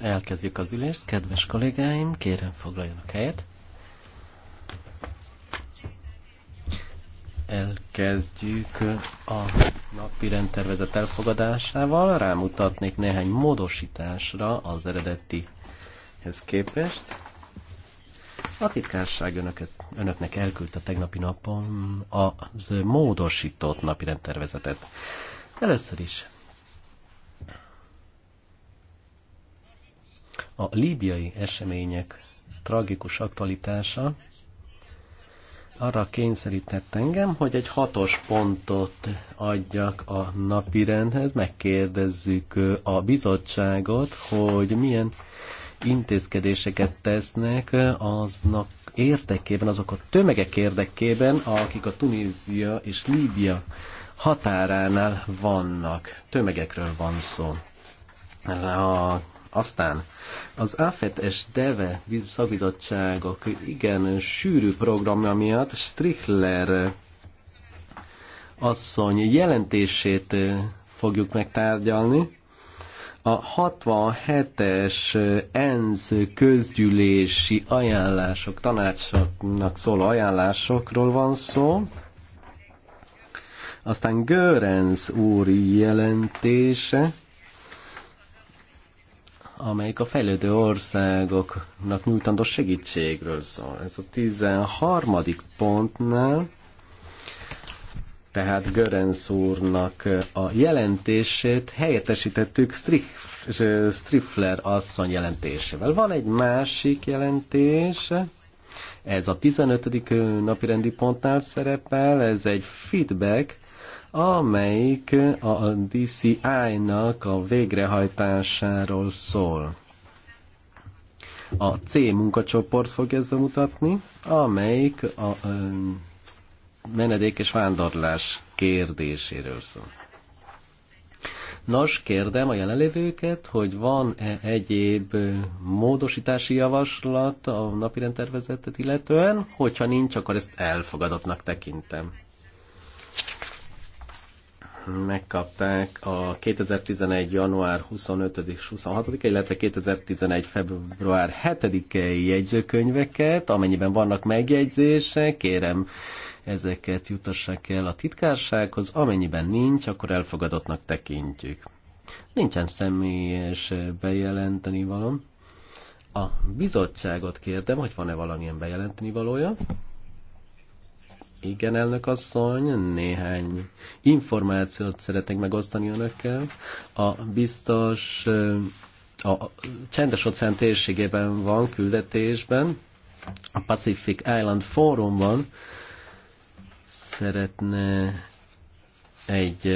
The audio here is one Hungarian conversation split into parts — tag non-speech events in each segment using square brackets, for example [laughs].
Elkezdjük az ülést, kedves kollégáim, kérem foglaljanak helyet. Elkezdjük a napi rendtervezet elfogadásával. Rámutatnék néhány módosításra az eredetihez képest. A titkárság önöket, önöknek elküldte tegnapi napon az módosított napi rendtervezetet. Először is a líbiai események tragikus aktualitása arra kényszerített engem, hogy egy hatos pontot adjak a napirendhez, megkérdezzük a bizottságot, hogy milyen intézkedéseket tesznek aznak érdekében, azok a tömegek érdekében, akik a Tunézia és Líbia határánál vannak. Tömegekről van szó. A aztán az AFET és DEVE szakbizottságok igen sűrű programja miatt Strichler asszony jelentését fogjuk megtárgyalni. A 67-es eh, ENSZ közgyűlési ajánlások, tanácsoknak szóló ajánlásokról van szó. Aztán Görenz úri jelentése, amelyik a fejlődő országoknak nyújtandó segítségről szól. Ez a 13. pontnál tehát Görenc úrnak a jelentését helyettesítettük Strifler asszony jelentésével. Van egy másik jelentés, ez a 15. napirendi pontnál szerepel, ez egy feedback, amelyik a DCI-nak a végrehajtásáról szól. A C munkacsoport fogja ezt bemutatni, amelyik a, a menedék és vándorlás kérdéséről szól. Nos, kérdem a jelenlévőket, hogy van-e egyéb módosítási javaslat a napi rendtervezetet illetően? Hogyha nincs, akkor ezt elfogadottnak tekintem. Megkapták a 2011. január 25 és 26 illetve 2011. február 7-i jegyzőkönyveket, amennyiben vannak megjegyzések, kérem ezeket jutassák el a titkársághoz, amennyiben nincs, akkor elfogadottnak tekintjük. Nincsen személyes bejelenteni valam. A bizottságot kérdem, hogy van-e valamilyen bejelenteni valója? Igen, elnök asszony, néhány információt szeretnék megosztani önökkel. A biztos a csendes óceán térségében van küldetésben, a Pacific Island Forumban, szeretne egy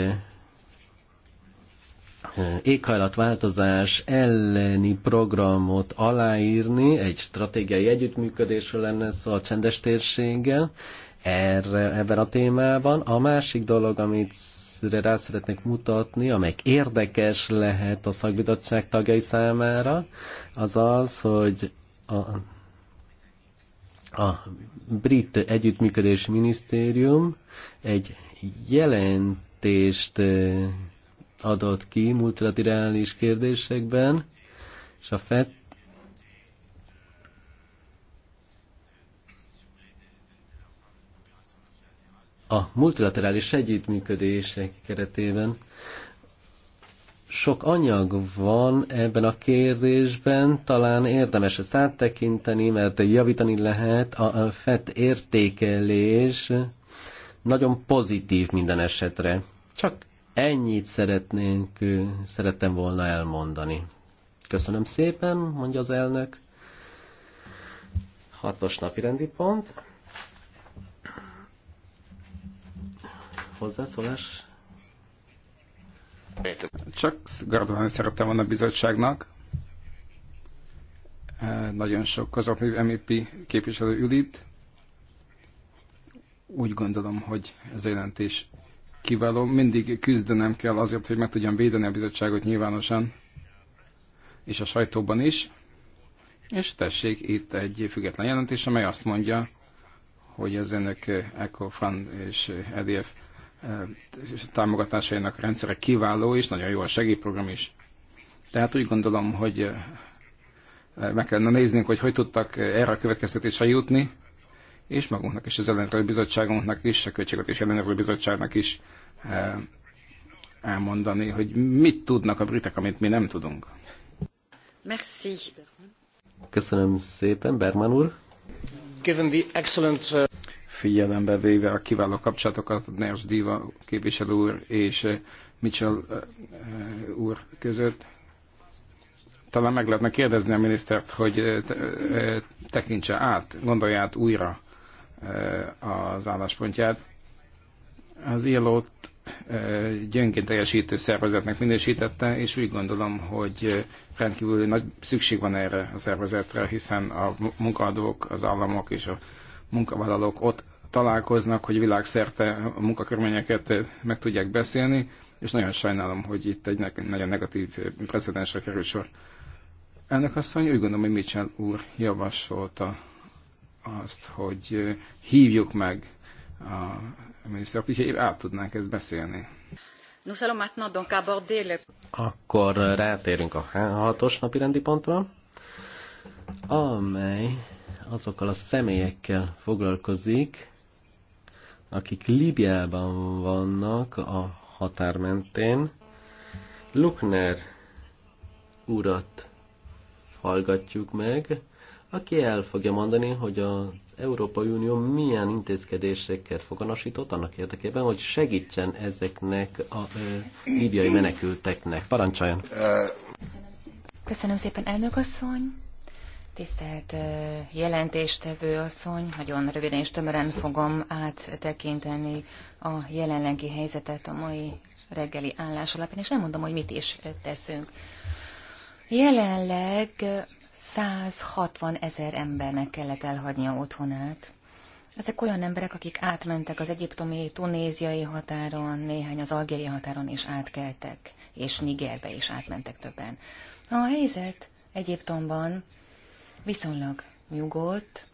eh, éghajlatváltozás elleni programot aláírni, egy stratégiai együttműködésről lenne szó a csendes térséggel erre, ebben a témában. A másik dolog, amit rá szeretnék mutatni, amely érdekes lehet a szakbizottság tagjai számára, az az, hogy a a brit együttműködési minisztérium egy jelentést eh, adott ki multilaterális kérdésekben, és a FET a multilaterális együttműködések keretében sok anyag van ebben a kérdésben, talán érdemes ezt áttekinteni, mert javítani lehet a FET értékelés. Nagyon pozitív minden esetre. Csak ennyit szeretnénk, szerettem volna elmondani. Köszönöm szépen, mondja az elnök. Hatos napi rendi pont. Hozzászólás csak gratulálni szerettem volna a bizottságnak. Eh, nagyon sok konzervatív MEP képviselő ül itt. Úgy gondolom, hogy ez a jelentés kiváló. Mindig küzdenem kell azért, hogy meg tudjam védeni a bizottságot nyilvánosan, és a sajtóban is. És tessék, itt egy független jelentés, amely azt mondja, hogy az önök ECOFAN és EDF támogatásainak rendszere kiváló, és nagyon jó a segélyprogram is. Tehát úgy gondolom, hogy meg kellene néznünk, hogy hogy tudtak erre a következtetésre jutni, és magunknak és az ellenőrző bizottságunknak is, a költségvetés ellenőrző bizottságnak is elmondani, hogy mit tudnak a britek, amit mi nem tudunk. Merci. Köszönöm szépen, Berman úr. Given the excellent uh, figyelembe véve a kiváló kapcsolatokat Ners Diva képviselő úr és eh, Mitchell eh, eh, úr között. Talán meg lehetne kérdezni a minisztert, hogy tekintse át, gondolja át újra az álláspontját. Az ILO-t teljesítő szervezetnek minősítette, és úgy gondolom, hogy rendkívül nagy szükség van erre a szervezetre, hiszen a munkaadók, az államok és a munkavállalók ott találkoznak, hogy világszerte a munkakörményeket meg tudják beszélni, és nagyon sajnálom, hogy itt egy nagyon negatív precedensre kerül sor. Ennek asszony úgy gondolom, hogy Mitchell úr javasolta azt, hogy hívjuk meg a minisztert, hogy át tudnánk ezt beszélni. Akkor rátérünk a hatos napi rendi pontra, amely azokkal a személyekkel foglalkozik, akik Líbiában vannak a határ mentén, Lukner urat hallgatjuk meg, aki el fogja mondani, hogy az Európai Unió milyen intézkedéseket foganasított annak érdekében, hogy segítsen ezeknek a líbiai menekülteknek. Parancsoljon! Köszönöm szépen, elnök asszony! Tisztelt jelentéstevő asszony, nagyon röviden és tömören fogom áttekinteni a jelenlegi helyzetet a mai reggeli állás alapján, és elmondom, hogy mit is teszünk. Jelenleg 160 ezer embernek kellett elhagynia otthonát. Ezek olyan emberek, akik átmentek az egyiptomi, tunéziai határon, néhány az algériai határon is átkeltek, és Nigerbe is átmentek többen. A helyzet Egyiptomban viszonylag nyugodt.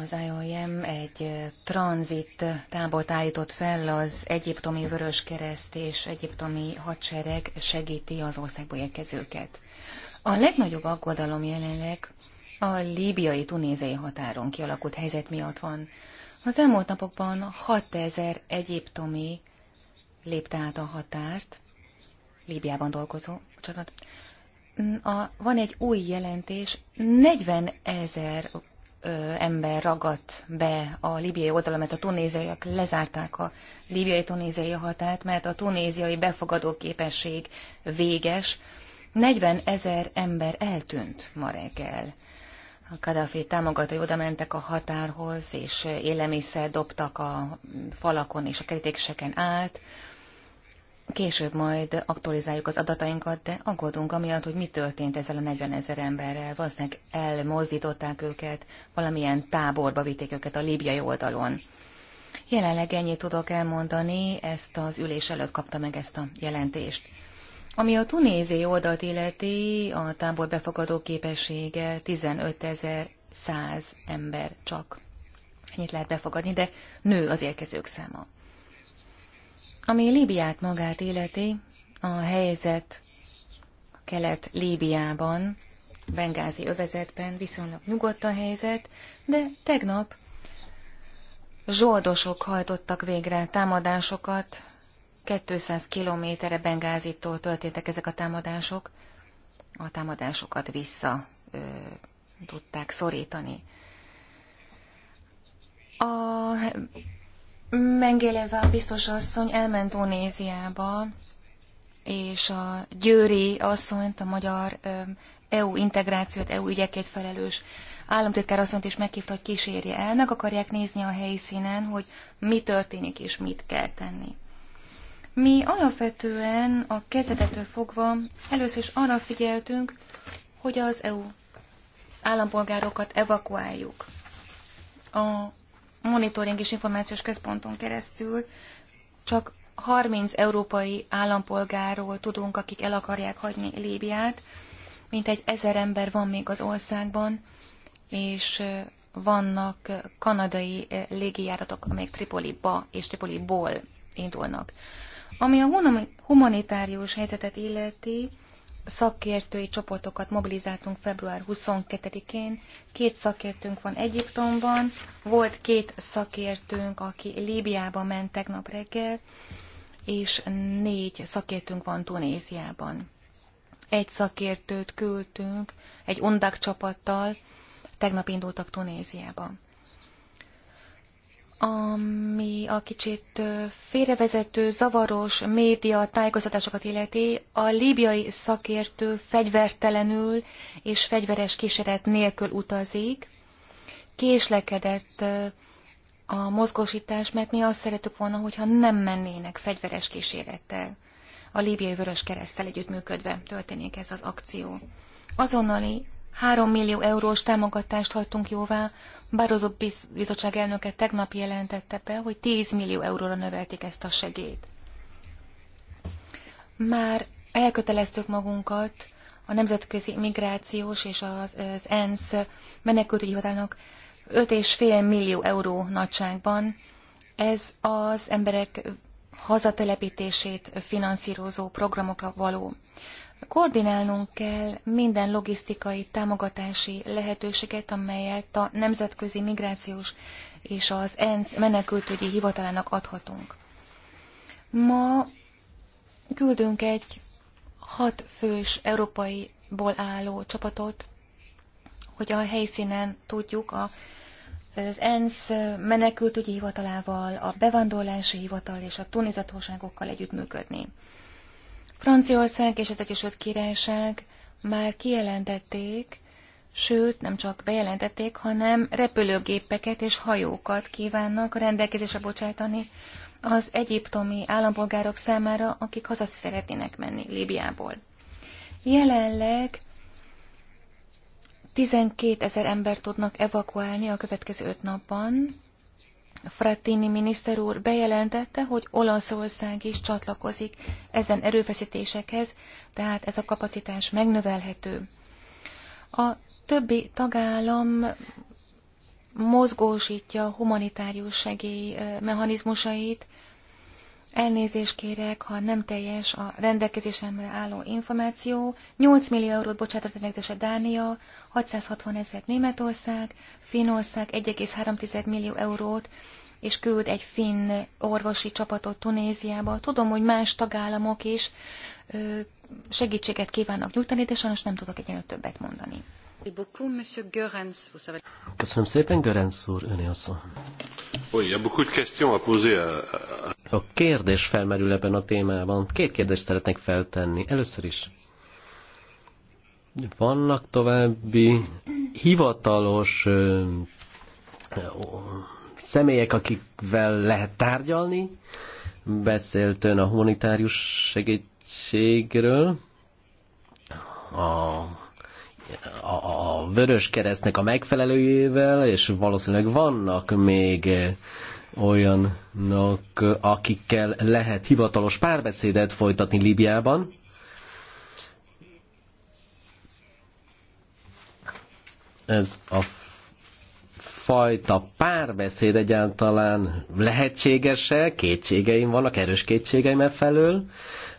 Az IOM egy tranzit tábort állított fel, az egyiptomi vöröskereszt és egyiptomi hadsereg segíti az országba érkezőket. A legnagyobb aggodalom jelenleg a líbiai-tunéziai határon kialakult helyzet miatt van. Az elmúlt napokban 6000 egyiptomi lépte át a határt, Líbiában dolgozó, bocsánat, a, van egy új jelentés, 40 ezer ember ragadt be a libiai oldalon, mert a tunéziaiak lezárták a libiai tunéziai határt, mert a tunéziai befogadó képesség véges. 40 ezer ember eltűnt ma reggel. A Kadhafi támogatói oda mentek a határhoz, és élelmiszer dobtak a falakon és a kerítéseken át. Később majd aktualizáljuk az adatainkat, de aggódunk amiatt, hogy mi történt ezzel a 40 ezer emberrel. Valószínűleg elmozdították őket, valamilyen táborba vitték őket a líbiai oldalon. Jelenleg ennyit tudok elmondani, ezt az ülés előtt kapta meg ezt a jelentést. Ami a tunézi oldalt illeti, a tábor befogadó képessége 15.100 ember csak. Ennyit lehet befogadni, de nő az érkezők száma. Ami Líbiát magát illeti, a helyzet Kelet-Líbiában, Bengázi övezetben viszonylag nyugodt a helyzet, de tegnap zsoldosok hajtottak végre támadásokat, 200 kilométerre Bengázitól történtek ezek a támadások, a támadásokat vissza ö, tudták szorítani. A Mengeleva biztos asszony elment Onéziába, és a Győri asszonyt, a magyar EU integrációt, EU ügyekét felelős államtitkár asszonyt is meghívta, hogy kísérje el, meg akarják nézni a helyszínen, hogy mi történik és mit kell tenni. Mi alapvetően a kezdetetől fogva először is arra figyeltünk, hogy az EU állampolgárokat evakuáljuk. A monitoring és információs központon keresztül csak 30 európai állampolgáról tudunk, akik el akarják hagyni Líbiát. Mintegy ezer ember van még az országban, és vannak kanadai légijáratok, amelyek Tripoliba és Tripoliból indulnak. Ami a humanitárius helyzetet illeti, szakértői csoportokat mobilizáltunk február 22-én. Két szakértőnk van Egyiptomban, volt két szakértőnk, aki Líbiába ment tegnap reggel, és négy szakértőnk van Tunéziában. Egy szakértőt küldtünk egy undak csapattal, tegnap indultak Tunéziába ami a kicsit félrevezető, zavaros média tájékoztatásokat illeti, a líbiai szakértő fegyvertelenül és fegyveres kísérlet nélkül utazik. Késlekedett a mozgósítás, mert mi azt szeretük volna, hogyha nem mennének fegyveres kísérettel. A líbiai vörös keresztel együttműködve történik ez az akció. Azonnali 3 millió eurós támogatást hagytunk jóvá Barozó bizottság elnöke tegnap jelentette be, hogy 10 millió euróra növelték ezt a segélyt. Már elköteleztük magunkat a Nemzetközi Migrációs és az, az ENSZ menekültügyi hivatalnak 5,5 millió euró nagyságban. Ez az emberek hazatelepítését finanszírozó programokra való. Koordinálnunk kell minden logisztikai támogatási lehetőséget, amelyet a Nemzetközi Migrációs és az ENSZ menekültügyi hivatalának adhatunk. Ma küldünk egy hat fős európaiból álló csapatot, hogy a helyszínen tudjuk a az ENSZ menekültügyi hivatalával, a bevándorlási hivatal és a tunizatóságokkal együttműködni. Franciaország és az Egyesült Királyság már kijelentették, sőt nem csak bejelentették, hanem repülőgépeket és hajókat kívánnak rendelkezésre bocsátani az egyiptomi állampolgárok számára, akik haza szeretnének menni Líbiából. Jelenleg 12 ezer ember tudnak evakuálni a következő öt napban. Frattini miniszter úr bejelentette, hogy Olaszország is csatlakozik ezen erőfeszítésekhez, tehát ez a kapacitás megnövelhető. A többi tagállam mozgósítja humanitárius segély eh, mechanizmusait, Elnézést kérek, ha nem teljes a rendelkezésemre álló információ. 8 millió eurót bocsátott a Dánia, 660 ezer Németország, Finnország 1,3 millió eurót, és küld egy finn orvosi csapatot Tunéziába. Tudom, hogy más tagállamok is ö, segítséget kívánnak nyújtani, de sajnos nem tudok egyenlőtt többet mondani. Köszönöm szépen, Görenc úr, öné a szó. il y a beaucoup de questions à poser à, a kérdés felmerül ebben a témában. Két kérdést szeretnék feltenni. Először is, vannak további hivatalos ö, ö, személyek, akikvel lehet tárgyalni. Beszélt ön a humanitárius segítségről, a, a, a Vörös Keresztnek a megfelelőjével, és valószínűleg vannak még olyannak, akikkel lehet hivatalos párbeszédet folytatni Líbiában. Ez a fajta párbeszéd egyáltalán lehetséges-e? Kétségeim vannak, erős kétségeim e felől.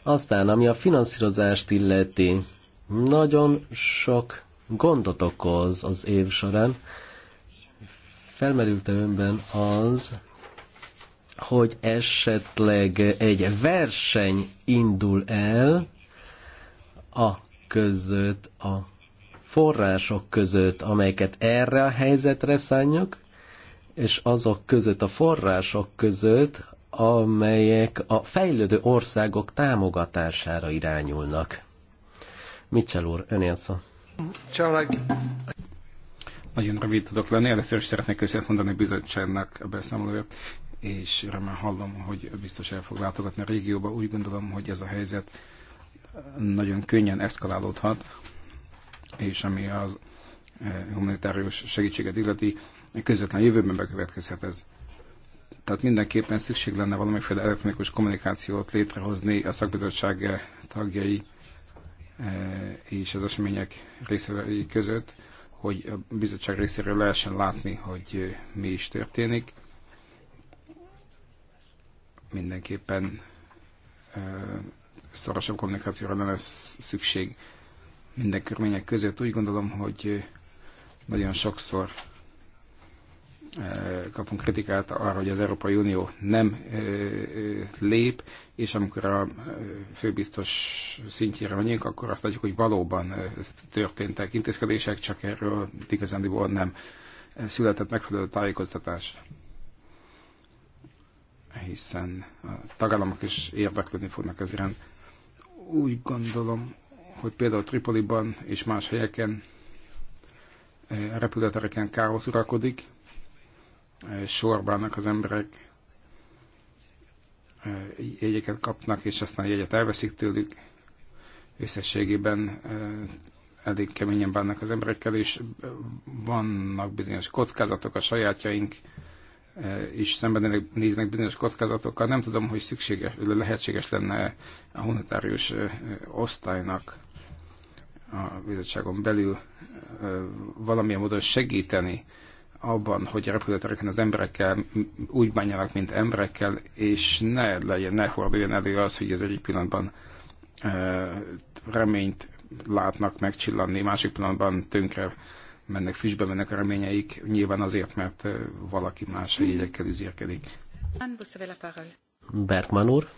Aztán, ami a finanszírozást illeti, nagyon sok gondot okoz az év során. Felmerült önben az, hogy esetleg egy verseny indul el a között, a források között, amelyeket erre a helyzetre szánjuk, és azok között, a források között, amelyek a fejlődő országok támogatására irányulnak. Mitchell úr, önél szó. Csállak. Nagyon rövid tudok lenni. Először is szeretnék köszönet mondani a bizottságnak a beszámolója és remélem hallom, hogy biztos el fog látogatni a régióba. Úgy gondolom, hogy ez a helyzet nagyon könnyen eszkalálódhat, és ami az eh, humanitárius segítséget illeti, közvetlen jövőben bekövetkezhet ez. Tehát mindenképpen szükség lenne valamiféle elektronikus kommunikációt létrehozni a szakbizottság eh, tagjai eh, és az események részvevői között, hogy a bizottság részéről lehessen látni, hogy mi is történik mindenképpen szorosabb kommunikációra lenne szükség minden körmények között. Úgy gondolom, hogy nagyon sokszor kapunk kritikát arra, hogy az Európai Unió nem lép, és amikor a főbiztos szintjére menjünk, akkor azt látjuk, hogy valóban történtek intézkedések, csak erről igazándiból nem született megfelelő tájékoztatás hiszen a tagállamok is érdeklődni fognak ez iránt. Úgy gondolom, hogy például Tripoliban és más helyeken eh, repülőtereken káosz uralkodik, eh, sorbának az emberek, eh, jegyeket kapnak, és aztán a jegyet elveszik tőlük. Összességében elég keményen bánnak az emberekkel, és vannak bizonyos kockázatok a sajátjaink Eh, is szemben néznek bizonyos kockázatokkal. Nem tudom, hogy szükséges, lehetséges lenne a humanitárius eh, osztálynak a bizottságon belül eh, valamilyen módon segíteni abban, hogy a repülőtereken az emberekkel úgy bánjanak, mint emberekkel, és ne legyen, ne forduljon elő az, hogy az egyik pillanatban reményt látnak megcsillanni, másik pillanatban tönkre mennek, füstbe mennek a reményeik, nyilván azért, mert valaki más a jegyekkel üzérkedik. Bergman úr.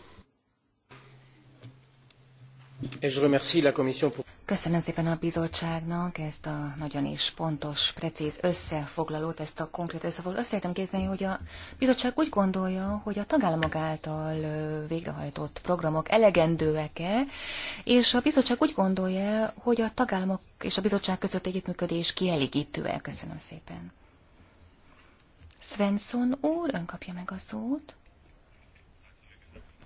Köszönöm szépen a bizottságnak ezt a nagyon is pontos, precíz összefoglalót, ezt a konkrét összefoglalót. Azt szeretném kérdezni, hogy a bizottság úgy gondolja, hogy a tagállamok által végrehajtott programok elegendőek-e, és a bizottság úgy gondolja, hogy a tagállamok és a bizottság között együttműködés kielégítő-e. Köszönöm szépen. Svensson úr, ön kapja meg a szót.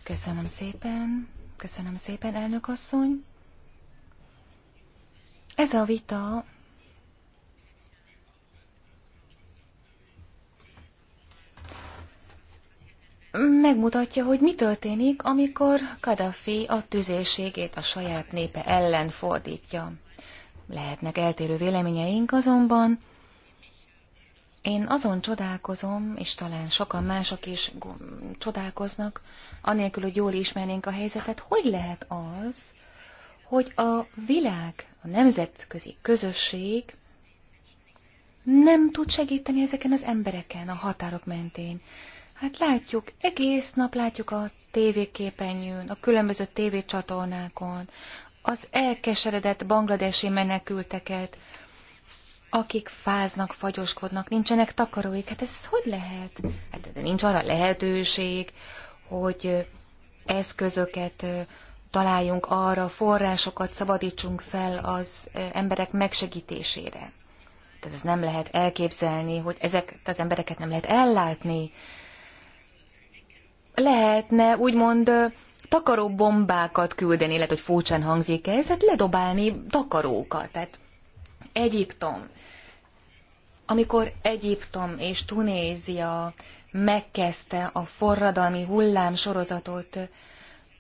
Köszönöm szépen. Köszönöm szépen, elnök asszony. Ez a vita megmutatja, hogy mi történik, amikor Kadafi a tüzérségét a saját népe ellen fordítja. Lehetnek eltérő véleményeink, azonban én azon csodálkozom, és talán sokan mások is csodálkoznak, anélkül, hogy jól ismernénk a helyzetet, hogy lehet az, hogy a világ, a nemzetközi közösség nem tud segíteni ezeken az embereken a határok mentén. Hát látjuk, egész nap látjuk a tévéképenyőn, a különböző tévécsatornákon, az elkeseredett bangladesi menekülteket, akik fáznak, fagyoskodnak, nincsenek takaróik. Hát ez hogy lehet? Hát de nincs arra lehetőség, hogy eszközöket találjunk arra, forrásokat szabadítsunk fel az emberek megsegítésére. Tehát ez nem lehet elképzelni, hogy ezek az embereket nem lehet ellátni. Lehetne úgymond takaró bombákat küldeni, lehet, hogy furcsán hangzik ez, hát ledobálni takarókat. Tehát Egyiptom, amikor Egyiptom és Tunézia megkezdte a forradalmi hullám sorozatot,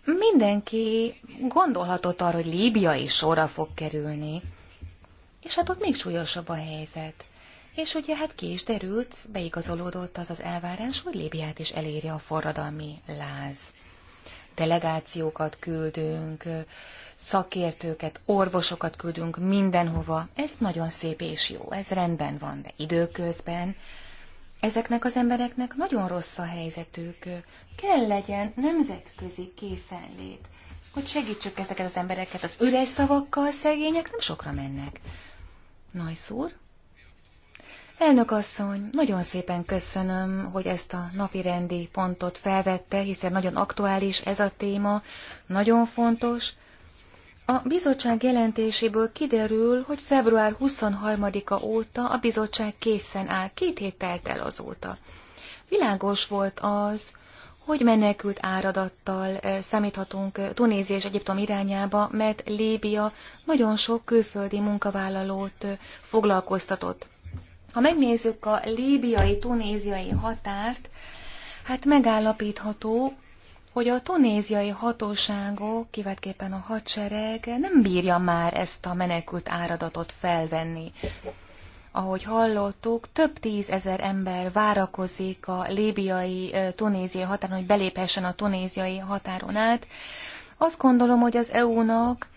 mindenki gondolhatott arra, hogy Líbia is sorra fog kerülni. És hát ott még súlyosabb a helyzet. És ugye hát ki is derült, beigazolódott az az elvárás, hogy Líbiát is elérje a forradalmi láz delegációkat küldünk, szakértőket, orvosokat küldünk mindenhova. Ez nagyon szép és jó, ez rendben van, de időközben ezeknek az embereknek nagyon rossz a helyzetük. Kell legyen nemzetközi készenlét, hogy segítsük ezeket az embereket. Az üres szavakkal szegények nem sokra mennek. Najsz Elnök asszony, nagyon szépen köszönöm, hogy ezt a napirendi pontot felvette, hiszen nagyon aktuális ez a téma, nagyon fontos. A bizottság jelentéséből kiderül, hogy február 23-a óta a bizottság készen áll, két hét telt el azóta. Világos volt az, hogy menekült áradattal eh, számíthatunk eh, Tunézia és Egyiptom irányába, mert Líbia nagyon sok külföldi munkavállalót eh, foglalkoztatott. Ha megnézzük a líbiai-tunéziai határt, hát megállapítható, hogy a tunéziai hatóságok, kivetképpen a hadsereg nem bírja már ezt a menekült áradatot felvenni. Ahogy hallottuk, több tízezer ember várakozik a líbiai-tunéziai határon, hogy beléphessen a tunéziai határon át. Azt gondolom, hogy az EU-nak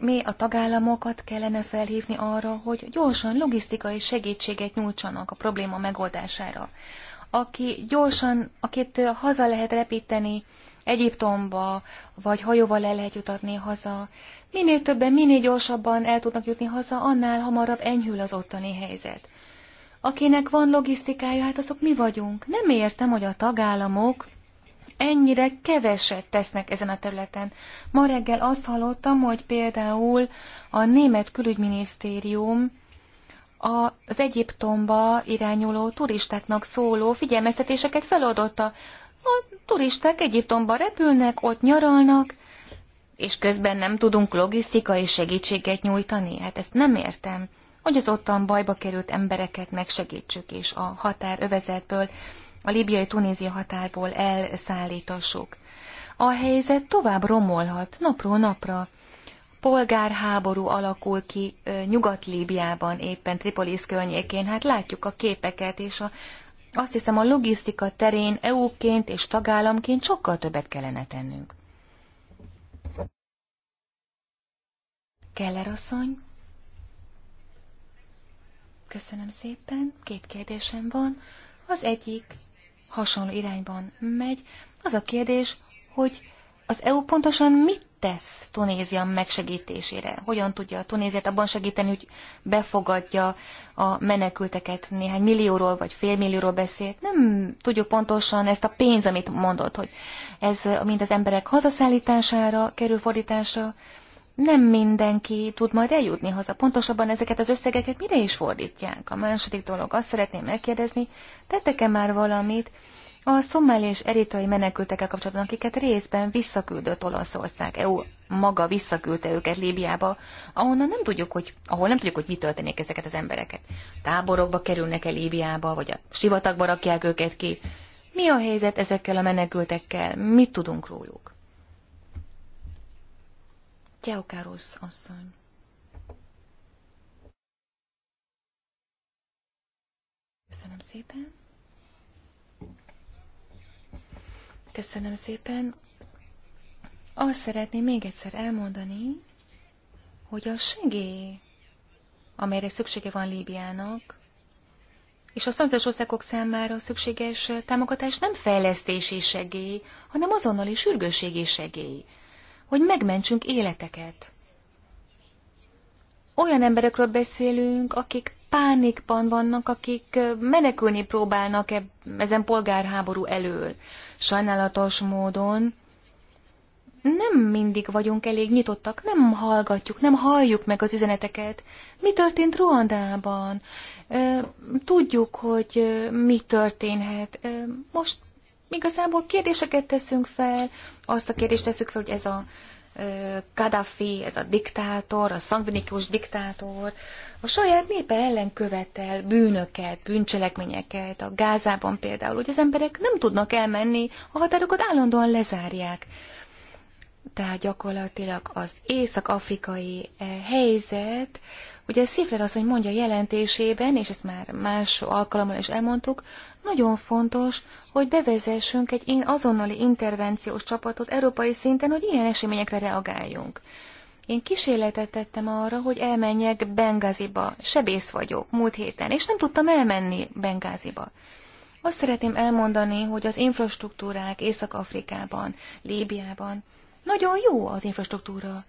mi a tagállamokat kellene felhívni arra, hogy gyorsan logisztikai segítséget nyújtsanak a probléma megoldására. Aki gyorsan, akit haza lehet repíteni Egyiptomba, vagy hajóval el lehet jutatni haza, minél többen, minél gyorsabban el tudnak jutni haza, annál hamarabb enyhül az ottani helyzet. Akinek van logisztikája, hát azok mi vagyunk. Nem értem, hogy a tagállamok ennyire keveset tesznek ezen a területen. Ma reggel azt hallottam, hogy például a német külügyminisztérium az Egyiptomba irányuló turistáknak szóló figyelmeztetéseket feloldotta. A turisták Egyiptomba repülnek, ott nyaralnak, és közben nem tudunk logisztikai segítséget nyújtani. Hát ezt nem értem, hogy az ottan bajba került embereket megsegítsük és a határövezetből a libiai-tunézia határból elszállítassuk. A helyzet tovább romolhat napról napra. Polgárháború alakul ki Nyugat-Líbiában, éppen Tripolis környékén. Hát látjuk a képeket, és a, azt hiszem a logisztika terén EU-ként és tagállamként sokkal többet kellene tennünk. Keller asszony? Köszönöm szépen. Két kérdésem van. Az egyik hasonló irányban megy. Az a kérdés, hogy az EU pontosan mit tesz Tunézia megsegítésére? Hogyan tudja a Tunéziát abban segíteni, hogy befogadja a menekülteket? Néhány millióról vagy félmillióról beszélt. Nem tudjuk pontosan ezt a pénz, amit mondott, hogy ez mind az emberek hazaszállítására kerül fordításra, nem mindenki tud majd eljutni haza. Pontosabban ezeket az összegeket mire is fordítják? A második dolog, azt szeretném megkérdezni, tettek-e már valamit a szomáli és eritrai menekültekkel kapcsolatban, akiket részben visszaküldött Olaszország, EU maga visszaküldte őket Líbiába, ahonnan nem tudjuk, hogy, ahol nem tudjuk, hogy mi történik ezeket az embereket. Táborokba kerülnek-e Líbiába, vagy a sivatagba rakják őket ki. Mi a helyzet ezekkel a menekültekkel? Mit tudunk róluk? Teokárosz asszony. Köszönöm szépen. Köszönöm szépen. Azt szeretném még egyszer elmondani, hogy a segély, amelyre szüksége van Líbiának, és a szomszédos országok számára szükséges támogatás nem fejlesztési segély, hanem azonnali sürgősségi segély hogy megmentsünk életeket. Olyan emberekről beszélünk, akik pánikban vannak, akik menekülni próbálnak e ezen polgárháború elől. Sajnálatos módon nem mindig vagyunk elég nyitottak, nem hallgatjuk, nem halljuk meg az üzeneteket. Mi történt Ruandában? Tudjuk, hogy mi történhet. Most igazából kérdéseket teszünk fel, azt a kérdést teszünk fel, hogy ez a Gaddafi, ez a diktátor, a szangvinikus diktátor, a saját népe ellen követel bűnöket, bűncselekményeket, a Gázában például, hogy az emberek nem tudnak elmenni, a határokat állandóan lezárják. Tehát gyakorlatilag az észak-afrikai eh, helyzet, ugye Szifler azt, hogy mondja jelentésében, és ezt már más alkalommal is elmondtuk, nagyon fontos, hogy bevezessünk egy én azonnali intervenciós csapatot európai szinten, hogy ilyen eseményekre reagáljunk. Én kísérletet tettem arra, hogy elmenjek Bengáziba. Sebész vagyok múlt héten, és nem tudtam elmenni Bengáziba. Azt szeretném elmondani, hogy az infrastruktúrák Észak-Afrikában, Líbiában nagyon jó az infrastruktúra.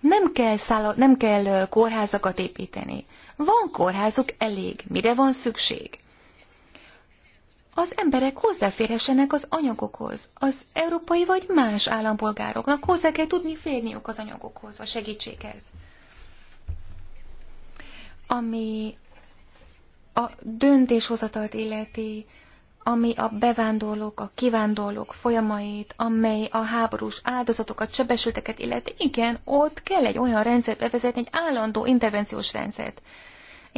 Nem kell, szála, nem kell kórházakat építeni. Van kórházuk elég, mire van szükség az emberek hozzáférhessenek az anyagokhoz, az európai vagy más állampolgároknak hozzá kell tudni férniük az anyagokhoz, a segítséghez. Ami a döntéshozatalt illeti, ami a bevándorlók, a kivándorlók folyamait, amely a háborús áldozatokat, sebesülteket illeti, igen, ott kell egy olyan rendszert bevezetni, egy állandó intervenciós rendszert.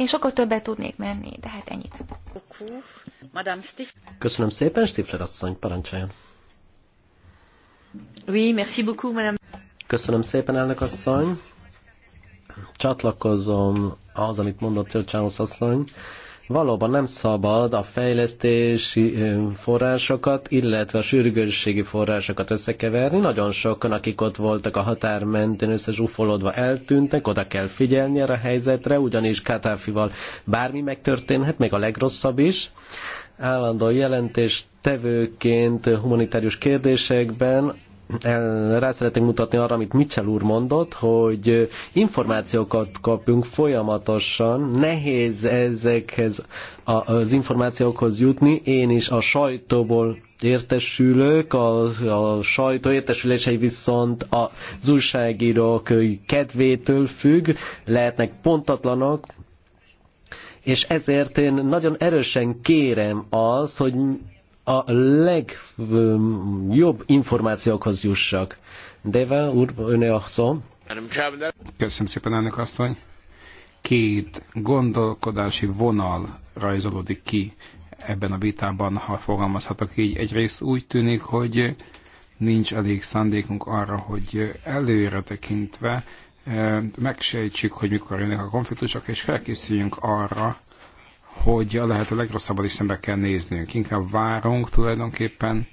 Én sokkal többet tudnék menni, de hát ennyit. Köszönöm szépen, Stifler asszony, parancsoljon. Oui, merci beaucoup, madame. Köszönöm szépen, elnök asszony. Csatlakozom az, amit mondott Charles asszony Valóban nem szabad a fejlesztési forrásokat, illetve a sürgősségi forrásokat összekeverni. Nagyon sokan, akik ott voltak a határ mentén összezsúfolódva eltűntek, oda kell figyelni erre a helyzetre, ugyanis Katáfival bármi megtörténhet, még a legrosszabb is. Állandó jelentés tevőként humanitárius kérdésekben rá szeretnék mutatni arra, amit Mitchell úr mondott, hogy információkat kapjunk folyamatosan, nehéz ezekhez az információkhoz jutni. Én is a sajtóból értesülők, a, a sajtó értesülései viszont az újságírók kedvétől függ, lehetnek pontatlanok, és ezért én nagyon erősen kérem azt, hogy a legjobb információkhoz jussak. Deva úr, ön a szó. Köszönöm szépen, elnök asszony. Két gondolkodási vonal rajzolódik ki ebben a vitában, ha fogalmazhatok így. Egyrészt úgy tűnik, hogy nincs elég szándékunk arra, hogy előre tekintve eh, megsejtsük, hogy mikor jönnek a konfliktusok, és felkészüljünk arra, hogy a lehető legrosszabbat is szembe kell néznünk. Inkább várunk tulajdonképpen,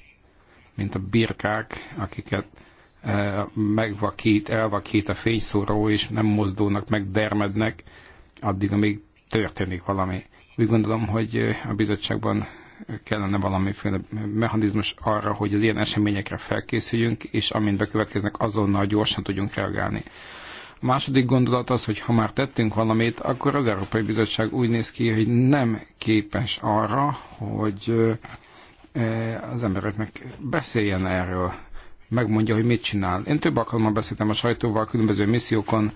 mint a birkák, akiket eh, megvakít, elvakít a fényszóró, és nem mozdulnak, megdermednek, addig, amíg történik valami. Úgy gondolom, hogy eh, a bizottságban kellene valamiféle mechanizmus arra, hogy az ilyen eseményekre felkészüljünk, és amint bekövetkeznek, azonnal gyorsan tudjunk reagálni. A második gondolat az, hogy ha már tettünk valamit, akkor az Európai Bizottság úgy néz ki, hogy nem képes arra, hogy az embereknek beszéljen erről, megmondja, hogy mit csinál. Én több alkalommal beszéltem a sajtóval, különböző missziókon,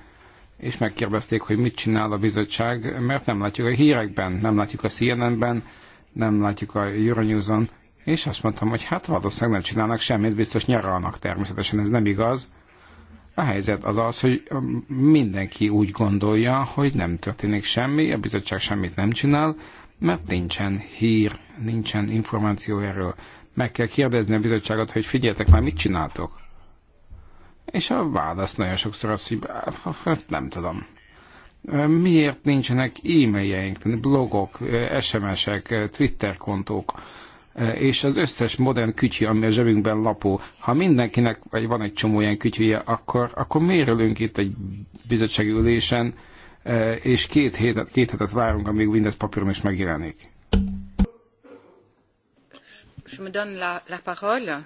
és megkérdezték, hogy mit csinál a bizottság, mert nem látjuk a hírekben, nem látjuk a CNN-ben, nem látjuk a Euronews-on, és azt mondtam, hogy hát valószínűleg nem csinálnak semmit, biztos nyaralnak természetesen, ez nem igaz. A helyzet az az, hogy mindenki úgy gondolja, hogy nem történik semmi, a bizottság semmit nem csinál, mert nincsen hír, nincsen információ erről. Meg kell kérdezni a bizottságot, hogy figyeltek már, mit csináltok? És a válasz nagyon sokszor az, hogy hát nem tudom. Miért nincsenek e-mailjeink, blogok, SMS-ek, Twitter kontók? Eh, és az összes modern kütyű, ami a zsebünkben lapó, ha mindenkinek, vagy van egy csomó ilyen kütyüje, akkor, akkor miért ülünk itt egy bizottsági ülésen, eh, és két hetet, két hetet várunk, amíg mindez papíron is megjelenik. Euh,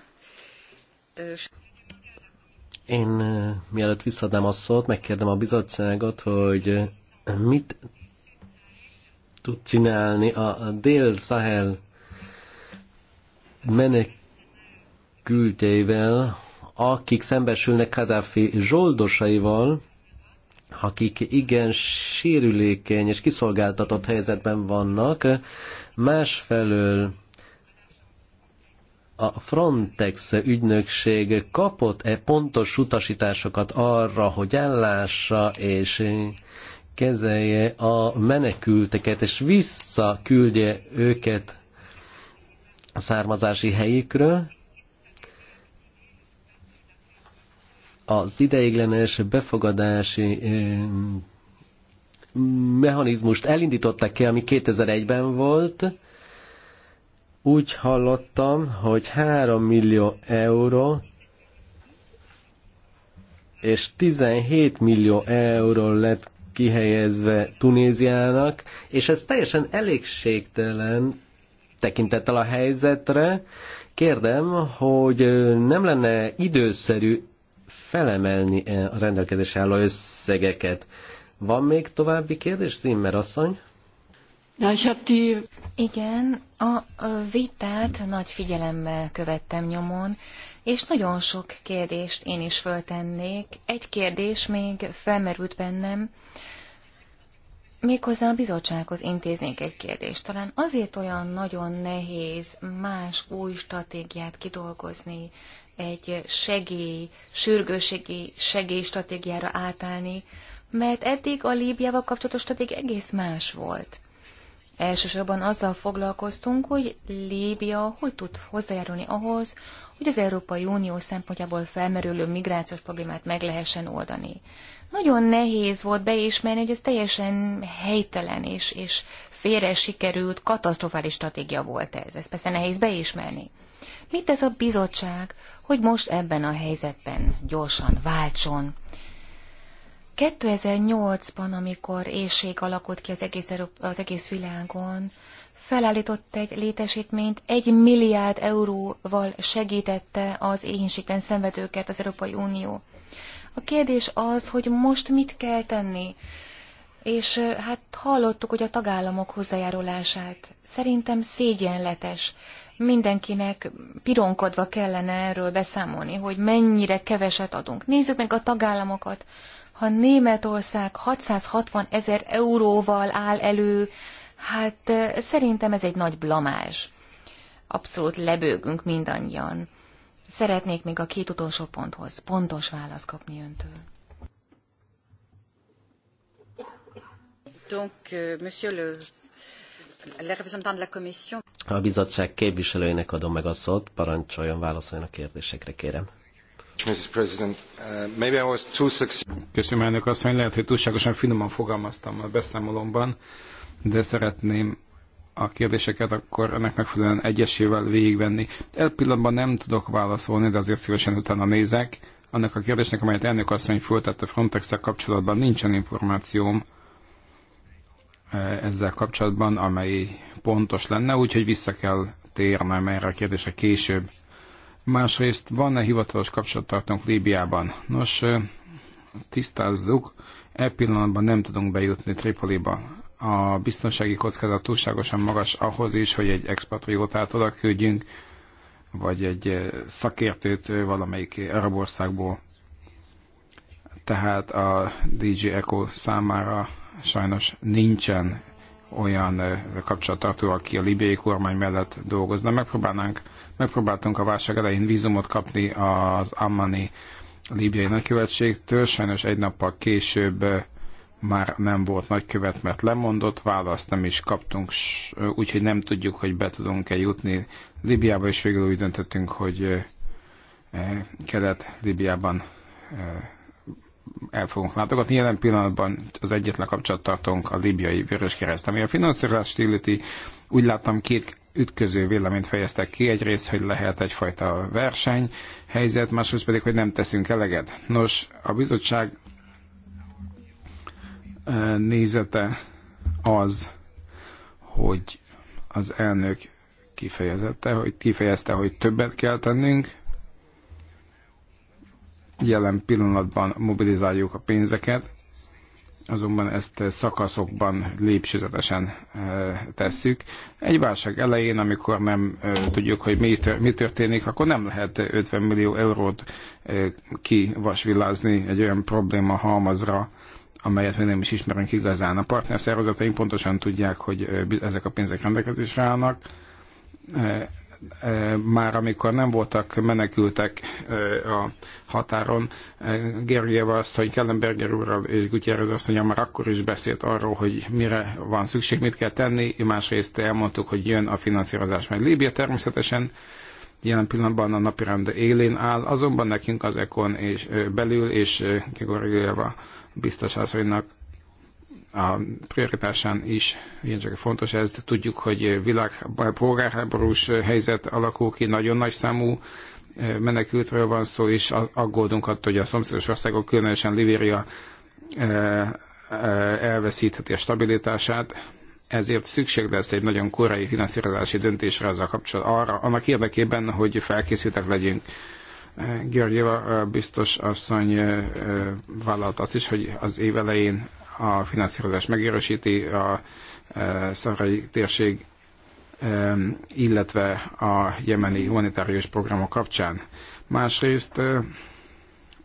Én eh, mielőtt visszadám a szót, megkérdem a bizottságot, hogy mit tud csinálni a dél-szahel menekülteivel, akik szembesülnek Kadáfi zsoldosaival, akik igen sérülékeny és kiszolgáltatott helyzetben vannak, másfelől a Frontex ügynökség kapott-e pontos utasításokat arra, hogy ellássa és kezelje a menekülteket, és visszaküldje őket származási helyükről. Az ideiglenes befogadási mechanizmust elindították ki, ami 2001-ben volt. Úgy hallottam, hogy 3 millió euró és 17 millió euró lett kihelyezve Tunéziának, és ez teljesen elégségtelen tekintettel a helyzetre, kérdem, hogy nem lenne időszerű felemelni a rendelkezés álló összegeket. Van még további kérdés, Zimmer asszony? Hát Igen, a vitát nagy figyelemmel követtem nyomon, és nagyon sok kérdést én is föltennék. Egy kérdés még felmerült bennem, Méghozzá a bizottsághoz intéznék egy kérdést. Talán azért olyan nagyon nehéz más új stratégiát kidolgozni, egy segély, sürgőségi stratégiára átállni, mert eddig a Líbiával kapcsolatos stratégia egész más volt. Elsősorban azzal foglalkoztunk, hogy Líbia hogy tud hozzájárulni ahhoz, hogy az Európai Unió szempontjából felmerülő migrációs problémát meg lehessen oldani. Nagyon nehéz volt beismerni, hogy ez teljesen helytelen és, és félre sikerült, katasztrofális stratégia volt ez. Ez persze nehéz beismerni. Mit tesz a bizottság, hogy most ebben a helyzetben gyorsan váltson? 2008-ban, amikor éjség alakult ki az egész, az egész világon, felállított egy létesítményt, egy milliárd euróval segítette az éhénységben szenvedőket az Európai Unió. A kérdés az, hogy most mit kell tenni, és hát hallottuk, hogy a tagállamok hozzájárulását. Szerintem szégyenletes. Mindenkinek pironkodva kellene erről beszámolni, hogy mennyire keveset adunk. Nézzük meg a tagállamokat. Ha Németország 660 ezer euróval áll elő Hát szerintem ez egy nagy blamás. Abszolút lebőgünk mindannyian. Szeretnék még a két utolsó ponthoz pontos választ kapni öntől. Donc, euh, monsieur le, le représentant de la commission. A bizottság képviselőjének adom meg a szót, parancsoljon, válaszoljon a kérdésekre, kérem. Mrs. President, uh, maybe I was too Köszönöm, elnök asszony, lehet, hogy túlságosan finoman fogalmaztam a beszámolomban de szeretném a kérdéseket akkor ennek megfelelően egyesével végigvenni. El pillanatban nem tudok válaszolni, de azért szívesen utána nézek. Annak a kérdésnek, amelyet elnök asszony föltett a frontex kapcsolatban, nincsen információm e, ezzel kapcsolatban, amely pontos lenne, úgyhogy vissza kell térnem erre a kérdésre később. Másrészt van-e hivatalos kapcsolattartónk Líbiában? Nos, e, tisztázzuk, e pillanatban nem tudunk bejutni Tripoliba a biztonsági kockázat túlságosan magas ahhoz is, hogy egy expatriótát oda küldjünk, vagy egy eh, szakértőt eh, valamelyik arab országból. Tehát a DJ Echo számára sajnos nincsen olyan eh, kapcsolattartó, aki a libiai kormány mellett dolgozna. Megpróbálnánk, megpróbáltunk a válság elején vízumot kapni az Ammani libiai nagykövetségtől, sajnos egy nappal később már nem volt nagykövet, mert lemondott, választ nem is kaptunk, úgyhogy nem tudjuk, hogy be tudunk-e jutni Libiába, és végül úgy döntöttünk, hogy e, Kelet-Libiában e, el fogunk látogatni. Jelen pillanatban az egyetlen kapcsolattartónk a libiai kereszt, ami a finanszírozást illeti. Úgy láttam, két ütköző véleményt fejeztek ki. Egyrészt, hogy lehet egyfajta versenyhelyzet, másrészt pedig, hogy nem teszünk eleget. Nos, a bizottság nézete az, hogy az elnök kifejezette, hogy kifejezte, hogy többet kell tennünk. Jelen pillanatban mobilizáljuk a pénzeket, azonban ezt szakaszokban lépcsőzetesen e, tesszük. Egy válság elején, amikor nem e, tudjuk, hogy mi történik, akkor nem lehet 50 millió eurót e, kivasvillázni egy olyan probléma halmazra, amelyet még nem is ismerünk igazán. A szervezeteink pontosan tudják, hogy ezek a pénzek rendelkezésre állnak. Már amikor nem voltak menekültek a határon, azt, hogy Kellenberger úrral és Gutierrez mondja, már akkor is beszélt arról, hogy mire van szükség, mit kell tenni. Másrészt elmondtuk, hogy jön a finanszírozás, majd Líbia természetesen jelen pillanatban a napirend élén áll, azonban nekünk az Ekon és belül és Gregorjeva biztos asszonynak a prioritásán is csak fontos ez. Tudjuk, hogy világ polgárháborús helyzet alakul ki, nagyon nagy számú menekültről van szó, és aggódunk attól, hogy a szomszédos országok, különösen Libéria elveszítheti a stabilitását, ezért szükség lesz egy nagyon korai finanszírozási döntésre az a kapcsolat, arra, annak érdekében, hogy felkészültek legyünk Georgieva biztos asszony vállalt azt is, hogy az év elején a finanszírozás megerősíti a szarai térség, illetve a jemeni humanitárius programok kapcsán. Másrészt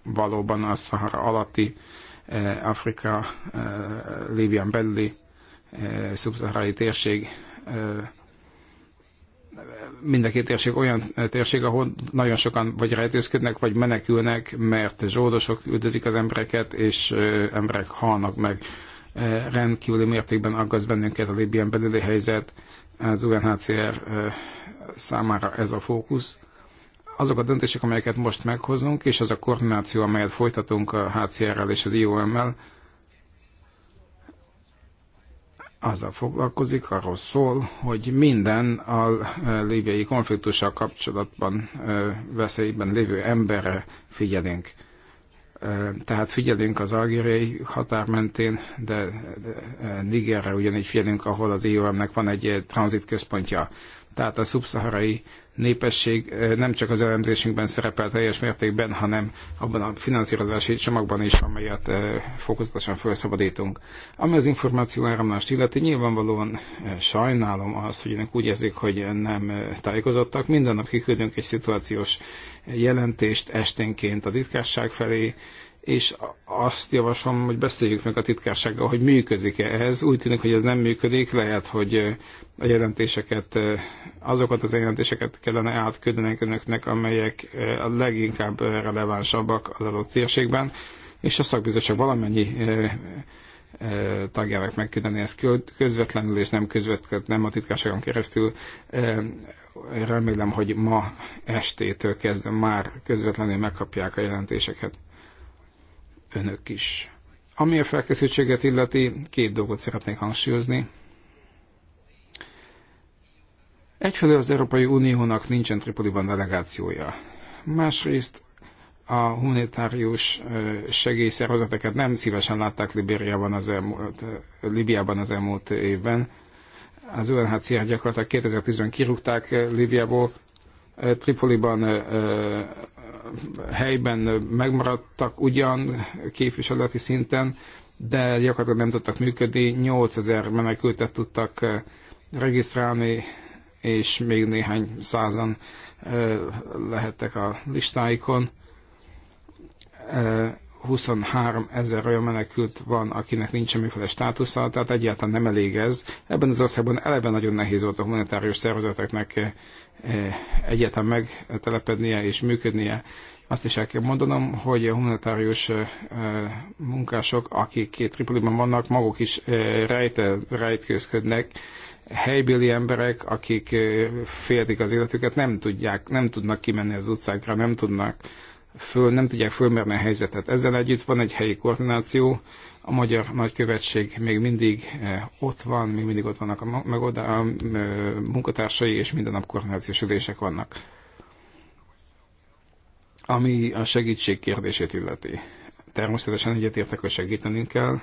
valóban a Szahara alatti Afrika, Líbián belüli szubszaharai térség mind a két térség olyan térség, ahol nagyon sokan vagy rejtőzködnek, vagy menekülnek, mert zsoldosok üldözik az embereket, és emberek halnak meg. Rendkívüli mértékben aggaszt bennünket a Libyen belüli helyzet, az UNHCR számára ez a fókusz. Azok a döntések, amelyeket most meghozunk, és az a koordináció, amelyet folytatunk a HCR-rel és az IOM-mel, azzal foglalkozik, arról szól, hogy minden a e, líbiai konfliktussal kapcsolatban e, veszélyben lévő emberre figyelünk. E, tehát figyelünk az algériai határ mentén, de Nigerre ugyanígy figyelünk, ahol az IOM-nek van egy tranzitközpontja. Tehát a szubszaharai népesség nem csak az elemzésünkben szerepel teljes mértékben, hanem abban a finanszírozási csomagban is, amelyet fokozatosan felszabadítunk. Ami az információ áramlást illeti, nyilvánvalóan sajnálom azt, hogy önök úgy érzik, hogy nem tájékozottak. Minden nap kiküldünk egy szituációs jelentést esténként a titkárság felé, és azt javaslom, hogy beszéljük meg a titkársággal, hogy működik-e ez. Úgy tűnik, hogy ez nem működik, lehet, hogy a jelentéseket, azokat az jelentéseket kellene átküldenek önöknek, amelyek a leginkább relevánsabbak az adott térségben, és a szakbizottság valamennyi tagjának megküldeni ezt közvetlenül, és nem közvetlenül, nem a titkárságon keresztül. Remélem, hogy ma estétől kezdve már közvetlenül megkapják a jelentéseket önök is. Ami a felkészültséget illeti, két dolgot szeretnék hangsúlyozni. Egyfelől az Európai Uniónak nincsen Tripoliban delegációja. Másrészt a humanitárius segélyszervezeteket nem szívesen látták Libériában az elmúlt, Libiában az elmúlt évben. Az UNHCR gyakorlatilag 2010-ben kirúgták Libiából, Tripoliban helyben megmaradtak ugyan képviseleti szinten, de gyakorlatilag nem tudtak működni. 8000 menekültet tudtak eh, regisztrálni, és még néhány százan eh, lehettek a listáikon. 23 eh, ezer olyan menekült van, akinek nincs semmiféle státusza, tehát egyáltalán nem elég ez. Ebben az országban eleve nagyon nehéz volt a humanitárius szervezeteknek egyetem megtelepednie és működnie. Azt is el kell mondanom, hogy a humanitárius munkások, akik két Tripoliban vannak, maguk is rejte, rejtkőzködnek, helybéli emberek, akik féltik az életüket, nem tudják, nem tudnak kimenni az utcákra, nem tudnak föl, nem tudják fölmérni a helyzetet. Ezzel együtt van egy helyi koordináció, a magyar nagykövetség még mindig eh, ott van, még mindig ott vannak a, megoldá, a eh, munkatársai, és minden nap koordinációs ülések vannak. Ami a segítség kérdését illeti. Természetesen egyetértek, hogy segítenünk kell.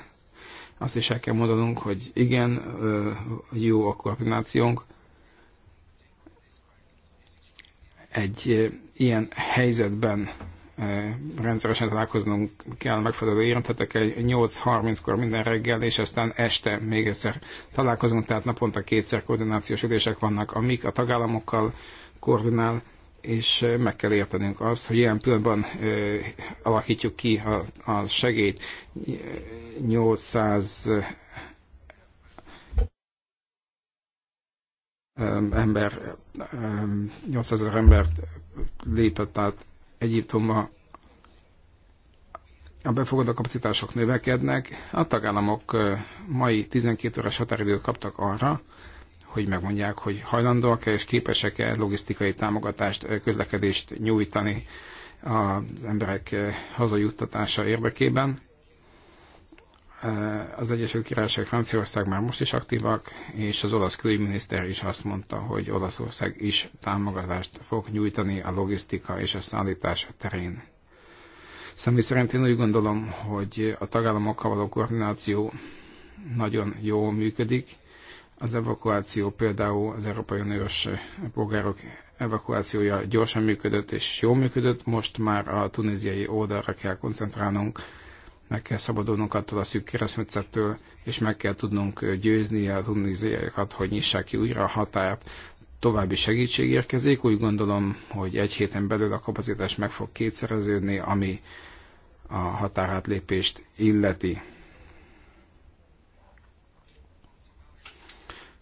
Azt is el kell mondanunk, hogy igen, eh, jó a koordinációnk, egy ilyen helyzetben rendszeresen találkoznunk kell megfelelő érintetekkel, 8.30-kor minden reggel, és aztán este még egyszer találkozunk, tehát naponta kétszer koordinációs ülések vannak, amik a tagállamokkal koordinál, és meg kell értenünk azt, hogy ilyen pillanatban ö, alakítjuk ki a, a segélyt 800 ember, 800 ezer embert lépett át Egyiptomba a befogadó kapacitások növekednek, a tagállamok mai 12 órás határidőt kaptak arra, hogy megmondják, hogy hajlandóak-e és képesek-e logisztikai támogatást, közlekedést nyújtani az emberek hazajuttatása érdekében. Eh, az Egyesült Királyság, Franciaország már most is aktívak, és az olasz külügyminiszter is azt mondta, hogy Olaszország is támogatást fog nyújtani a logisztika és a szállítás terén. Személy szóval szerint én úgy gondolom, hogy a tagállamokkal való koordináció nagyon jól működik. Az evakuáció például az Európai Uniós polgárok evakuációja gyorsan működött és jól működött, most már a tunéziai oldalra kell koncentrálnunk, meg kell szabadulnunk attól a szűk keresztmetszettől, és meg kell tudnunk győzni a tunizéjákat, hogy nyissák ki újra a határt. További segítség érkezik, úgy gondolom, hogy egy héten belül a kapacitás meg fog kétszereződni, ami a határátlépést illeti.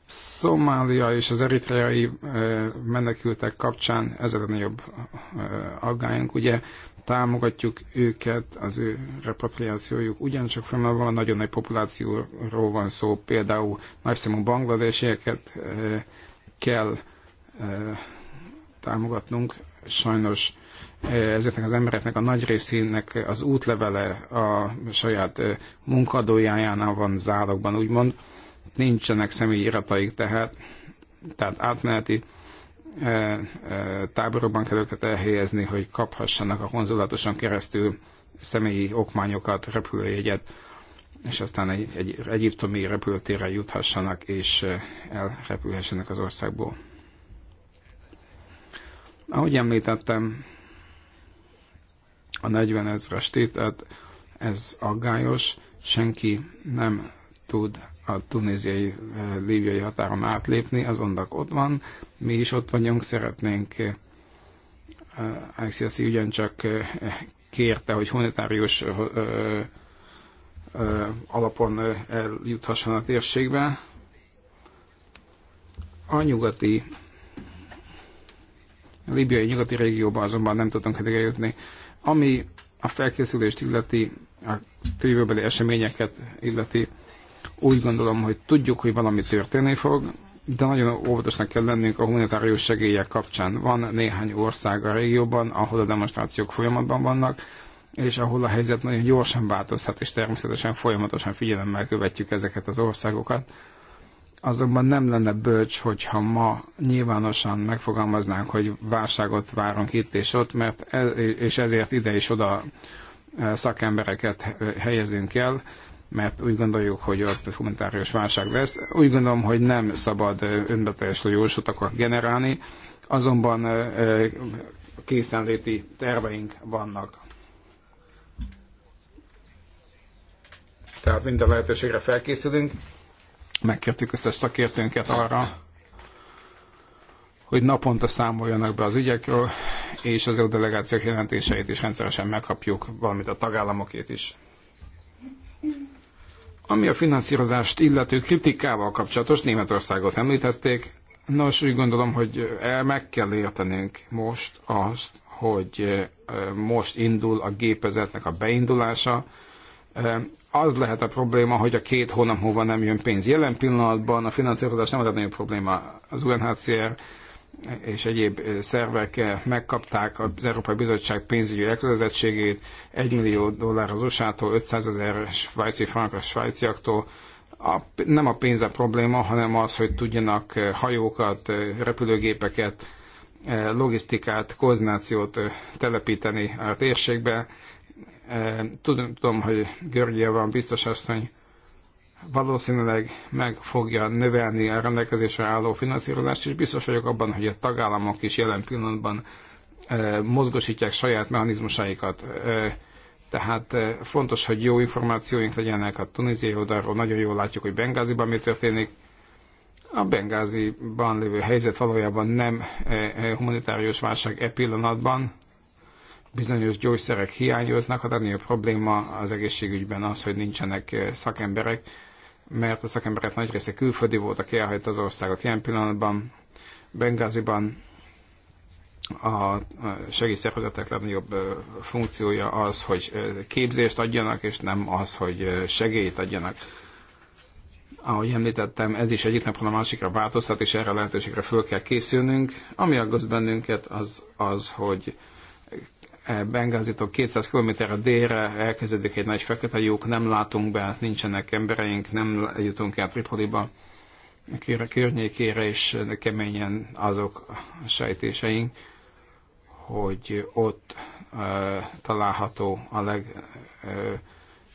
Szomália és az eritreai eh, menekültek kapcsán ez a nagyobb eh, aggályunk. Ugye támogatjuk őket, az ő repatriációjuk. Ugyancsak fennállóan nagyon nagy populációról van szó, például nagyszámú bangladesieket eh, kell eh, támogatnunk. Sajnos eh, ezeknek az embereknek a nagy részének az útlevele a saját munkadójájánál van zálogban, úgymond. Nincsenek személyi irataik, tehát, tehát átmeneti táborokban kell őket elhelyezni, hogy kaphassanak a konzulátuson keresztül személyi okmányokat, repülőjegyet, és aztán egy, egy egyiptomi repülőtérre juthassanak, és elrepülhessenek az országból. Ahogy említettem, a 40 ezres tételt, ez aggályos, senki nem tud a tunéziai, eh, líbiai határon átlépni, az ondak ott van, mi is ott vagyunk, szeretnénk eh, ICSZ ugyancsak eh, kérte, hogy humanitárius alapon eljuthasson a térségbe. A nyugati a libiai nyugati régióban azonban nem tudtunk eddig eljutni. Ami a felkészülést illeti, a jövőbeli eseményeket illeti, úgy gondolom, hogy tudjuk, hogy valami történni fog, de nagyon óvatosnak kell lennünk a humanitárius segélyek kapcsán. Van néhány ország a régióban, ahol a demonstrációk folyamatban vannak, és ahol a helyzet nagyon gyorsan változhat, és természetesen folyamatosan figyelemmel követjük ezeket az országokat. Azonban nem lenne bölcs, hogyha ma nyilvánosan megfogalmaznánk, hogy válságot várunk itt és ott, mert ez, és ezért ide és oda eh, szakembereket helyezünk el mert úgy gondoljuk, hogy ott humanitárius válság lesz. Úgy gondolom, hogy nem szabad önbeteljesülő jóslatokat generálni, azonban készenléti terveink vannak. Tehát minden lehetőségre felkészülünk, megkértük ezt a szakértőnket arra, hogy naponta számoljanak be az ügyekről, és az EU delegációk jelentéseit is rendszeresen megkapjuk, valamint a tagállamokét is. Ami a finanszírozást illető kritikával kapcsolatos, Németországot említették. Nos, úgy gondolom, hogy el meg kell értenünk most azt, hogy most indul a gépezetnek a beindulása. Az lehet a probléma, hogy a két hónap múlva nem jön pénz. Jelen pillanatban a finanszírozás nem a legnagyobb probléma. Az UNHCR és egyéb szervek megkapták az Európai Bizottság pénzügyi elkötelezettségét, 1 millió dollár az USA-tól, 500 ezer svájci frank a svájciaktól. A, nem a pénz a probléma, hanem az, hogy tudjanak hajókat, repülőgépeket, logisztikát, koordinációt telepíteni a térségbe. Tudom, hogy van biztos asszony valószínűleg meg fogja növelni a rendelkezésre álló finanszírozást, és biztos vagyok abban, hogy a tagállamok is jelen pillanatban e, mozgosítják saját mechanizmusaikat. E, tehát e, fontos, hogy jó információink legyenek a tunéziai oldalról. Nagyon jól látjuk, hogy Bengáziban mi történik. A Bengáziban lévő helyzet valójában nem humanitárius válság e pillanatban. Bizonyos gyógyszerek hiányoznak, a legnagyobb probléma az egészségügyben az, hogy nincsenek szakemberek mert a szakemberek nagy része külföldi volt, aki elhagyta az országot ilyen pillanatban. Bengáziban a segélyszervezetek legnagyobb funkciója az, hogy képzést adjanak, és nem az, hogy segélyt adjanak. Ahogy említettem, ez is egyik napon a másikra változhat, és erre a lehetőségre föl kell készülnünk. Ami aggaszt bennünket, az az, hogy Bengázitok 200 km-re délre elkezdődik egy nagy fekete lyuk, nem látunk be, nincsenek embereink, nem jutunk el Tripoliba környékére, és keményen azok a sejtéseink, hogy ott uh, található a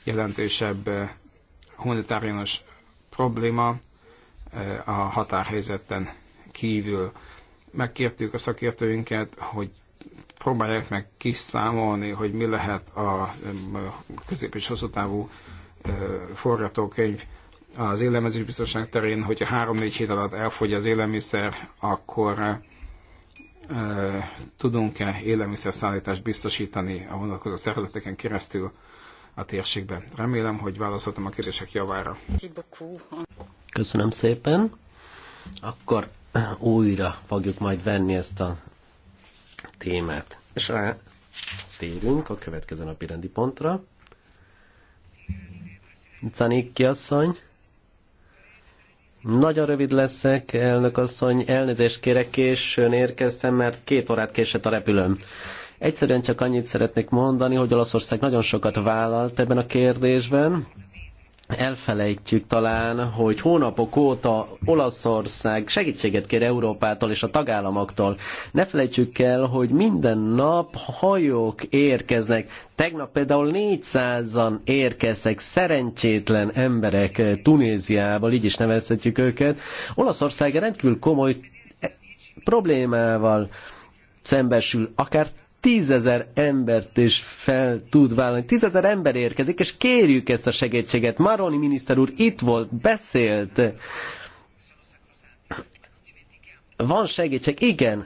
legjelentősebb uh, uh, humanitáriánus probléma a határhelyzeten kívül. Megkértük a szakértőinket, hogy próbálják meg kiszámolni, hogy mi lehet a közép- és hosszú távú forgatókönyv az élelmezésbiztonság terén, hogyha három-négy hét alatt elfogy az élelmiszer, akkor tudunk-e élelmiszerszállítást biztosítani a vonatkozó szervezeteken keresztül a térségben. Remélem, hogy válaszoltam a kérdések javára. Köszönöm szépen. Akkor újra fogjuk majd venni ezt a témát. És rá térünk a következő napi rendi pontra. Canikki asszony. Nagyon rövid leszek, elnök asszony, elnézést kérek, későn érkeztem, mert két órát késett a repülőm. Egyszerűen csak annyit szeretnék mondani, hogy Olaszország nagyon sokat vállalt ebben a kérdésben, elfelejtjük talán, hogy hónapok óta Olaszország segítséget kér Európától és a tagállamoktól. Ne felejtsük el, hogy minden nap hajók érkeznek. Tegnap például 400-an érkeztek szerencsétlen emberek Tunéziából, így is nevezhetjük őket. Olaszország rendkívül komoly problémával szembesül, akár tízezer embert is fel tud vállalni. Tízezer ember érkezik, és kérjük ezt a segítséget. Maroni miniszter úr itt volt, beszélt. Van segítség, igen.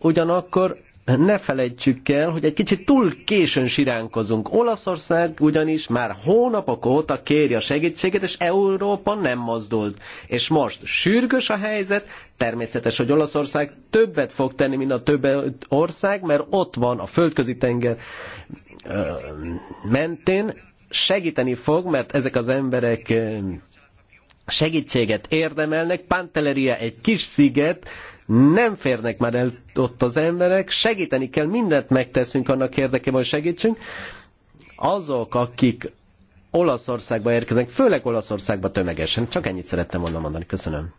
Ugyanakkor ne felejtsük el, hogy egy kicsit túl későn siránkozunk. Olaszország ugyanis már hónapok óta kéri a segítséget, és Európa nem mozdult. És most sürgős a helyzet, természetes, hogy Olaszország többet fog tenni, mint a több ország, mert ott van a földközi tenger mentén, segíteni fog, mert ezek az emberek segítséget érdemelnek. Pantelleria egy kis sziget, nem férnek már el ott az emberek, segíteni kell, mindent megteszünk annak érdekében, hogy segítsünk. Azok, akik Olaszországba érkeznek, főleg Olaszországba tömegesen. Csak ennyit szerettem volna mondani. Köszönöm.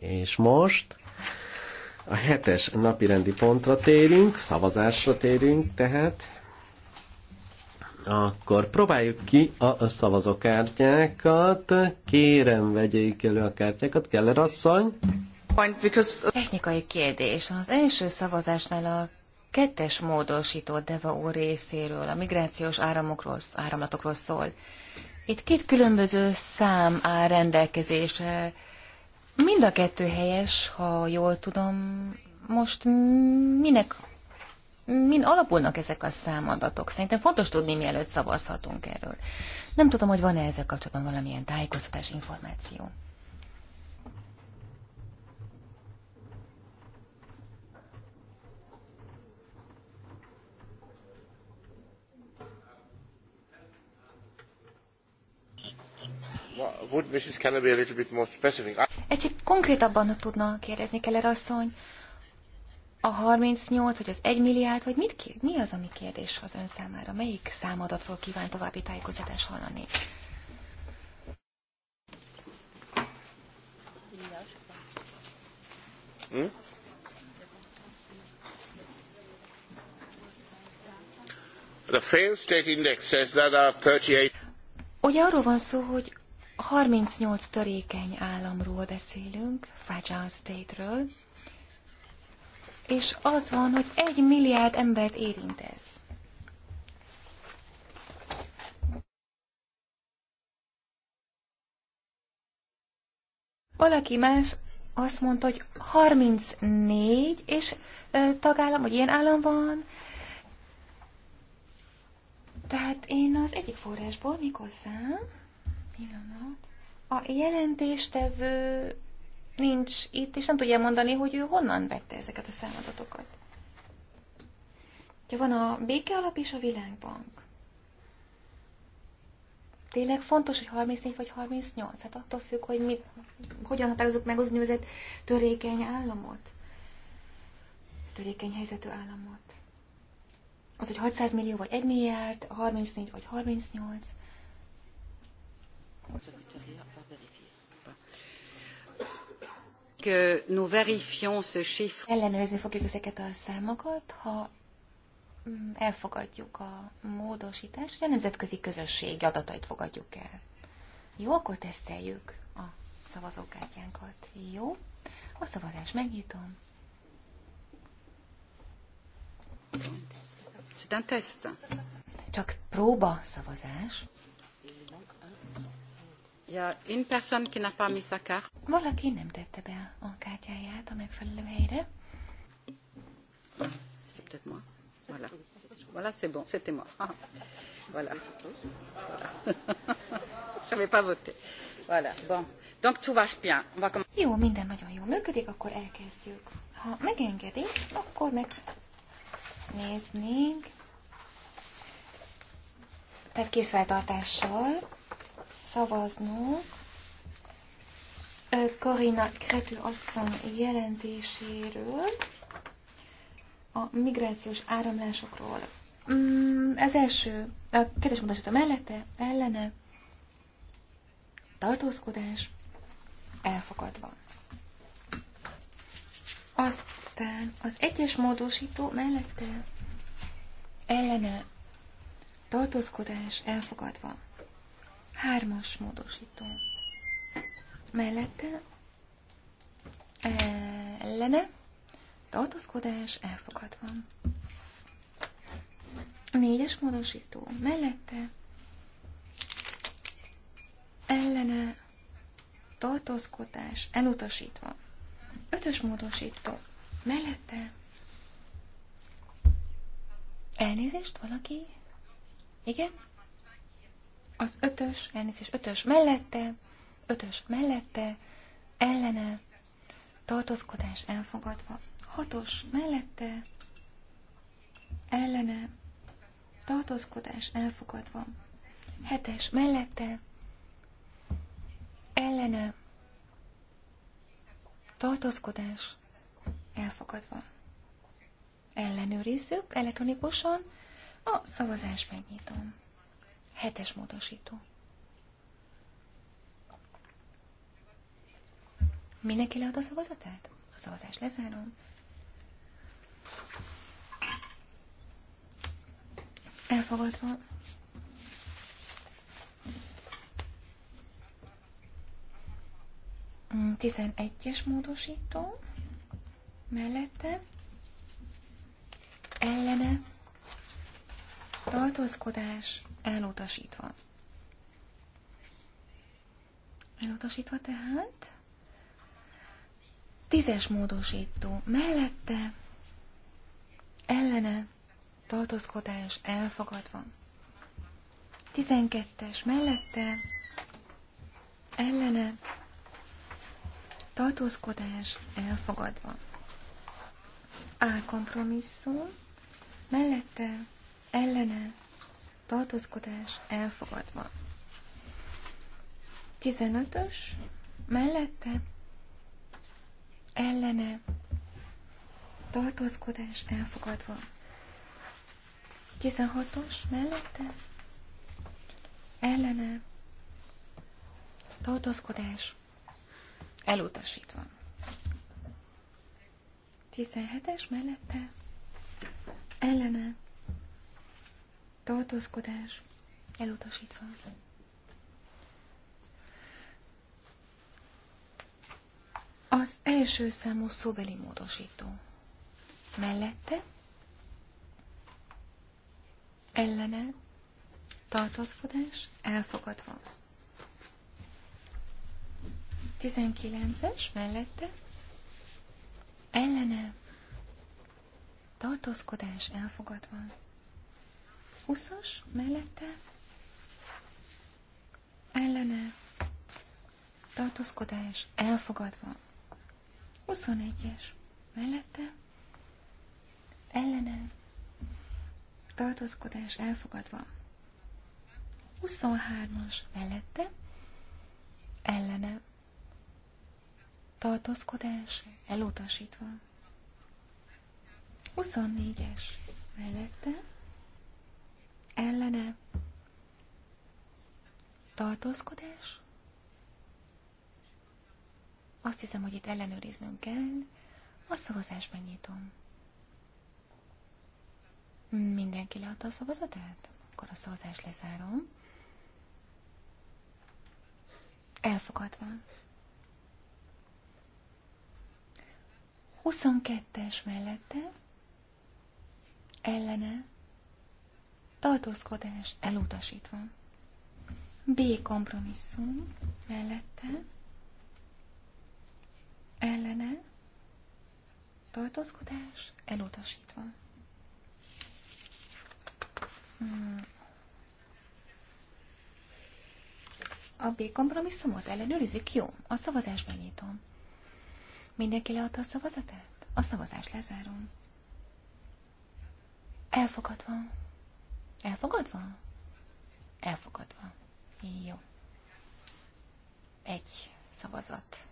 És most a hetes napi rendi pontra térünk, szavazásra térünk, tehát akkor próbáljuk ki a szavazókártyákat. Kérem, vegyék elő a kártyákat. Keller asszony. Uh, Technikai kérdés. Az első szavazásnál a kettes módosító Deva úr részéről a migrációs áramokról, áramlatokról szól. Itt két különböző szám áll rendelkezésre. Mind a kettő helyes, ha jól tudom. Most minek, min alapulnak ezek a számadatok? Szerintem fontos tudni, mielőtt szavazhatunk erről. Nem tudom, hogy van-e ezzel kapcsolatban valamilyen tájékoztatás információ. would Mrs. Keller be a little bit more specific? Egy konkrétabban tudna kérdezni Keller asszony, a 38, vagy az 1 milliárd, vagy mit, mi az, ami kérdés az ön számára? Melyik számadatról kíván további tájékoztatást hallani? Hm? The Failed state index says that are 38... Ugye arról van szó, hogy 38 törékeny államról beszélünk, fragile state-ről, és az van, hogy egy milliárd embert érint ez. Valaki más azt mondta, hogy 34 és ö, tagállam, vagy ilyen állam van. Tehát én az egyik forrásból méghozzá pillanat. A jelentéstevő nincs itt, és nem tudja mondani, hogy ő honnan vette ezeket a számadatokat. Ugye van a béke alap és a világbank. Tényleg fontos, hogy 34 vagy 38, hát attól függ, hogy mit, hogyan határozunk meg az úgynevezett törékeny államot. Törékeny helyzetű államot. Az, hogy 600 millió vagy 1 milliárd, 34 vagy 38. Ellenőrizni fogjuk ezeket a számokat, ha mm, elfogadjuk a módosítást, hogy a nemzetközi közösség adatait fogadjuk el. Jó, akkor teszteljük a szavazókártyánkat. Jó, a szavazást megnyitom. Csak próba szavazás. Il y a une personne qui n'a pas mis sa carte. Valaki nem tette be a kártyáját a megfelelő helyre. C'est peut-être moi. Voilà. Voilà, c'est bon, c'était moi. Ah. Voilà. voilà. [laughs] Je n'avais pas voté. Voilà, bon. Donc tout va bien. On va jó, minden nagyon jól működik, akkor elkezdjük. Ha megengedik, akkor meg néznénk. Tehát készfeltartással szavaznunk Karina Krető asszony jelentéséről, a migrációs áramlásokról. Mm, ez első, a kettes a mellette, ellene, tartózkodás, elfogadva. Aztán az egyes módosító mellette, ellene, tartózkodás, elfogadva. Hármas módosító. Mellette e, ellene tartózkodás elfogadva. Négyes módosító. Mellette ellene tartózkodás elutasítva. Ötös módosító. Mellette elnézést valaki? Igen? Az ötös, elnézést, ötös mellette, ötös mellette, ellene, tartózkodás elfogadva. Hatos mellette, ellene, tartózkodás elfogadva. Hetes mellette, ellene, tartózkodás elfogadva. Ellenőrizzük elektronikusan, a szavazást megnyitom. Hetes módosító. Mindenki lead a szavazatát? A szavazást lezárom. Elfogadva. Mm, tizenegyes módosító mellette ellene tartózkodás elutasítva. Elutasítva tehát. Tízes módosító mellette, ellene, tartózkodás elfogadva. Tizenkettes mellette, ellene, tartózkodás elfogadva. A kompromisszum mellette, ellene, tartózkodás elfogadva. 15-ös, mellette, ellene, tartózkodás elfogadva. 16-os, mellette, ellene, tartózkodás elutasítva. 17-es mellette ellene tartózkodás elutasítva. Az első számú szóbeli módosító. Mellette, ellene, tartózkodás elfogadva. 19-es mellette, ellene, tartózkodás elfogadva. 20-as mellette ellene tartózkodás elfogadva. 21-es mellette ellene tartózkodás elfogadva. 23-as mellette ellene tartózkodás elutasítva. 24-es mellette ellene tartózkodás. Azt hiszem, hogy itt ellenőriznünk kell. A szavazásban nyitom. Mindenki leadta a szavazatát? Akkor a szavazást lezárom. Elfogadva. 22-es mellette ellene tartózkodás elutasítva. B kompromisszum mellette ellene tartózkodás elutasítva. Hmm. A B kompromisszumot ellenőrizik? Jó, a szavazást megnyitom. Mindenki leadta a szavazatát? A szavazást lezárom. Elfogadva. Elfogadva? Elfogadva. Jó. Egy szavazat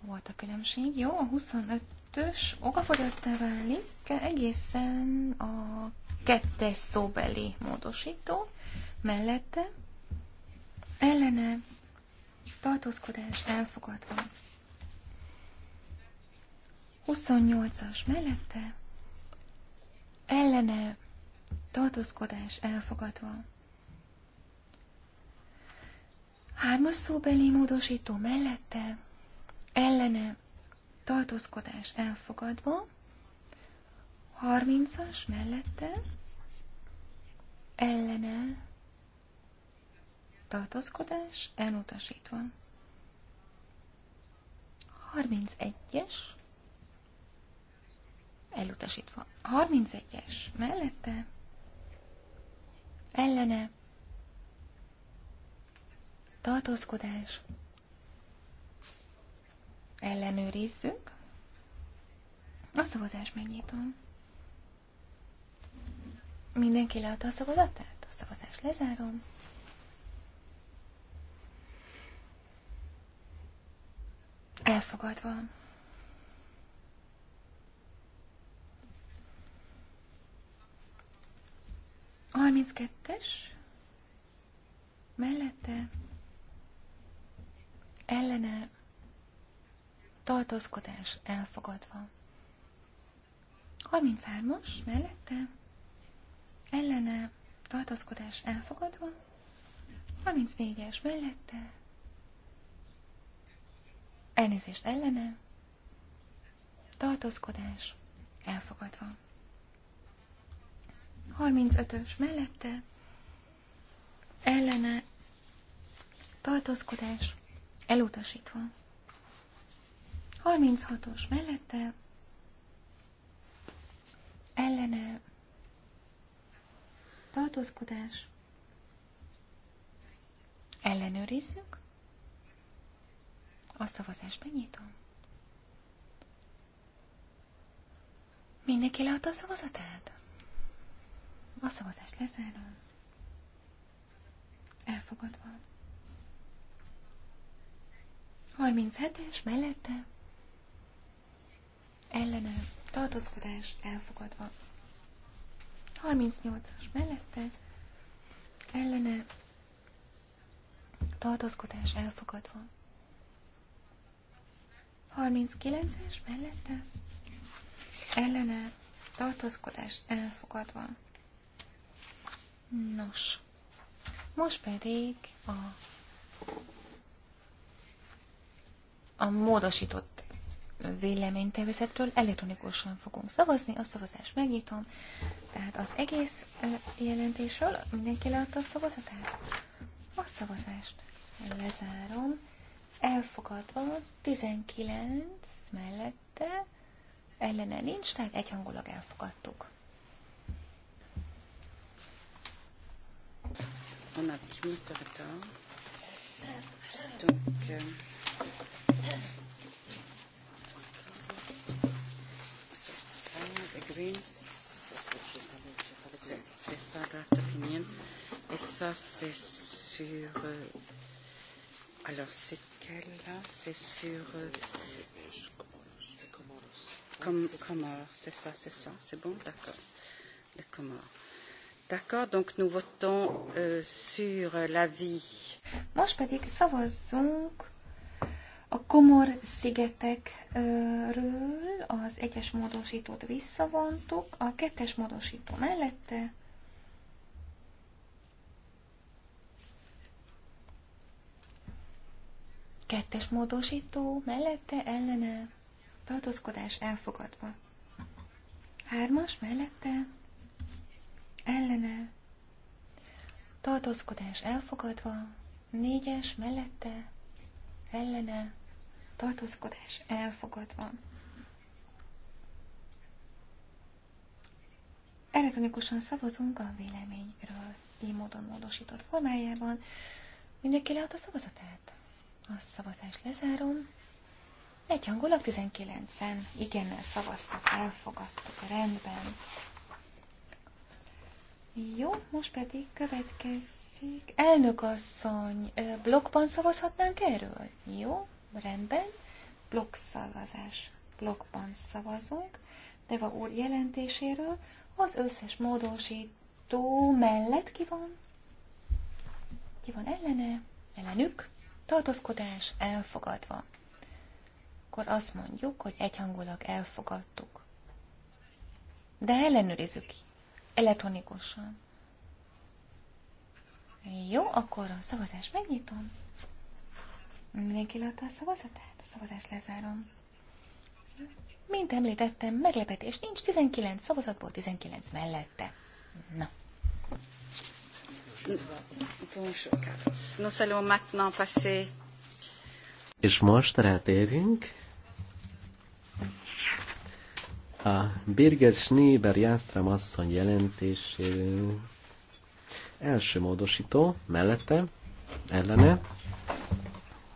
volt a különbség. Jó, a 25-ös okafogyottá válik egészen a kettes szóbeli módosító mellette ellene tartózkodás elfogadva. 28-as mellette ellene tartózkodás elfogadva. Hármas szóbeli módosító mellette, ellene, tartózkodás elfogadva, harmincas mellette, ellene, tartózkodás elutasítva. 31-es, elutasítva. 31-es mellette, ellene, tartózkodás, ellenőrizzük, a szavazás megnyitom. Mindenki leadta a szavazatát? A szavazást lezárom. Elfogadva. 32-es mellette ellene tartózkodás elfogadva. 33-as mellette ellene tartózkodás elfogadva. 34-es mellette elnézést ellene tartózkodás elfogadva. 35-ös mellette ellene tartózkodás elutasítva. 36-os mellette ellene tartózkodás ellenőrizzük. A szavazást benyitom. Mindenki látta a szavazatát? A szavazást lezárom. Elfogadva. 37-es mellette. Ellene. Tartózkodás elfogadva. 38-as mellette. Ellene. Tartózkodás elfogadva. 39-es mellette. Ellene. Tartózkodás elfogadva. Nos, most pedig a, a módosított véleménytervezetről elektronikusan fogunk szavazni, a szavazást megnyitom, tehát az egész jelentésről mindenki leadta a szavazatát? A szavazást lezárom, elfogadva 19 mellette, ellene nincs, tehát egyhangulag elfogadtuk. on a petit minutes de retard. Donc, euh, c'est ça, les Green, c'est ça, draft opinion. Et ça, c'est sur. Euh, alors, c'est quel là C'est sur. Euh, Comme, Comores, c'est ça, c'est ça, c'est bon, d'accord. Les Comores. D'accord, donc nous votons euh, sur l'avis. Most pedig szavazzunk a komor szigetekről az egyes módosítót visszavontuk, a kettes módosító mellette kettes módosító mellette ellene tartózkodás elfogadva. Hármas mellette ellene, tartózkodás elfogadva, négyes mellette, ellene, tartózkodás elfogadva. Elektronikusan szavazunk a véleményről, így módon módosított formájában. Mindenki lehet a szavazatát. A szavazást lezárom. Egyhangulag 19-en igennel szavaztak, elfogadtuk, rendben. Jó, most pedig következik. Elnök asszony, blokkban szavazhatnánk erről? Jó, rendben. Blokkszavazás. Blokkban szavazunk. Deva úr jelentéséről az összes módosító mellett ki van? Ki van ellene? Ellenük? Tartózkodás elfogadva. Akkor azt mondjuk, hogy egyhangulag elfogadtuk. De ellenőrizzük ki elektronikusan. Jó, akkor a szavazást megnyitom. Mindenki látta a szavazatát? A szavazást lezárom. Mint említettem, meglepetés nincs, 19 szavazatból 19 mellette. Na. Nos allons maintenant passer. És most rátérünk a Birgit Schneeber Jásztram asszony jelentéséről első módosító, mellette, ellene,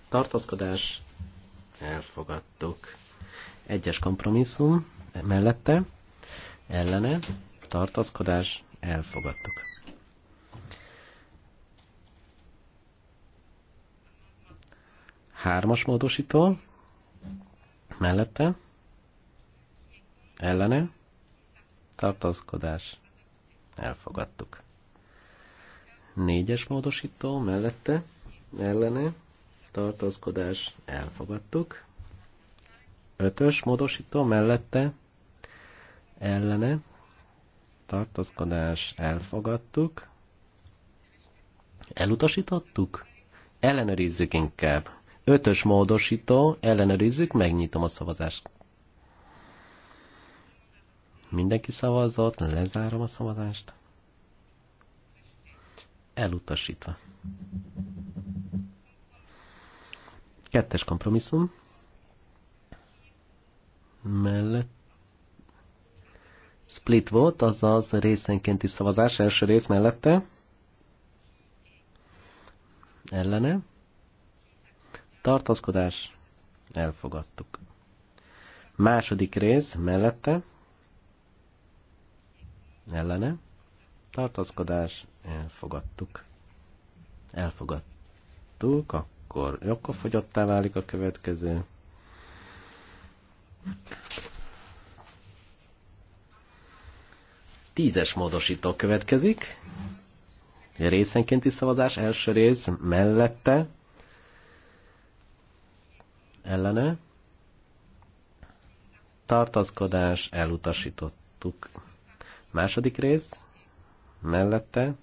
tartózkodás, elfogadtuk. Egyes kompromisszum, mellette, ellene, tartózkodás, elfogadtuk. Hármas módosító, mellette, ellene, tartózkodás, elfogadtuk. Négyes módosító mellette, ellene, tartózkodás, elfogadtuk. Ötös módosító mellette, ellene, tartózkodás, elfogadtuk. Elutasítottuk? Ellenőrizzük inkább. Ötös módosító, ellenőrizzük, megnyitom a szavazást. Mindenki szavazott, lezárom a szavazást. Elutasítva. Kettes kompromisszum. Mellett. Split volt, azaz részenkénti szavazás első rész mellette. Ellene. Tartózkodás. Elfogadtuk. Második rész mellette ellene, tartózkodás, elfogadtuk. Elfogadtuk, akkor akkor fogyottá válik a következő. Tízes módosító következik. Részenkénti szavazás, első rész mellette, ellene, tartaszkodás, elutasítottuk. Második rész, mellette,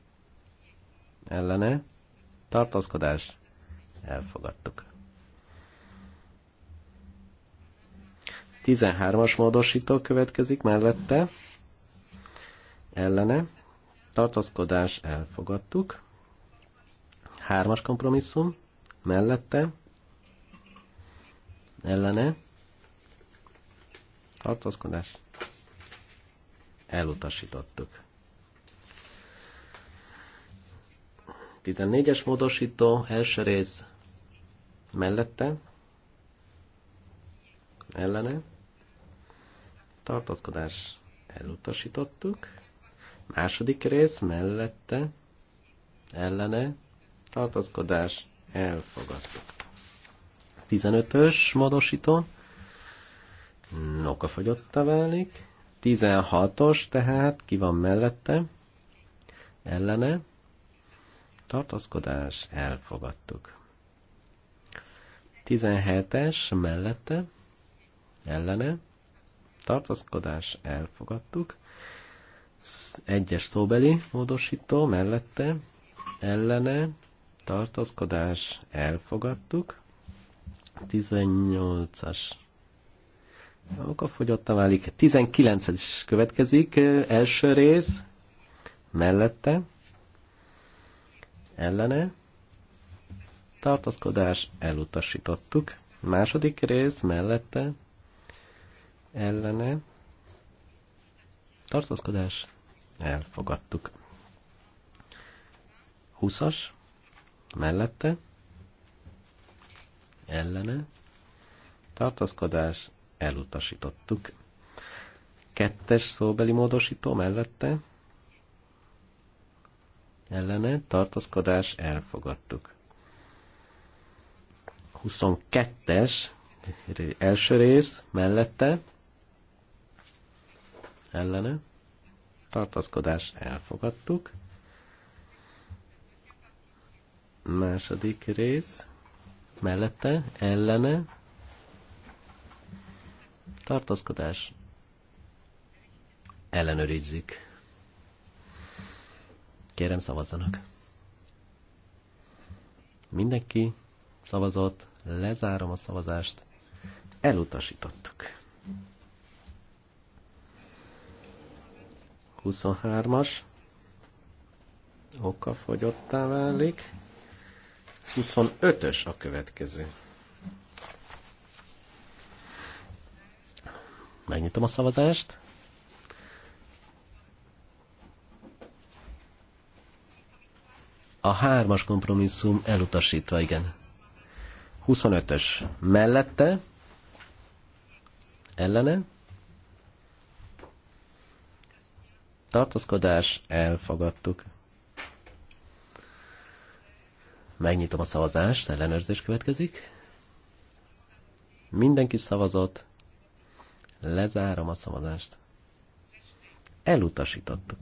ellene, tartózkodás, elfogadtuk. 13-as módosító következik mellette, ellene, tartózkodás, elfogadtuk. Hármas kompromisszum, mellette, ellene, tartózkodás, elutasítottuk. 14-es módosító, első rész mellette, ellene, tartózkodás elutasítottuk, második rész mellette, ellene, tartózkodás elfogadtuk. 15-ös módosító, nokafogyottá válik, 16-os, tehát ki van mellette? Ellene. Tartózkodás, elfogadtuk. 17-es mellette, ellene, tartózkodás, elfogadtuk. Egyes szóbeli módosító mellette, ellene, tartózkodás, elfogadtuk. 18-as Okafogyottá válik. 19-es következik, első rész, mellette, ellene, tartaszkodás elutasítottuk. Második rész, mellette, ellene, tartaszkodás elfogadtuk. 20-as, mellette, ellene, tartaszkodás elutasítottuk. Kettes szóbeli módosító mellette ellene tartózkodás elfogadtuk. 22-es első rész mellette ellene tartózkodás elfogadtuk. Második rész mellette ellene tartózkodás, ellenőrizzük. Kérem szavazzanak. Mindenki szavazott, lezárom a szavazást, elutasítottuk. 23-as, oka fogyottá válik, 25-ös a következő. Megnyitom a szavazást. A hármas kompromisszum elutasítva, igen. 25-ös mellette, ellene, Tartozkodás elfogadtuk. Megnyitom a szavazást, ellenőrzés következik. Mindenki szavazott, Lezárom a szavazást. Elutasítottuk.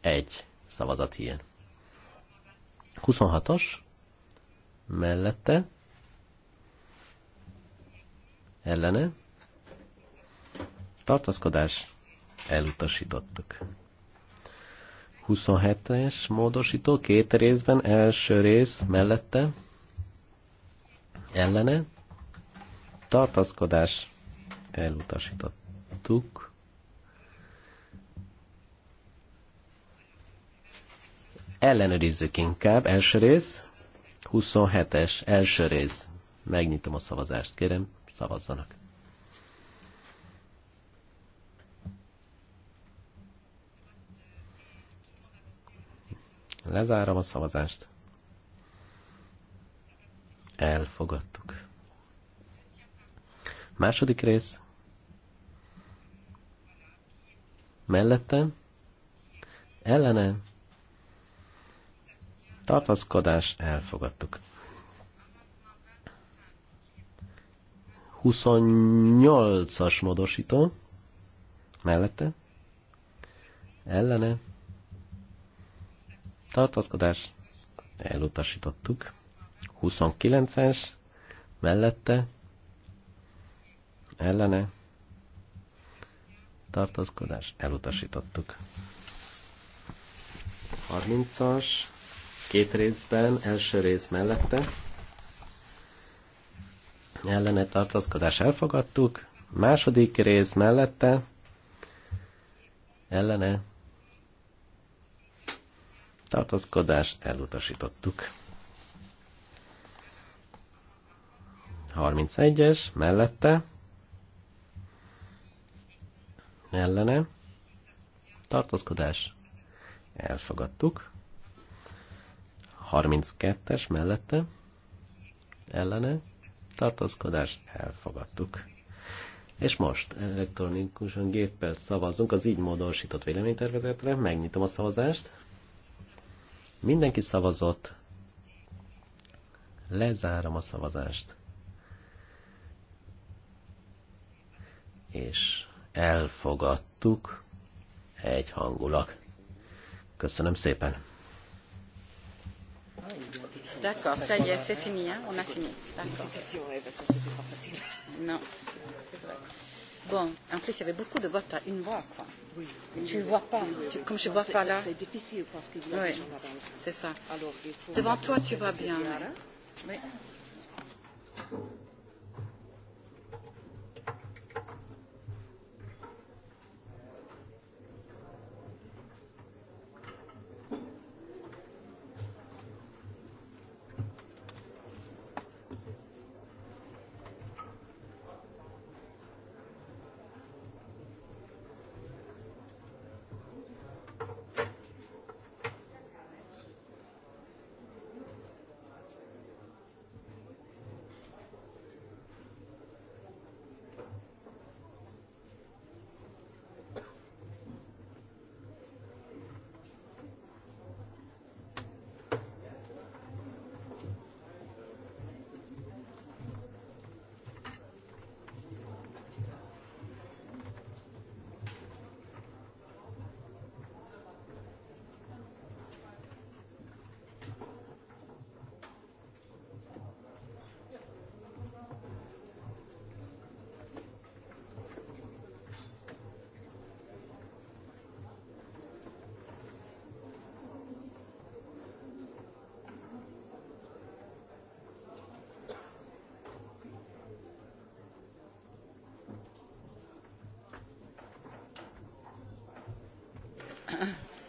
Egy szavazat ilyen. 26-os. Mellette. Ellene. Tartaszkodás. Elutasítottuk. 27-es módosító két részben, első rész mellette, ellene, tartaszkodás, elutasítottuk. Ellenőrizzük inkább. Első rész, 27-es, első rész. Megnyitom a szavazást, kérem, szavazzanak. Lezárom a szavazást. Elfogadtuk. Második rész. mellette, ellene, tartaszkodás, elfogadtuk. 28-as modosító, mellette, ellene, tartaszkodás, elutasítottuk. 29-es, mellette, ellene, tartózkodás, elutasítottuk. 30-as, két részben, első rész mellette, ellene tartózkodás elfogadtuk, második rész mellette, ellene tartózkodás elutasítottuk. 31-es mellette ellene, tartózkodás, elfogadtuk. 32-es mellette, ellene, tartózkodás, elfogadtuk. És most elektronikusan géppel szavazunk az így módosított véleménytervezetre. Megnyitom a szavazást. Mindenki szavazott. Lezárom a szavazást. És elfogadtuk hangulak. Köszönöm szépen! D'accord, ça y est, c'est fini, hein, on a fini. Non. Bon, en plus, il y avait beaucoup de votes à une voix, quoi. Oui. Tu ne vois pas, oui, oui, tu, comme je ne vois pas là. C'est difficile parce qu'il y a oui. des gens là-bas. C'est ça. Alors, Devant toi, tu vois bien. Oui.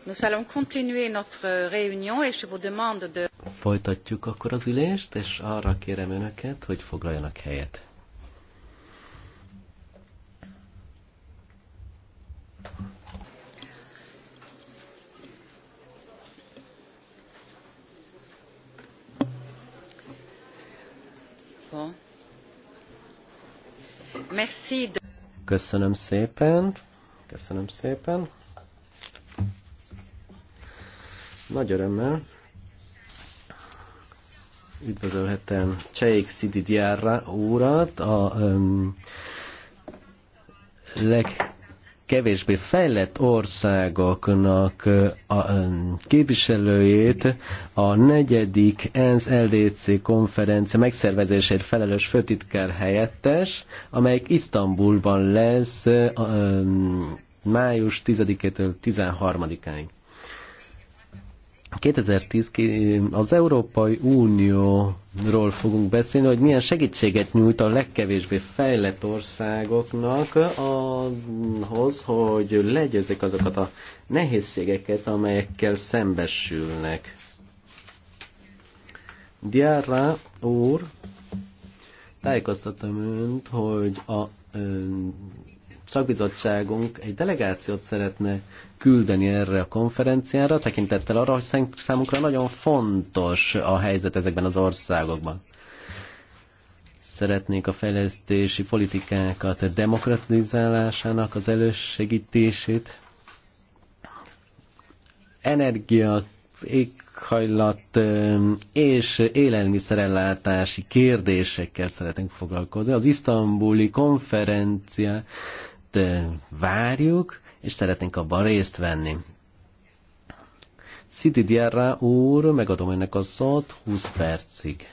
Nous allons continuer notre réunion, et je vous demande de... Folytatjuk akkor az ülést, és arra kérem önöket, hogy foglaljanak helyet. Köszönöm szépen. Köszönöm szépen. Nagy örömmel üdvözölhetem Cseik Szidi Diára úrat, a um, legkevésbé fejlett országoknak a um, képviselőjét a negyedik ENSZ LDC konferencia megszervezésért felelős főtitkár helyettes, amelyik Isztambulban lesz um, május 10-től 13-áig. 2010 az Európai Unióról fogunk beszélni, hogy milyen segítséget nyújt a legkevésbé fejlett országoknak ahhoz, hogy legyőzzék azokat a nehézségeket, amelyekkel szembesülnek. Diarra úr, tájékoztatom önt, hogy a ö, szakbizottságunk egy delegációt szeretne küldeni erre a konferenciára, tekintettel arra, hogy számunkra nagyon fontos a helyzet ezekben az országokban. Szeretnék a fejlesztési politikákat demokratizálásának az elősegítését, energia, éghajlat és élelmiszerellátási kérdésekkel szeretnénk foglalkozni. Az isztambuli konferenciát várjuk, és szeretnénk abban részt venni. Sziti Diarra úr, megadom önnek a szót 20 percig.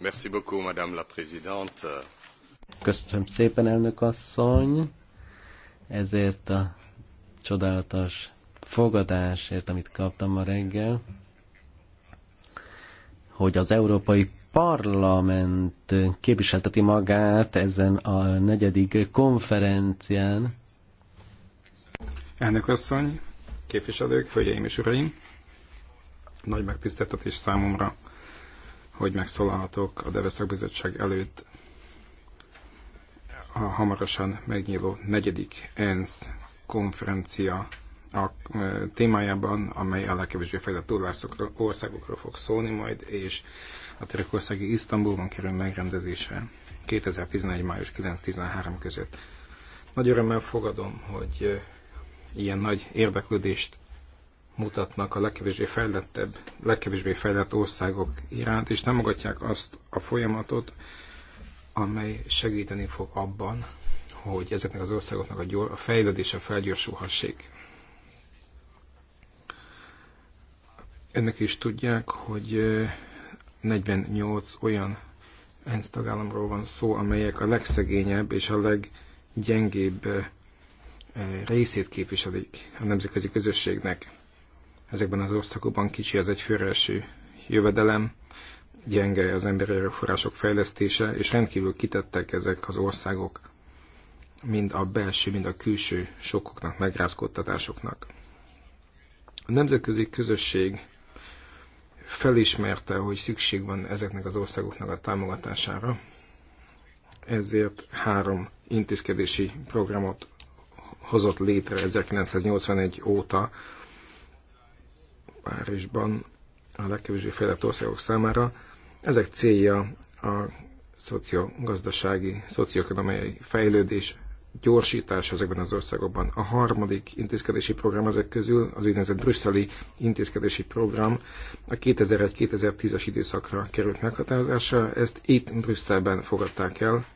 Merci beaucoup, Madame la Présidente. Köszönöm szépen, elnök asszony, ezért a csodálatos fogadásért, amit kaptam ma reggel, hogy az Európai parlament képviselteti magát ezen a negyedik konferencián. Elnök asszony, képviselők, hölgyeim és uraim! Nagy megtiszteltetés számomra, hogy megszólalhatok a Deveszak Bizottság előtt a hamarosan megnyíló negyedik ENSZ konferencia a témájában, amely a legkevésbé fejlett országokról fog szólni majd, és a törökországi Isztambulban kerül megrendezésre 2011. május 9-13 között. Nagy örömmel fogadom, hogy ilyen nagy érdeklődést mutatnak a legkevésbé fejlettebb, legkevésbé fejlett országok iránt, és támogatják azt a folyamatot, amely segíteni fog abban, hogy ezeknek az országoknak a, gyors, a fejlődése felgyorsulhassék. ennek is tudják, hogy 48 olyan ENSZ tagállamról van szó, amelyek a legszegényebb és a leggyengébb részét képviselik a nemzetközi közösségnek. Ezekben az országokban kicsi az egyfőre jövedelem, gyenge az emberi erőforrások fejlesztése, és rendkívül kitettek ezek az országok mind a belső, mind a külső sokoknak, megrázkodtatásoknak. A nemzetközi közösség felismerte, hogy szükség van ezeknek az országoknak a támogatására, ezért három intézkedési programot hozott létre 1981 óta Párizsban a legkevésbé fejlett országok számára. Ezek célja a szociogazdasági, szocioekonomiai fejlődés gyorsítás ezekben az országokban. A harmadik intézkedési program ezek közül, az úgynevezett brüsszeli intézkedési program a 2001-2010-es időszakra került meghatározásra. Ezt itt Brüsszelben fogadták el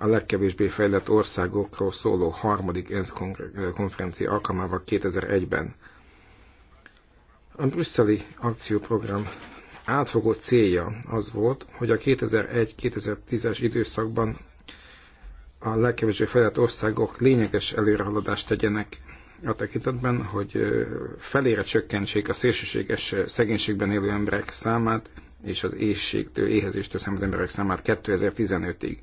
a legkevésbé fejlett országokról szóló harmadik ENSZ eh, konferencia alkalmával 2001-ben. A brüsszeli akcióprogram átfogó célja az volt, hogy a 2001-2010-es időszakban a legkevésbé fejlett országok lényeges előrehaladást tegyenek a tekintetben, hogy felére csökkentsék a szélsőséges szegénységben élő emberek számát, és az éhségtől, éhezéstől szenvedő emberek számát 2015-ig.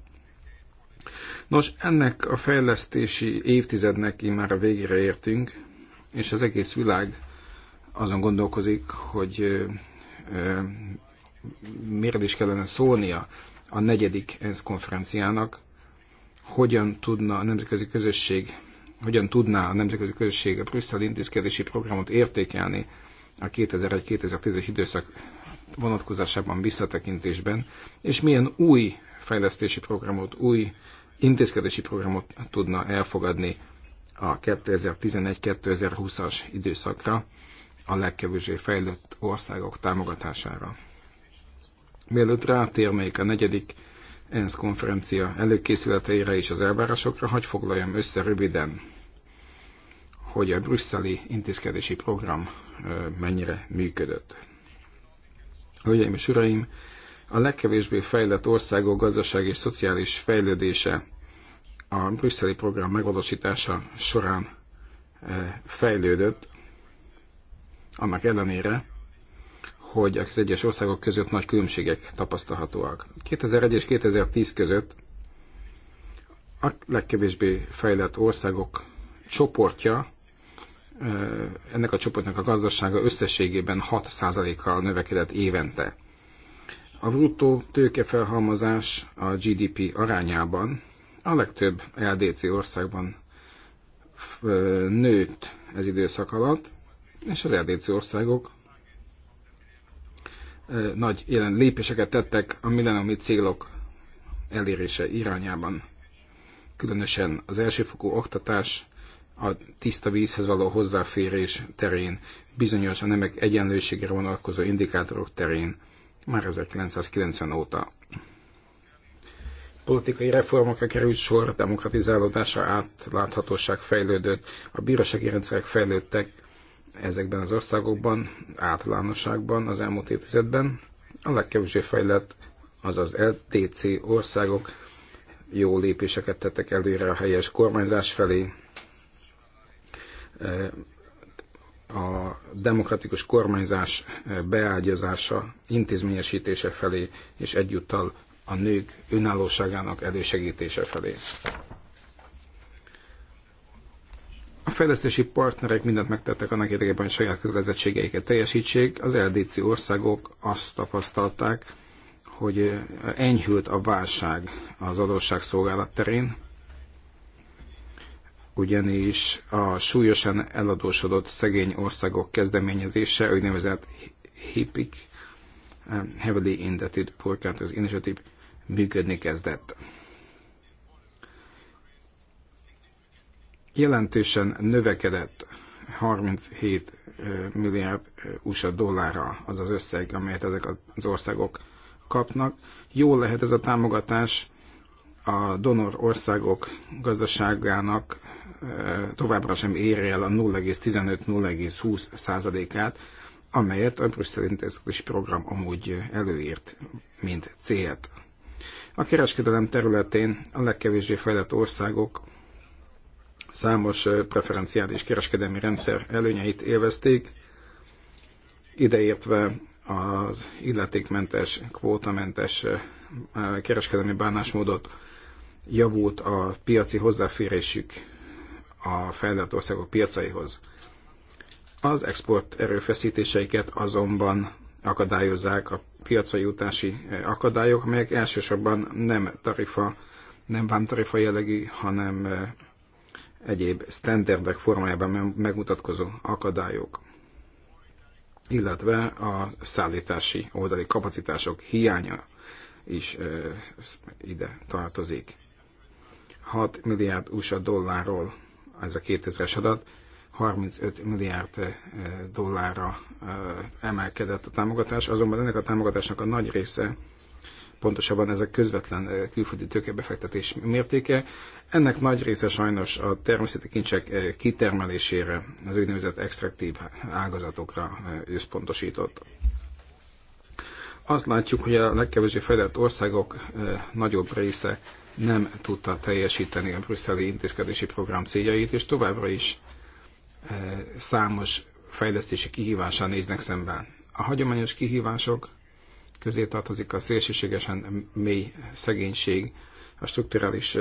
Nos, ennek a fejlesztési évtizednek már a végére értünk, és az egész világ azon gondolkozik, hogy ö, ö, miért is kellene szólnia a negyedik ENSZ konferenciának, hogyan tudna a nemzetközi közösség, hogyan tudná a nemzetközi közösség a Brüsszel intézkedési programot értékelni a 2001-2010-es időszak vonatkozásában visszatekintésben, és milyen új fejlesztési programot, új intézkedési programot tudna elfogadni a 2011-2020-as időszakra a legkevésbé fejlett országok támogatására. Mielőtt rátérnék a negyedik ENSZ konferencia előkészületeire és az elvárásokra, hagy foglaljam össze röviden, hogy a brüsszeli intézkedési program mennyire működött. Hölgyeim és Uraim, a legkevésbé fejlett országok gazdasági és szociális fejlődése a brüsszeli program megvalósítása során fejlődött, annak ellenére, hogy az egyes országok között nagy különbségek tapasztalhatóak. 2001 és 2010 között a legkevésbé fejlett országok csoportja, ennek a csoportnak a gazdasága összességében 6%-kal növekedett évente. A bruttó tőkefelhalmozás a GDP arányában a legtöbb LDC országban nőtt ez időszak alatt, és az LDC országok nagy jelen lépéseket tettek a millenniumi célok elérése irányában. Különösen az elsőfokú oktatás, a tiszta vízhez való hozzáférés terén, bizonyos a nemek egyenlőségére vonatkozó indikátorok terén már 1990 óta. Politikai reformokra került sor, demokratizálódása, átláthatóság fejlődött, a bírósági rendszerek fejlődtek, ezekben az országokban, általánosságban az elmúlt évtizedben. A legkevésbé fejlett, azaz LTC országok jó lépéseket tettek előre a helyes kormányzás felé. E, a demokratikus kormányzás beágyazása, intézményesítése felé, és egyúttal a nők önállóságának elősegítése felé. A fejlesztési partnerek mindent megtettek annak érdekében, hogy saját kötelezettségeiket teljesítsék. Az LDC országok azt tapasztalták, hogy enyhült a válság az adósságszolgálat terén, ugyanis a súlyosan eladósodott szegény országok kezdeményezése, úgynevezett HIPIC, Heavily Indebted Poor Countries Initiative működni kezdett. jelentősen növekedett 37 milliárd USA dollárra az az összeg, amelyet ezek az országok kapnak. Jó lehet ez a támogatás a donor országok gazdaságának továbbra sem érje el a 0,15-0,20 százalékát, amelyet a Brüsszel intézkedési program amúgy előírt, mint célt. A kereskedelem területén a legkevésbé fejlett országok számos preferenciális kereskedelmi rendszer előnyeit élvezték, ideértve az illetékmentes, kvótamentes kereskedelmi bánásmódot javult a piaci hozzáférésük a fejlett országok piacaihoz. Az export erőfeszítéseiket azonban akadályozzák a piacai jutási akadályok, melyek elsősorban nem tarifa, nem vámtarifa jellegű, hanem egyéb sztenderdek formájában megmutatkozó akadályok, illetve a szállítási oldali kapacitások hiánya is ide tartozik. 6 milliárd USA dollárról ez a 2000-es adat, 35 milliárd dollárra emelkedett a támogatás, azonban ennek a támogatásnak a nagy része, pontosabban ez a közvetlen külföldi tőkebefektetés mértéke, ennek nagy része sajnos a természeti kincsek eh, kitermelésére, az úgynevezett extraktív ágazatokra eh, összpontosított. Azt látjuk, hogy a legkevésbé fejlett országok eh, nagyobb része nem tudta teljesíteni a brüsszeli intézkedési program céljait, és továbbra is számos fejlesztési kihívással néznek szemben. A hagyományos kihívások közé tartozik a szélsőségesen mély szegénység, a strukturális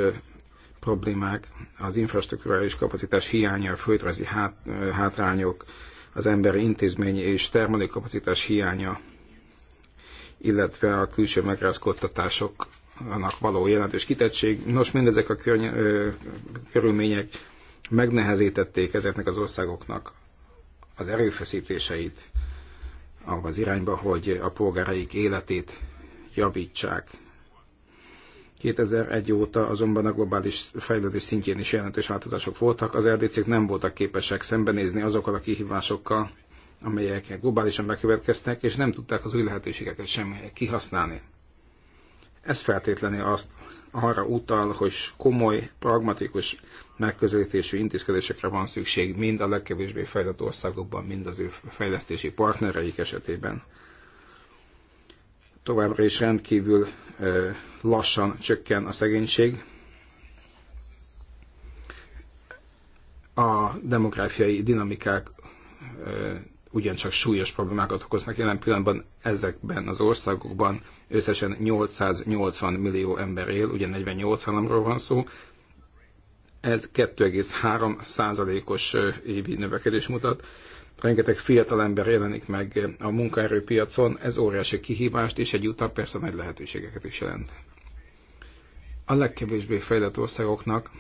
problémák, az infrastruktúrális kapacitás hiánya, a földrajzi hát, hátrányok, az emberi intézmény és termelőkapacitás hiánya, illetve a külső megrázkodtatásoknak való jelentős kitettség. Nos, mindezek a körny- ö, körülmények megnehezítették ezeknek az országoknak az erőfeszítéseit az irányba, hogy a polgáraik életét javítsák 2001 óta azonban a globális fejlődés szintjén is jelentős változások voltak, az ldc nem voltak képesek szembenézni azokkal a kihívásokkal, amelyek globálisan bekövetkeztek, és nem tudták az új lehetőségeket sem kihasználni. Ez feltétlenül azt arra utal, hogy komoly, pragmatikus megközelítésű intézkedésekre van szükség mind a legkevésbé fejlett országokban, mind az ő fejlesztési partnereik esetében továbbra is rendkívül lassan csökken a szegénység. A demográfiai dinamikák ugyancsak súlyos problémákat okoznak. Jelen pillanatban ezekben az országokban összesen 880 millió ember él, ugye 48 államról van szó. Ez 2,3 százalékos évi növekedés mutat rengeteg fiatal ember jelenik meg a munkaerőpiacon, ez óriási kihívást és utat persze nagy lehetőségeket is jelent. A legkevésbé fejlett országoknak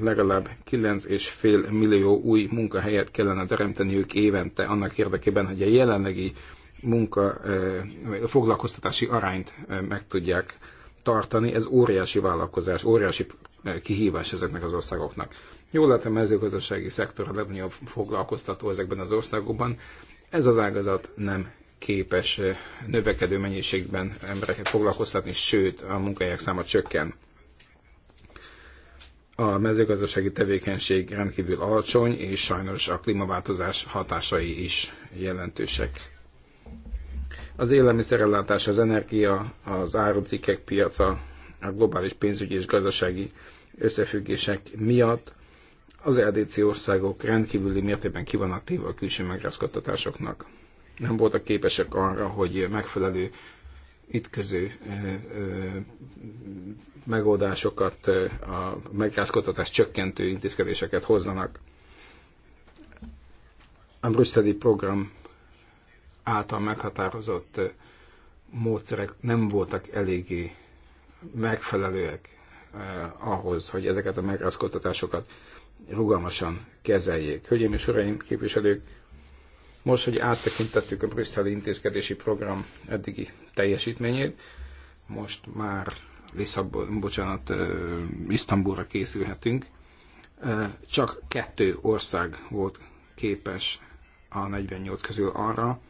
legalább 9,5 millió új munkahelyet kellene teremteniük évente annak érdekében, hogy a jelenlegi munka, eh, a foglalkoztatási arányt eh, meg tudják tartani. Ez óriási vállalkozás, óriási eh, kihívás ezeknek az országoknak. Jól lehet, a mezőgazdasági szektor a legnagyobb foglalkoztató ezekben az országokban. Ez az ágazat nem képes eh, növekedő mennyiségben embereket foglalkoztatni, sőt, a munkahelyek száma csökken. A mezőgazdasági tevékenység rendkívül alacsony, és sajnos a klímaváltozás hatásai is jelentősek. Az élelmiszerellátás, az energia, az árucikkek piaca, a globális pénzügyi és gazdasági összefüggések miatt az LDC e országok rendkívüli mértékben ki téve a külső megrázkodtatásoknak. Nem voltak képesek arra, hogy megfelelő ütköző megoldásokat, a megrázkodtatás csökkentő intézkedéseket hozzanak. A brüsszeli program által meghatározott módszerek nem voltak eléggé megfelelőek eh, ahhoz, hogy ezeket a megrázkodtatásokat rugalmasan kezeljék. Hölgyeim és uraim, képviselők, most, hogy áttekintettük a brüsszeli intézkedési program eddigi teljesítményét, most már Lisszabon, bocsánat, Isztambulra készülhetünk. csak kettő ország volt képes a 48 közül arra,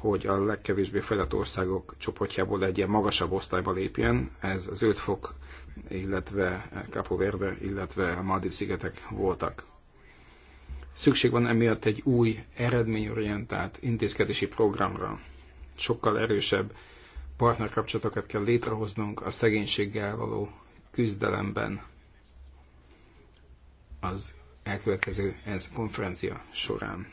hogy a legkevésbé fejlett országok csoportjából egy ilyen magasabb osztályba lépjen. Ez az öt fok, illetve Capo Verde, illetve a Maldiv szigetek voltak. Szükség van emiatt egy új, eredményorientált intézkedési programra. Sokkal erősebb partnerkapcsolatokat kell létrehoznunk a szegénységgel való küzdelemben az elkövetkező ez konferencia során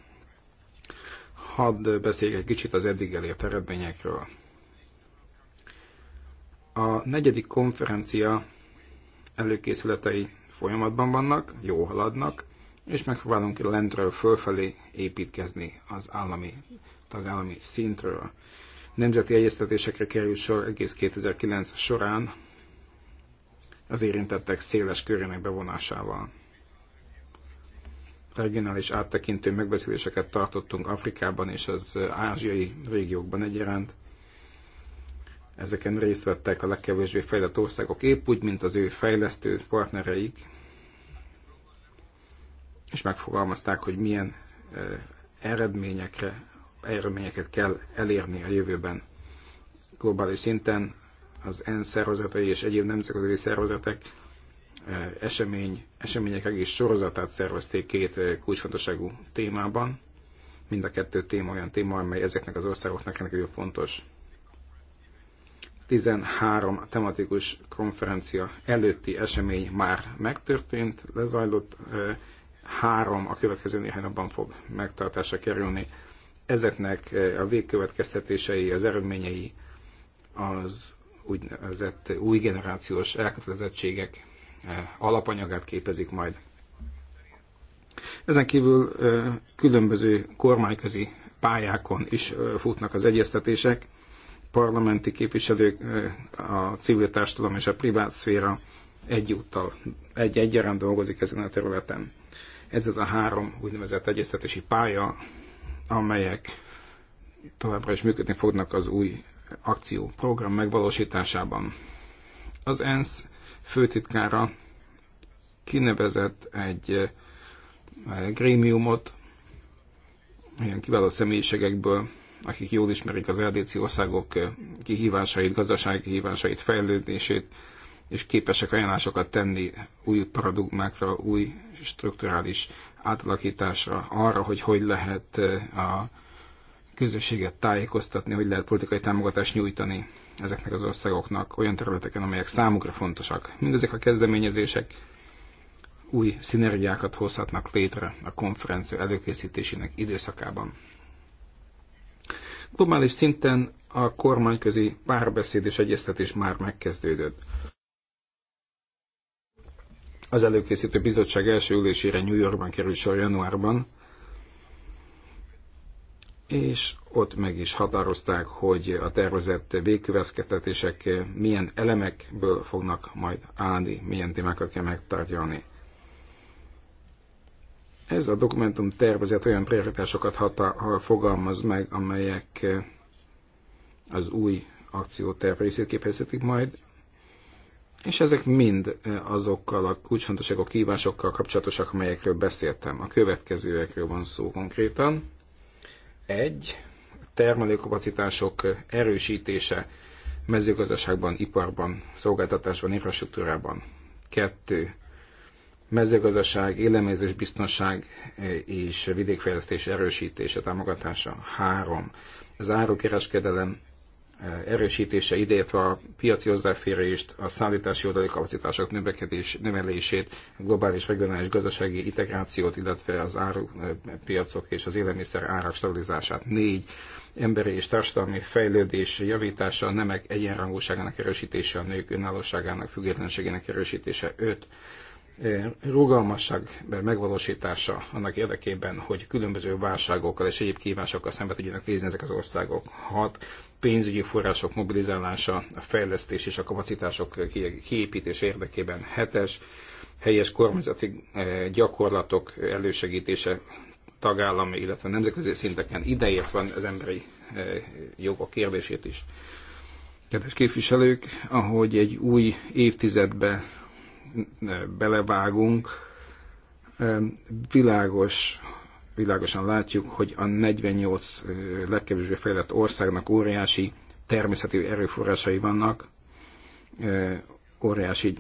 hadd beszéljek egy kicsit az eddig elért eredményekről. A negyedik konferencia előkészületei folyamatban vannak, jó haladnak, és megpróbálunk lentről fölfelé építkezni az állami, tagállami szintről. Nemzeti egyeztetésekre kerül sor egész 2009 során az érintettek széles körének bevonásával regionális áttekintő megbeszéléseket tartottunk Afrikában és az ázsiai régiókban egyaránt. Ezeken részt vettek a legkevésbé fejlett országok, épp úgy, mint az ő fejlesztő partnereik, és megfogalmazták, hogy milyen eredményekre, eredményeket kell elérni a jövőben. Globális szinten az ENSZ szervezetei és egyéb nemzetközi szervezetek Eh, esemény, események egész sorozatát szervezték két eh, kulcsfontosságú témában. Mind a kettő téma olyan téma, amely ezeknek az országoknak rendkívül fontos. 13 tematikus konferencia előtti esemény már megtörtént, lezajlott, eh, három a következő néhány napban fog megtartásra kerülni. Ezeknek a végkövetkeztetései, az eredményei az úgynevezett új generációs elkötelezettségek Eh, alapanyagát képezik majd. Ezen kívül eh, különböző kormányközi pályákon is eh, futnak az egyeztetések, parlamenti képviselők, a civil társadalom és a privát szféra egyúttal, egy egyaránt dolgozik ezen a területen. Ez az a három úgynevezett egyeztetési pálya, amelyek továbbra is működni fognak az új akcióprogram megvalósításában. Az ENSZ főtitkára kinevezett egy eh, grémiumot, ilyen kiváló személyiségekből, akik jól ismerik az LDC országok eh, kihívásait, gazdasági kihívásait, fejlődését, és képesek ajánlásokat tenni új paradigmákra, új strukturális átalakításra, arra, hogy hogy lehet eh, a közösséget tájékoztatni, hogy lehet politikai támogatást nyújtani ezeknek az országoknak olyan területeken, amelyek számukra fontosak. Mindezek a kezdeményezések új szinergiákat hozhatnak létre a konferencia előkészítésének időszakában. Globális szinten a kormányközi párbeszéd és egyeztetés már megkezdődött. Az előkészítő bizottság első ülésére New Yorkban került sor januárban, és ott meg is határozták, hogy a tervezett végkövetkeztetések milyen elemekből fognak majd állni, milyen témákat kell megtárgyalni. Ez a dokumentum tervezet olyan prioritásokat hatá- fogalmaz meg, amelyek az új akcióterv részét képezhetik majd, és ezek mind azokkal a kulcsfontosságok, kívásokkal kapcsolatosak, amelyekről beszéltem. A következőekről van szó konkrétan. Egy, termelőkapacitások erősítése mezőgazdaságban, iparban, szolgáltatásban, infrastruktúrában. Kettő, mezőgazdaság, élelmezés, biztonság e, és vidékfejlesztés erősítése, támogatása. Három, az árukereskedelem erősítése, ideértve a piaci hozzáférést, a szállítási oldali kapacitások növekedés, növelését, a globális regionális gazdasági integrációt, illetve az árupiacok és az élelmiszer árak stabilizását. Négy emberi és társadalmi fejlődés javítása, a nemek egyenrangúságának erősítése, a nők önállóságának, függetlenségének erősítése. Öt E, rugalmasság megvalósítása annak érdekében, hogy különböző válságokkal és egyéb kívásokkal szembe tudjanak nézni ezek az országok. Hat, pénzügyi források mobilizálása, a fejlesztés és a kapacitások kiépítés érdekében. Hetes, helyes kormányzati e, gyakorlatok elősegítése tagállami, illetve nemzetközi szinteken ideért van az emberi e, jogok kérdését is. Kedves képviselők, ahogy egy új évtizedbe belevágunk, világos, világosan látjuk, hogy a 48 legkevésbé fejlett országnak óriási természeti erőforrásai vannak, óriási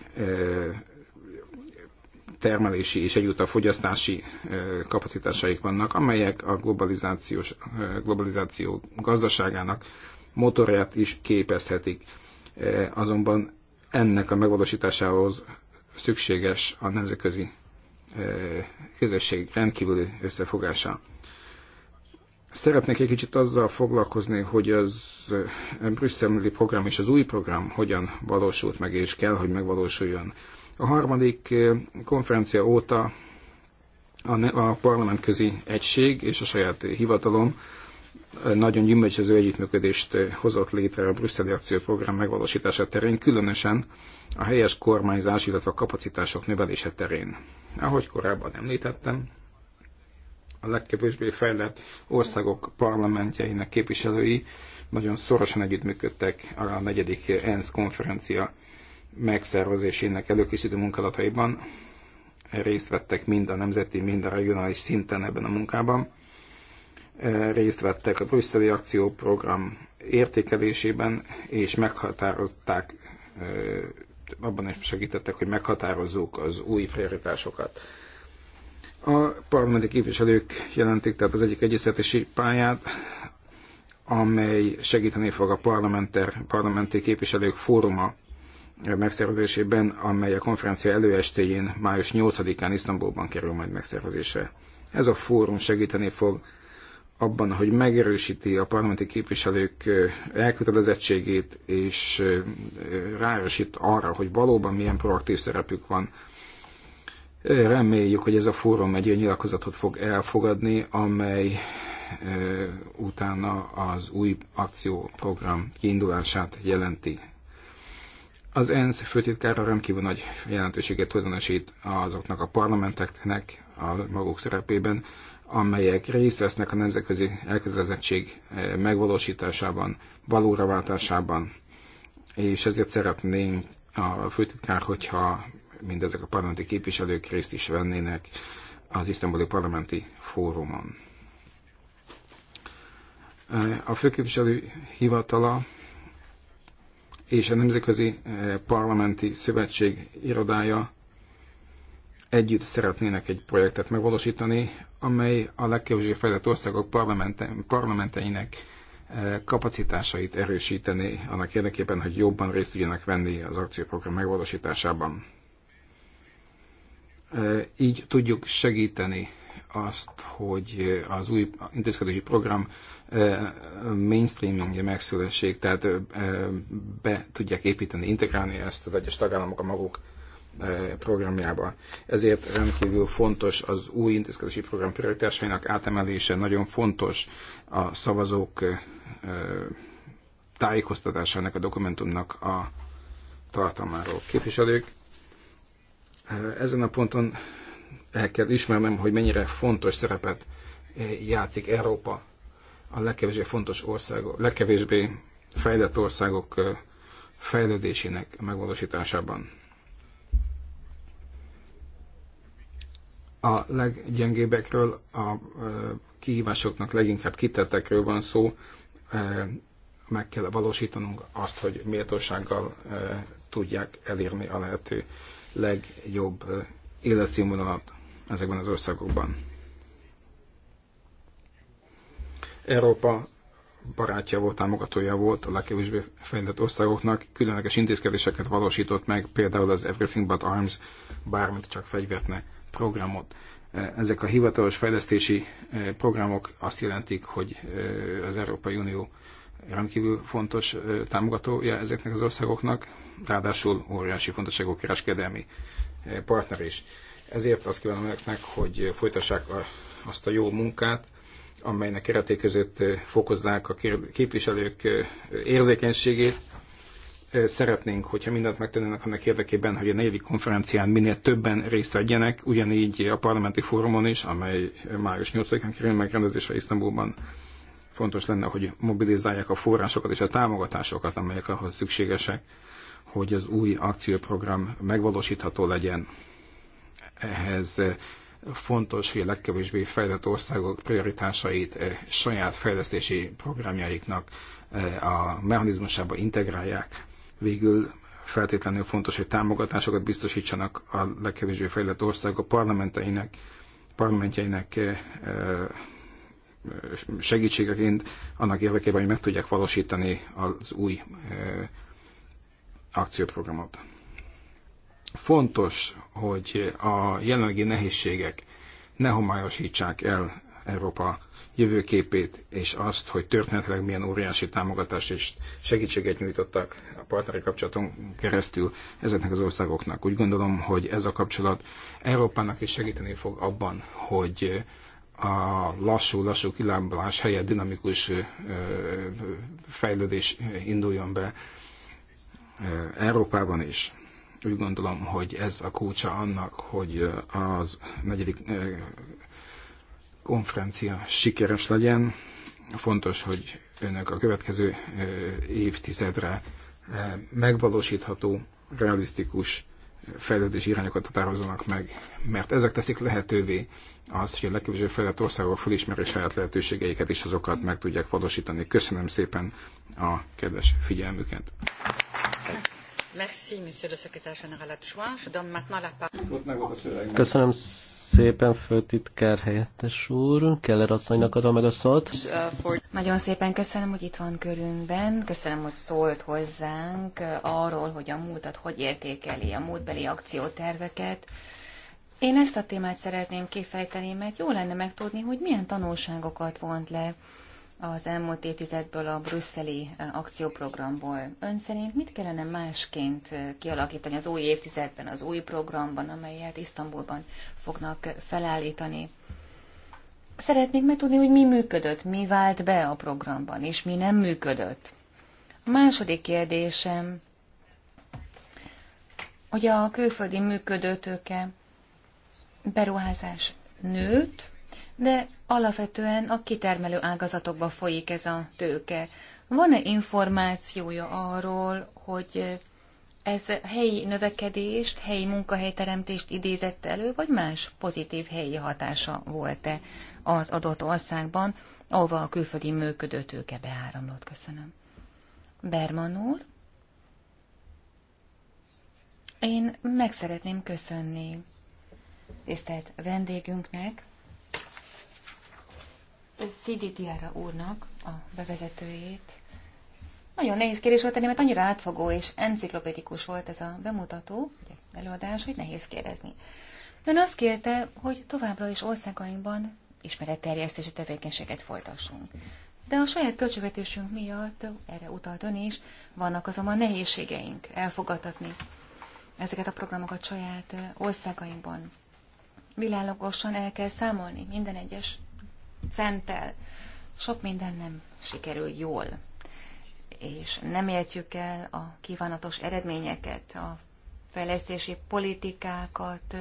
termelési és egyúttal fogyasztási kapacitásaik vannak, amelyek a globalizációs, globalizáció gazdaságának motorját is képezhetik. Azonban ennek a megvalósításához szükséges a nemzetközi eh, közösség rendkívüli összefogása. Szeretnék egy kicsit azzal foglalkozni, hogy az eh, brüsszeli program és az új program hogyan valósult meg, és kell, hogy megvalósuljon. A harmadik eh, konferencia óta a parlamentközi egység és a saját hivatalom nagyon gyümölcsöző együttműködést eh, hozott létre a brüsszeli akcióprogram megvalósítása terén, különösen a helyes kormányzás, illetve a kapacitások növelése terén. Ahogy korábban említettem, a legkevésbé fejlett országok parlamentjeinek képviselői nagyon szorosan együttműködtek a negyedik ENSZ konferencia megszervezésének előkészítő munkálataiban. Részt vettek mind a nemzeti, mind a regionális szinten ebben a munkában részt vettek a brüsszeli akcióprogram értékelésében, és meghatározták, abban is segítettek, hogy meghatározzuk az új prioritásokat. A parlamenti képviselők jelentik tehát az egyik egyeztetési pályát, amely segíteni fog a parlamenter, parlamenti képviselők fóruma megszervezésében, amely a konferencia előestéjén, május 8-án Isztambulban kerül majd megszervezésre. Ez a fórum segíteni fog abban, hogy megerősíti a parlamenti képviselők elkötelezettségét, és ráerősít arra, hogy valóban milyen proaktív szerepük van. Reméljük, hogy ez a fórum egy olyan nyilatkozatot fog elfogadni, amely utána az új akcióprogram kiindulását jelenti. Az ENSZ főtitkára rendkívül nagy jelentőséget tulajdonosít azoknak a parlamenteknek a maguk szerepében, amelyek részt vesznek a nemzetközi elkötelezettség eh, megvalósításában, valóra váltásában, és ezért szeretném a főtitkár, hogyha mindezek a parlamenti képviselők részt is vennének az isztambuli parlamenti fórumon. Eh, a főképviselő hivatala és a Nemzetközi eh, Parlamenti Szövetség irodája együtt szeretnének egy projektet megvalósítani, amely a legkevésbé fejlett országok parlamente, parlamenteinek eh, kapacitásait erősíteni annak érdekében, hogy jobban részt tudjanak venni az akcióprogram megvalósításában. Eh, így tudjuk segíteni azt, hogy az új intézkedési program eh, mainstreamingje megszülessék, tehát be tudják építeni, integrálni ezt az egyes tagállamok a maguk programjába. Ezért rendkívül fontos az új intézkedési program prioritásainak átemelése, nagyon fontos a szavazók tájékoztatása ennek a dokumentumnak a tartalmáról. Képviselők, ezen a ponton el kell ismernem, hogy mennyire fontos szerepet játszik Európa a legkevésbé fontos országok, legkevésbé fejlett országok fejlődésének megvalósításában a leggyengébbekről, a kihívásoknak leginkább kitettekről van szó, meg kell valósítanunk azt, hogy méltósággal tudják elérni a lehető legjobb életszínvonalat ezekben az országokban. Európa barátja volt, támogatója volt a legkevésbé fejlett országoknak, különleges intézkedéseket valósított meg, például az Everything But Arms bármit csak fegyvert ne programot. E, ezek a hivatalos fejlesztési e, programok azt jelentik, hogy e, az Európai Unió rendkívül fontos támogatója ezeknek az országoknak, ráadásul óriási fontosságú kereskedelmi partner is. Ezért azt kívánom önöknek, hogy folytassák azt a jó munkát, amelynek kereté között fokozzák a képviselők érzékenységét, szeretnénk, hogyha mindent megtennének annak érdekében, hogy a negyedik konferencián minél többen részt vegyenek, ugyanígy a parlamenti fórumon is, amely május 8-án kerül megrendezésre Isztambulban. Fontos lenne, hogy mobilizálják a forrásokat és a támogatásokat, amelyek ahhoz szükségesek, hogy az új akcióprogram megvalósítható legyen. Ehhez fontos, hogy a legkevésbé fejlett országok prioritásait saját fejlesztési programjaiknak a mechanizmusába integrálják, Végül feltétlenül fontos, hogy támogatásokat biztosítsanak a legkevésbé fejlett országok parlamenteinek, parlamentjeinek eh, eh, segítségeként annak érdekében, hogy meg tudják valósítani az új eh, akcióprogramot. Fontos, hogy a jelenlegi nehézségek ne homályosítsák el Európa jövőképét, és azt, hogy történetileg milyen óriási támogatást és segítséget nyújtottak a partneri kapcsolaton keresztül ezeknek az országoknak. Úgy gondolom, hogy ez a kapcsolat Európának is segíteni fog abban, hogy a lassú-lassú kilábalás helyett dinamikus fejlődés induljon be Európában is. Úgy gondolom, hogy ez a kulcsa annak, hogy az negyedik konferencia sikeres legyen. Fontos, hogy önök a következő évtizedre megvalósítható, realisztikus fejlődési irányokat határozzanak meg, mert ezek teszik lehetővé azt, hogy a legkevésbé fejlett országok felismeri saját lehetőségeiket, és azokat meg tudják valósítani. Köszönöm szépen a kedves figyelmüket! Merci, monsieur le secrétaire général adjoint. Je donne maintenant la parole. Köszönöm szépen, főtitkár helyettes úr. Keller asszonynak adom meg a szót. Nagyon szépen köszönöm, hogy itt van körünkben. Köszönöm, hogy szólt hozzánk arról, hogy a múltat hogy értékeli, a múltbeli akcióterveket. Én ezt a témát szeretném kifejteni, mert jó lenne megtudni, hogy milyen tanulságokat vont le az elmúlt évtizedből a brüsszeli eh, akcióprogramból. Ön szerint mit kellene másként eh, kialakítani az új évtizedben, az új programban, amelyet Isztambulban fognak eh, felállítani? Szeretnék megtudni, hogy mi működött, mi vált be a programban, és mi nem működött. A második kérdésem, hogy a külföldi működőtőke beruházás nőtt, de alapvetően a kitermelő ágazatokba folyik ez a tőke. Van-e információja arról, hogy ez helyi növekedést, helyi munkahelyteremtést idézett elő, vagy más pozitív helyi hatása volt-e az adott országban, ahova a külföldi működő tőke beáramlott? Köszönöm. Berman úr? Én meg szeretném köszönni tisztelt vendégünknek tiara úrnak a bevezetőjét. Nagyon nehéz kérdés volt tenni, mert annyira átfogó és enciklopédikus volt ez a bemutató, előadás, hogy nehéz kérdezni. Ön azt kérte, hogy továbbra is országainkban ismeretterjesztési tevékenységet folytassunk. De a saját költségvetésünk miatt, erre utalt ön is, vannak azonban nehézségeink elfogadhatni ezeket a programokat saját országainkban. Világosan el kell számolni minden egyes centtel. Sok minden nem sikerül jól, és nem értjük el a kívánatos eredményeket, a fejlesztési politikákat,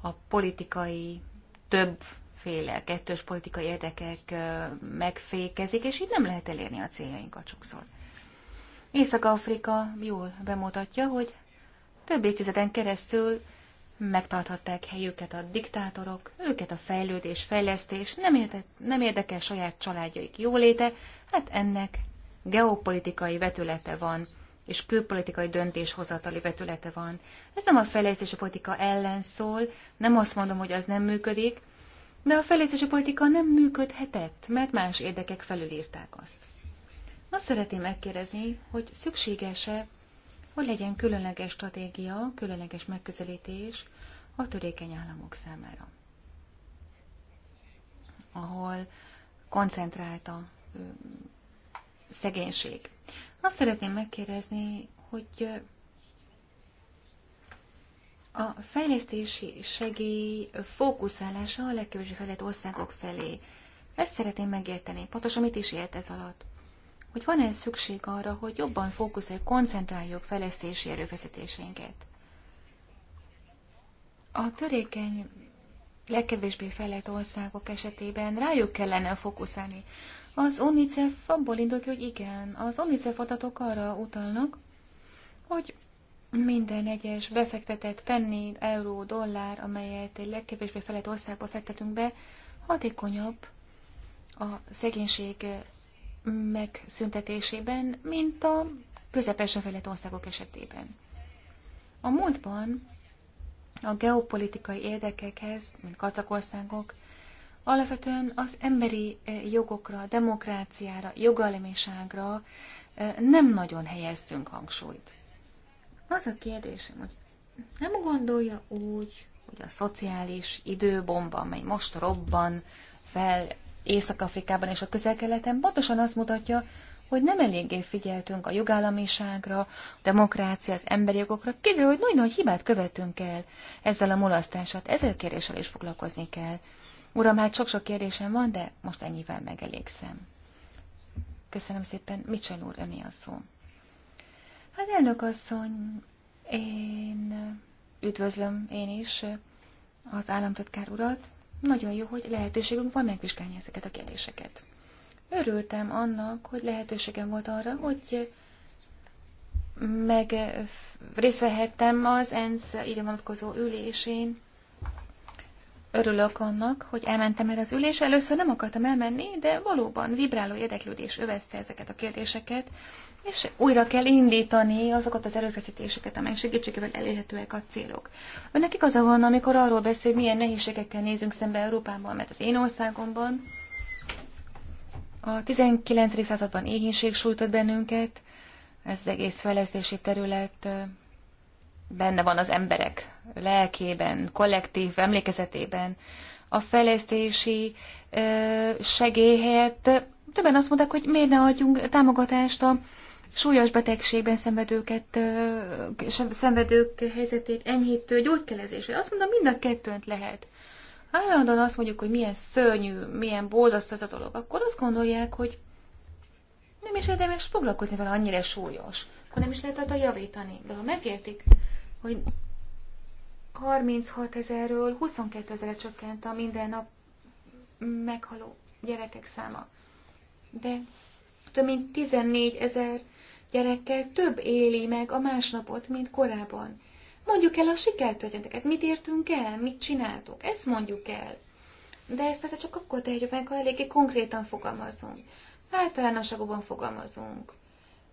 a politikai többféle, kettős politikai érdekek megfékezik, és így nem lehet elérni a céljainkat sokszor. Észak-Afrika jól bemutatja, hogy több évtizeden keresztül megtarthatták helyüket a diktátorok, őket a fejlődés, fejlesztés, nem, érte, nem érdekel saját családjaik jóléte, hát ennek geopolitikai vetülete van, és külpolitikai döntéshozatali vetülete van. Ez nem a fejlesztési politika ellen szól, nem azt mondom, hogy az nem működik, de a fejlesztési politika nem működhetett, mert más érdekek felülírták azt. Azt szeretném megkérdezni, hogy szükséges-e hogy legyen különleges stratégia, különleges megközelítés a törékeny államok számára, ahol koncentrált a szegénység. Azt szeretném megkérdezni, hogy a fejlesztési segély fókuszálása a legkevésbé fejlett országok felé. Ezt szeretném megérteni. Pontosan mit is élt ez alatt? hogy van-e szükség arra, hogy jobban fókuszáljuk, koncentráljuk fejlesztési erőfeszítéseinket. A törékeny, legkevésbé fejlett országok esetében rájuk kellene fókuszálni. Az UNICEF abból indul ki, hogy igen, az UNICEF adatok arra utalnak, hogy minden egyes befektetett penny, euró, dollár, amelyet egy legkevésbé felett országba fektetünk be, hatékonyabb a szegénység megszüntetésében, mint a közepes fejlett országok esetében. A múltban a geopolitikai érdekekhez, mint gazdag országok, alapvetően az emberi eh, jogokra, demokráciára, jogállamiságra eh, nem nagyon helyeztünk hangsúlyt. Az a kérdésem, hogy nem gondolja úgy, hogy a szociális időbomba, amely most robban fel Észak-Afrikában és a közel-keleten pontosan azt mutatja, hogy nem eléggé figyeltünk a jogállamiságra, a demokrácia, az emberi jogokra, kiderül, hogy nagyon nagy hibát követünk el ezzel a mulasztását, ezzel a kérdéssel is foglalkozni kell. Uram, hát sok-sok kérdésem van, de most ennyivel megelégszem. Köszönöm szépen, Mitchell úr, öné a szó. Hát elnök asszony, én üdvözlöm én is az államtitkár urat, nagyon jó, hogy lehetőségünk van megvizsgálni ezeket a kérdéseket. Örültem annak, hogy lehetőségem volt arra, hogy meg részt vehettem az ENSZ ide vonatkozó ülésén, Örülök annak, hogy elmentem el az ülésre Először nem akartam elmenni, de valóban vibráló érdeklődés övezte ezeket a kérdéseket, és újra kell indítani azokat az erőfeszítéseket, amely segítségével elérhetőek a célok. Önnek igaza van, amikor arról beszél, hogy milyen nehézségekkel nézünk szembe Európában, mert az én országomban a 19. században éhénység sújtott bennünket, ez az egész fejlesztési terület benne van az emberek lelkében, kollektív emlékezetében. A fejlesztési segély helyett többen azt mondták, hogy miért ne adjunk támogatást a súlyos betegségben szenvedőket, szenvedők helyzetét enyhítő gyógykelezésre. Azt mondom, mind a kettőnt lehet. Állandóan azt mondjuk, hogy milyen szörnyű, milyen borzasztó ez a dolog, akkor azt gondolják, hogy nem is érdemes foglalkozni vele, annyira súlyos. Akkor nem is lehet a javítani. De ha megértik, hogy 36 ezerről 22 ezerre csökkent a minden nap meghaló gyerekek száma. De több mint 14 ezer gyerekkel több éli meg a másnapot, mint korábban. Mondjuk el a sikertörténeteket, mit értünk el, mit csináltuk, ezt mondjuk el. De ezt persze csak akkor tehetjük meg, ha eléggé konkrétan fogalmazunk. Általánosabban fogalmazunk.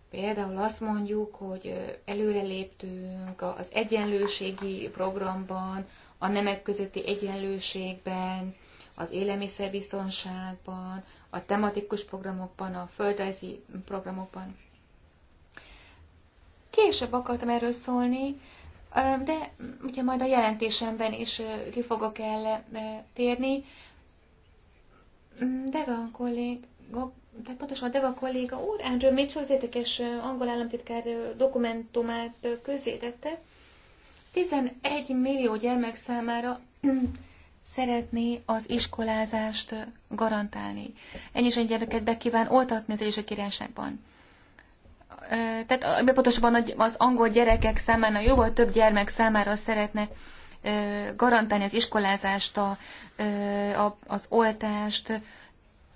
Például azt mondjuk, hogy előre léptünk az egyenlőségi programban, a nemek közötti egyenlőségben, az élelmiszerbiztonságban, a tematikus programokban, a földrajzi programokban. Később akartam erről szólni, de ugye majd a jelentésemben is ki fogok el térni. De van kollég, tehát pontosan a Deva kolléga úr, Andrew Mitchell, az érdekes angol államtitkár dokumentumát közzétette, 11 millió gyermek számára szeretné az iskolázást garantálni. Ennyi egy gyermeket be kíván oltatni az Egyesült Királyságban. Tehát pontosabban az angol gyerekek számára, jóval több gyermek számára szeretne garantálni az iskolázást, a, az oltást,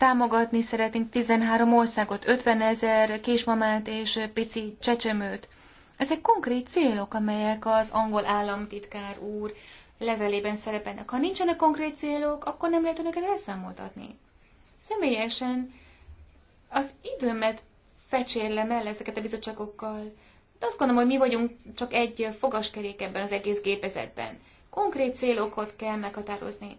Támogatni szeretnénk 13 országot, 50 ezer kismamát és pici csecsemőt. Ezek konkrét célok, amelyek az angol államtitkár úr levelében szerepelnek. Ha nincsenek konkrét célok, akkor nem lehet önöket elszámoltatni. Személyesen az időmet fecsérlem el ezeket a bizottságokkal, de azt gondolom, hogy mi vagyunk csak egy fogaskerék ebben az egész gépezetben. Konkrét célokat kell meghatározni.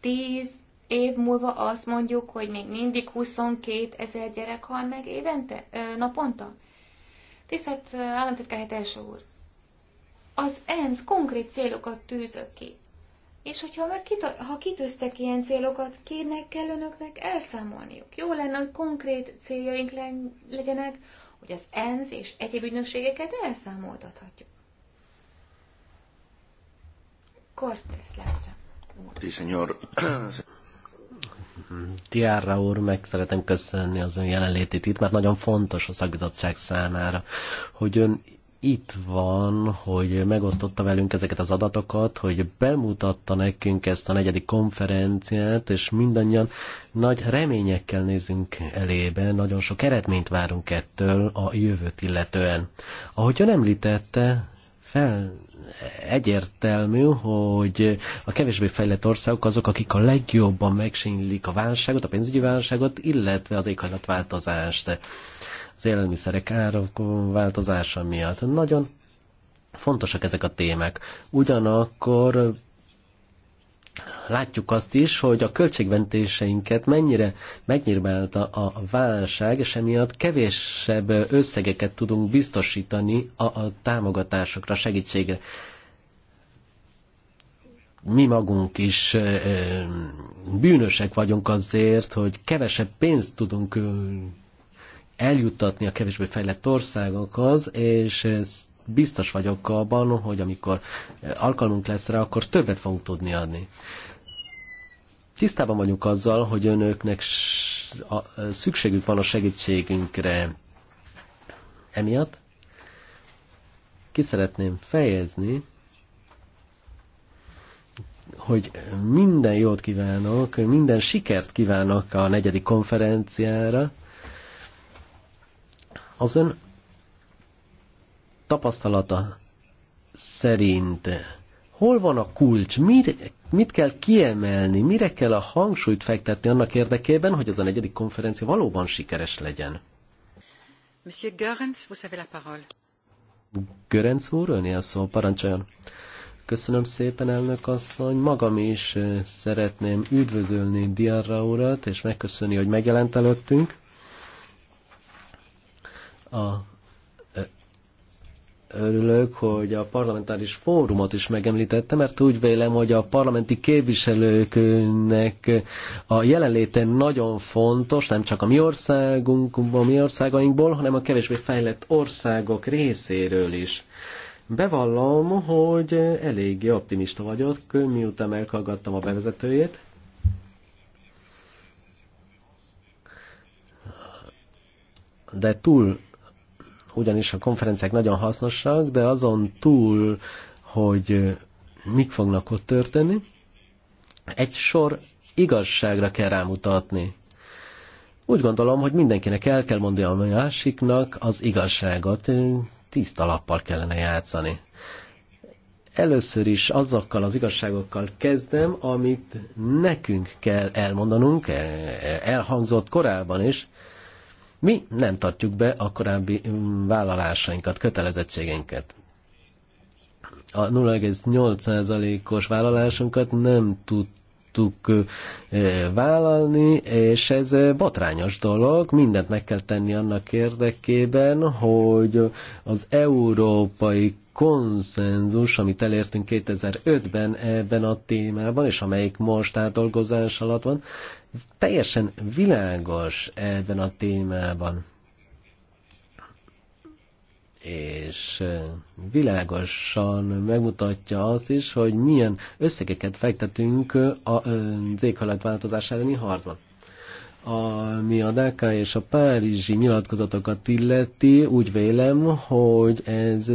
10, év múlva azt mondjuk, hogy még mindig 22 ezer gyerek hal meg évente, naponta? Tisztelt államtitkár helyettes úr, az ENSZ konkrét célokat tűzök ki. És hogyha meg kita- ha kitűztek ilyen célokat, kéne kell önöknek elszámolniuk. Jó lenne, hogy konkrét céljaink legyenek, hogy az ENSZ és egyéb ügynökségeket elszámoltathatjuk. Cortés Lastra. Sí, señor. [clears throat] Tiára úr, meg szeretem köszönni az ön jelenlétét itt, mert nagyon fontos a szakbizottság számára, hogy ön itt van, hogy megosztotta velünk ezeket az adatokat, hogy bemutatta nekünk ezt a negyedik konferenciát, és mindannyian nagy reményekkel nézünk elébe, nagyon sok eredményt várunk ettől a jövőt illetően. Ahogy ön említette, fel egyértelmű, hogy a kevésbé fejlett országok azok, akik a legjobban megsínylik a válságot, a pénzügyi válságot, illetve az éghajlatváltozást az élelmiszerek árak változása miatt. Nagyon fontosak ezek a témák. Ugyanakkor látjuk azt is, hogy a költségventéseinket mennyire megnyírbálta a válság, és emiatt kevésebb összegeket tudunk biztosítani a, a támogatásokra, segítségre. Mi magunk is ö, bűnösek vagyunk azért, hogy kevesebb pénzt tudunk eljuttatni a kevésbé fejlett országokhoz, és ezt biztos vagyok abban, hogy amikor eh, alkalmunk lesz rá, akkor többet fogunk tudni adni. Tisztában vagyunk azzal, hogy önöknek eh, szükségük van a segítségünkre. Emiatt ki szeretném fejezni, hogy minden jót kívánok, minden sikert kívánok a negyedik konferenciára. Az ön tapasztalata szerint hol van a kulcs, mit, mit kell kiemelni, mire kell a hangsúlyt fektetni annak érdekében, hogy az a negyedik konferencia valóban sikeres legyen? Monsieur Görens, vous avez la parole. Görenc úr, ön a szó, parancsoljon. Köszönöm szépen, elnök asszony. Magam is eh, szeretném üdvözölni Diarra urat, és megköszönni, hogy megjelent előttünk. A örülök, hogy a parlamentáris fórumot is megemlítette, mert úgy vélem, hogy a parlamenti képviselőknek a jelenléte nagyon fontos, nem csak a mi országunkból, mi országainkból, hanem a kevésbé fejlett országok részéről is. Bevallom, hogy eléggé optimista vagyok, miután meghallgattam a bevezetőjét. De túl ugyanis a konferenciák nagyon hasznosak, de azon túl, hogy mik fognak ott történni, egy sor igazságra kell rámutatni. Úgy gondolom, hogy mindenkinek el kell mondani a másiknak az igazságot, tiszta lappal kellene játszani. Először is azokkal az igazságokkal kezdem, amit nekünk kell elmondanunk, e- e- elhangzott korábban is, mi nem tartjuk be a korábbi mm, vállalásainkat, kötelezettségeinket. A 0,8%-os vállalásunkat nem tudtuk vállalni, és ez botrányos dolog. Mindent meg kell tenni annak érdekében, hogy az európai konszenzus, amit elértünk 2005-ben ebben a témában, és amelyik most átdolgozás alatt van, teljesen világos ebben a témában. És világosan megmutatja azt is, hogy milyen összegeket fektetünk zékhalat változás elleni harcban ami a Dáká és a Párizsi nyilatkozatokat illeti, úgy vélem, hogy ez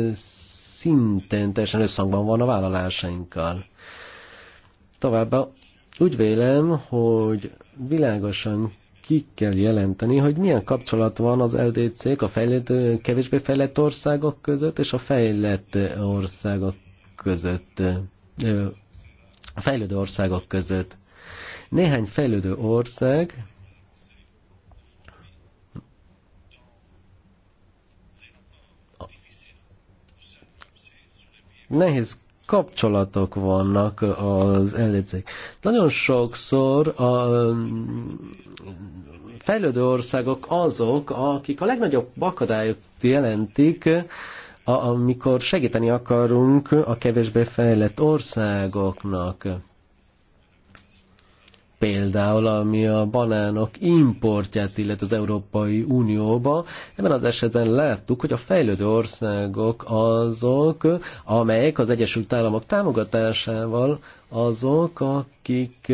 szinten teljesen összhangban van a vállalásainkkal. Továbbá úgy vélem, hogy világosan ki kell jelenteni, hogy milyen kapcsolat van az LDC-k a fejlett, kevésbé fejlett országok között és a fejlett országok között, a fejlődő országok között. Néhány fejlődő ország nehéz kapcsolatok vannak az ellenzék. Nagyon sokszor a fejlődő országok azok, akik a legnagyobb akadályok jelentik, amikor segíteni akarunk a kevésbé fejlett országoknak például, ami a banánok importját illet az Európai Unióba. Ebben az esetben láttuk, hogy a fejlődő országok azok, amelyek az Egyesült Államok támogatásával azok, akik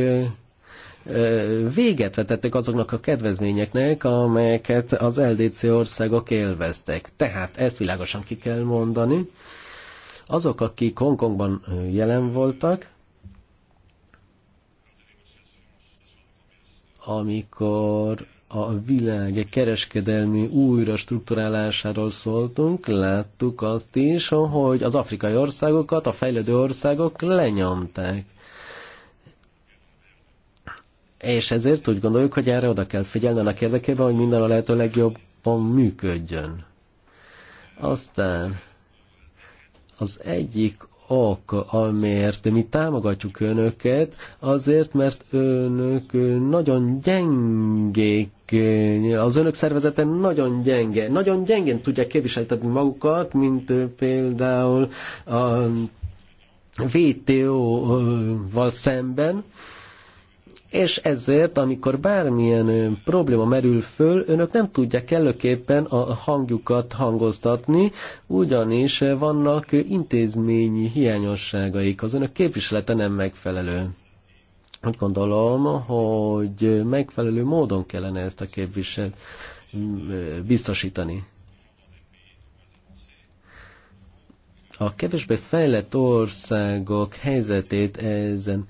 véget vetettek azoknak a kedvezményeknek, amelyeket az LDC országok élveztek. Tehát ezt világosan ki kell mondani. Azok, akik Hongkongban jelen voltak, amikor a világ kereskedelmi újra struktúrálásáról szóltunk, láttuk azt is, hogy az afrikai országokat, a fejlődő országok lenyomták. És ezért úgy gondoljuk, hogy erre oda kell figyelni annak érdekében, hogy minden a lehető legjobban működjön. Aztán az egyik ok, amiért mi támogatjuk önöket, azért, mert önök nagyon gyengék, az önök szervezete nagyon gyenge, nagyon gyengén tudják képviseltetni magukat, mint például a VTO-val szemben, és ezért, amikor bármilyen probléma merül föl, önök nem tudják kellőképpen a hangjukat hangoztatni, ugyanis vannak intézményi hiányosságaik, az önök képviselete nem megfelelő. Úgy gondolom, hogy megfelelő módon kellene ezt a képviselőt biztosítani. A kevésbé fejlett országok helyzetét ezen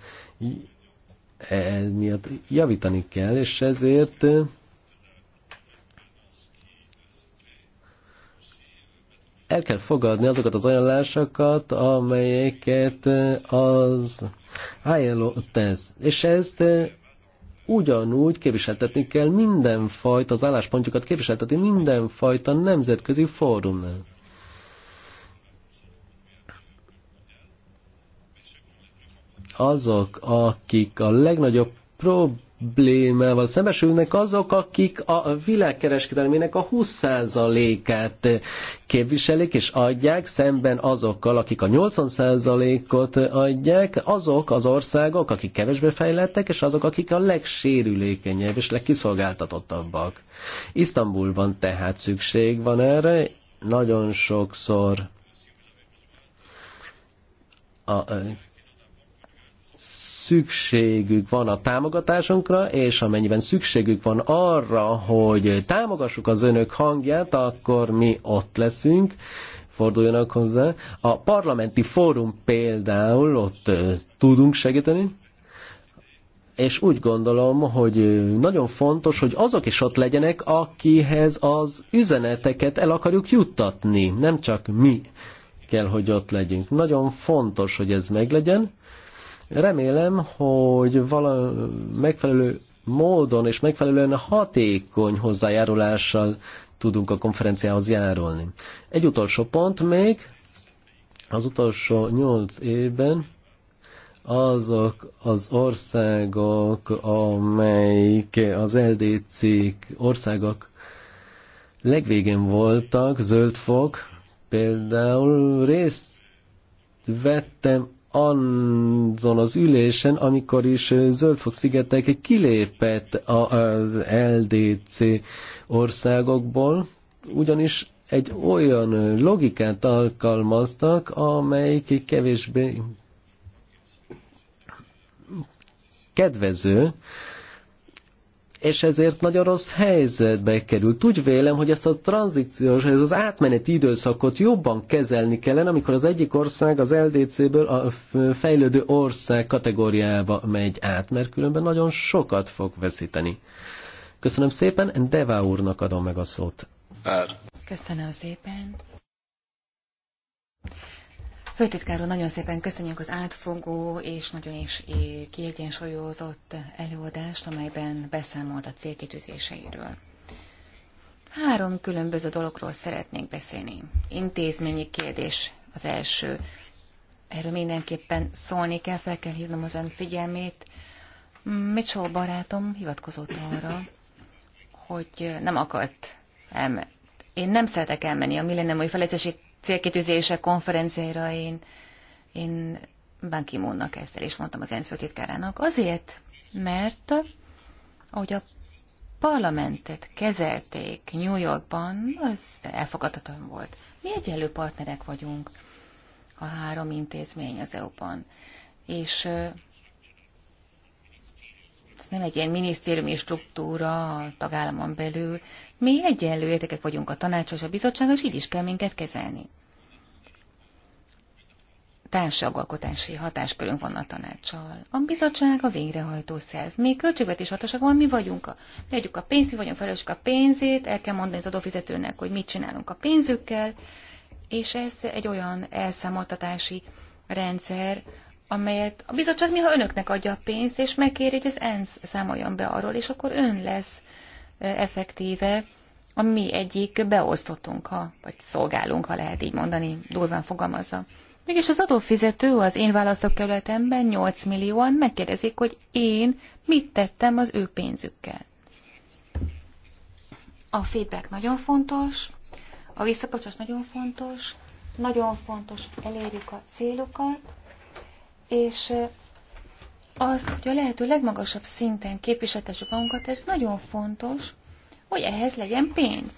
ez miatt javítani kell, és ezért el kell fogadni azokat az ajánlásokat, amelyeket az ILO tesz. És ezt ugyanúgy képviseltetni kell mindenfajta, az álláspontjukat képviseltetni mindenfajta nemzetközi fórumnál. azok, akik a legnagyobb problémával szembesülnek, azok, akik a világkereskedelmének a 20%-át képviselik és adják, szemben azokkal, akik a 80%-ot adják, azok az országok, akik kevésbé fejlettek, és azok, akik a legsérülékenyebb és legkiszolgáltatottabbak. Isztambulban tehát szükség van erre, nagyon sokszor a szükségük van a támogatásunkra, és amennyiben szükségük van arra, hogy támogassuk az önök hangját, akkor mi ott leszünk, forduljanak hozzá. A parlamenti fórum például ott tudunk segíteni, és úgy gondolom, hogy nagyon fontos, hogy azok is ott legyenek, akihez az üzeneteket el akarjuk juttatni, nem csak mi kell, hogy ott legyünk. Nagyon fontos, hogy ez meglegyen, Remélem, hogy vala megfelelő módon és megfelelően hatékony hozzájárulással tudunk a konferenciához járulni. Egy utolsó pont még, az utolsó nyolc évben azok az országok, amelyik az ldc országok legvégén voltak, zöldfok, például részt vettem azon az ülésen, amikor is Zöldfok szigetek kilépett az LDC országokból, ugyanis egy olyan logikát alkalmaztak, amelyik kevésbé kedvező és ezért nagyon rossz helyzetbe került. Úgy vélem, hogy ezt a tranzíciós, ez az átmeneti időszakot jobban kezelni kellene, amikor az egyik ország az LDC-ből a fejlődő ország kategóriába megy át, mert különben nagyon sokat fog veszíteni. Köszönöm szépen, Deva úrnak adom meg a szót. Köszönöm szépen. Főtitkár úr, nagyon szépen köszönjük az átfogó és nagyon is kiegyensúlyozott előadást, amelyben beszámolt a célkitűzéseiről. Három különböző dologról szeretnék beszélni. Intézményi kérdés az első. Erről mindenképpen szólni kell, fel kell hívnom az ön figyelmét. Mitchell barátom hivatkozott arra, hogy nem akart elmenni. Én nem szeretek elmenni a millenniumi felejtési célkitűzése konferenciáira én, én Ban ki ezt el és mondtam az ENSZ főtitkárának. Azért, mert ahogy a parlamentet kezelték New Yorkban, az elfogadhatatlan volt. Mi egyenlő partnerek vagyunk a három intézmény az EU-ban, és ez nem egy ilyen minisztériumi struktúra a tagállamon belül. Mi egyenlő érdekek vagyunk a tanácsos, a bizottság, és így is kell minket kezelni. Társalgalkotási hatáskörünk van a tanácssal. A bizottság a végrehajtó szerv. Mi költségvetés hatóság van, mi vagyunk a, mi a pénzt, mi vagyunk felelősök a pénzét, el kell mondani az adófizetőnek, hogy mit csinálunk a pénzükkel, és ez egy olyan elszámoltatási rendszer, amelyet a bizottság néha önöknek adja a pénzt, és megkéri, hogy az ENSZ számoljon be arról, és akkor ön lesz effektíve a mi egyik beosztottunk, ha, vagy szolgálunk, ha lehet így mondani, durván fogalmazza. Mégis az adófizető az én választókerületemben 8 millióan megkérdezik, hogy én mit tettem az ő pénzükkel. A feedback nagyon fontos, a visszakapcsolás nagyon fontos, nagyon fontos, hogy elérjük a célokat, és az, hogy a lehető legmagasabb szinten képviseltessük magunkat, ez nagyon fontos, hogy ehhez legyen pénz.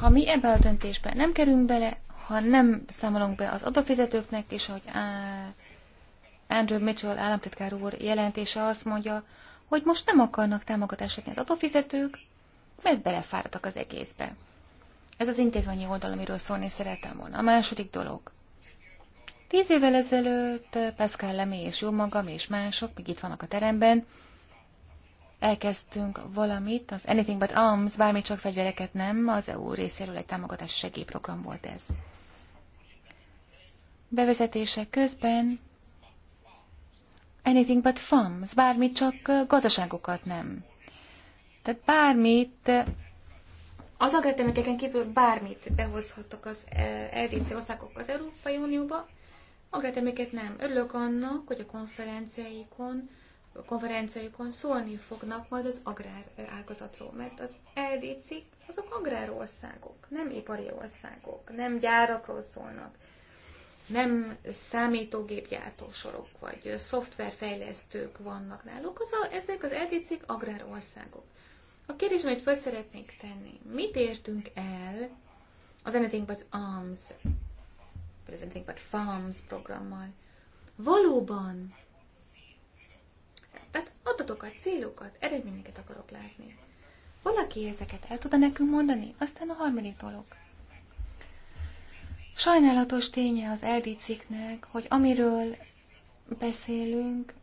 Ha mi ebbe a döntésbe nem kerünk bele, ha nem számolunk be az adófizetőknek, és ahogy Andrew Mitchell államtitkár úr jelentése azt mondja, hogy most nem akarnak támogatást adni az adófizetők, mert belefáradtak az egészbe. Ez az intézményi oldal, amiről szólni szeretem volna. A második dolog. Tíz évvel ezelőtt eh, Pascal Lemé és jó magam és mások, még itt vannak a teremben, elkezdtünk valamit, az Anything But Arms, bármi csak fegyvereket nem, az EU részéről egy támogatási segélyprogram volt ez. Bevezetése közben Anything But Farms, bármi csak eh, gazdaságokat nem. Tehát bármit, eh, az agrártermékeken kívül bármit behozhatok az LDC országok az Európai Unióba, Magát nem. Örülök annak, hogy a konferenciáikon konferenciáikon szólni fognak majd az agrár ágazatról, mert az ldc azok agrárországok, nem ipari országok, nem gyárakról szólnak, nem számítógépgyártó sorok vagy szoftverfejlesztők vannak náluk, az a, ezek az LDC-k agrárországok. A kérdés, amit fel szeretnék tenni, mit értünk el az Anything But Arms Presenting but Farms programmal. Valóban! Tehát adatokat, célokat, eredményeket akarok látni. Valaki ezeket el tudna nekünk mondani? Aztán a harmadik dolog. Sajnálatos ténye az ldc cikknek hogy amiről beszélünk,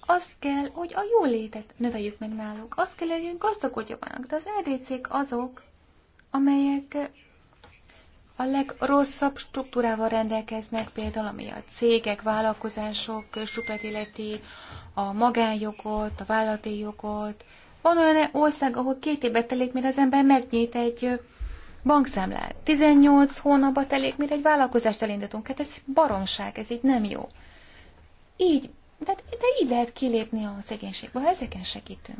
azt kell, hogy a jólétet növeljük meg náluk. Azt kell, hogy gazdagodjanak. De az LDC-k azok, amelyek a legrosszabb struktúrával rendelkeznek, például ami a cégek, vállalkozások struktúrát illeti, a magánjogot, a vállalati jogot. Van olyan ország, ahol két évbe telik, mire az ember megnyit egy bankszámlát. 18 hónapba telik, mire egy vállalkozást elindítunk. Hát ez baromság, ez így nem jó. Így, de, de így lehet kilépni a szegénységből, ha ezeken segítünk.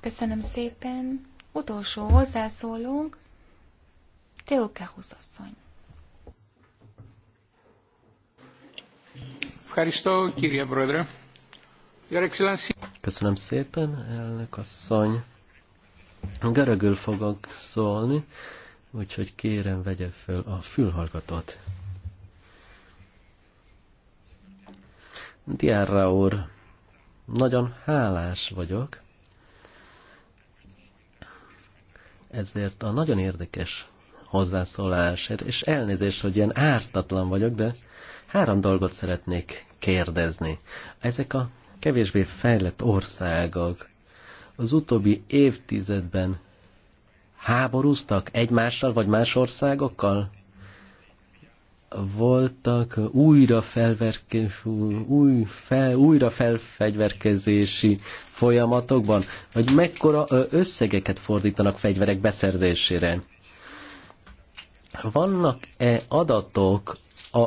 Köszönöm szépen. Utolsó hozzászólunk. Teokáhusz asszony. Köszönöm szépen, elnök asszony. Görögül fogok szólni, úgyhogy kérem, vegye föl a fülhallgatót. Diárra úr, nagyon hálás vagyok, ezért a nagyon érdekes hozzászólásért, és elnézést, hogy ilyen ártatlan vagyok, de három dolgot szeretnék kérdezni. Ezek a kevésbé fejlett országok az utóbbi évtizedben háborúztak egymással vagy más országokkal? Voltak újra, felverke, új, fel, újra felfegyverkezési folyamatokban? Vagy mekkora összegeket fordítanak fegyverek beszerzésére? vannak-e adatok a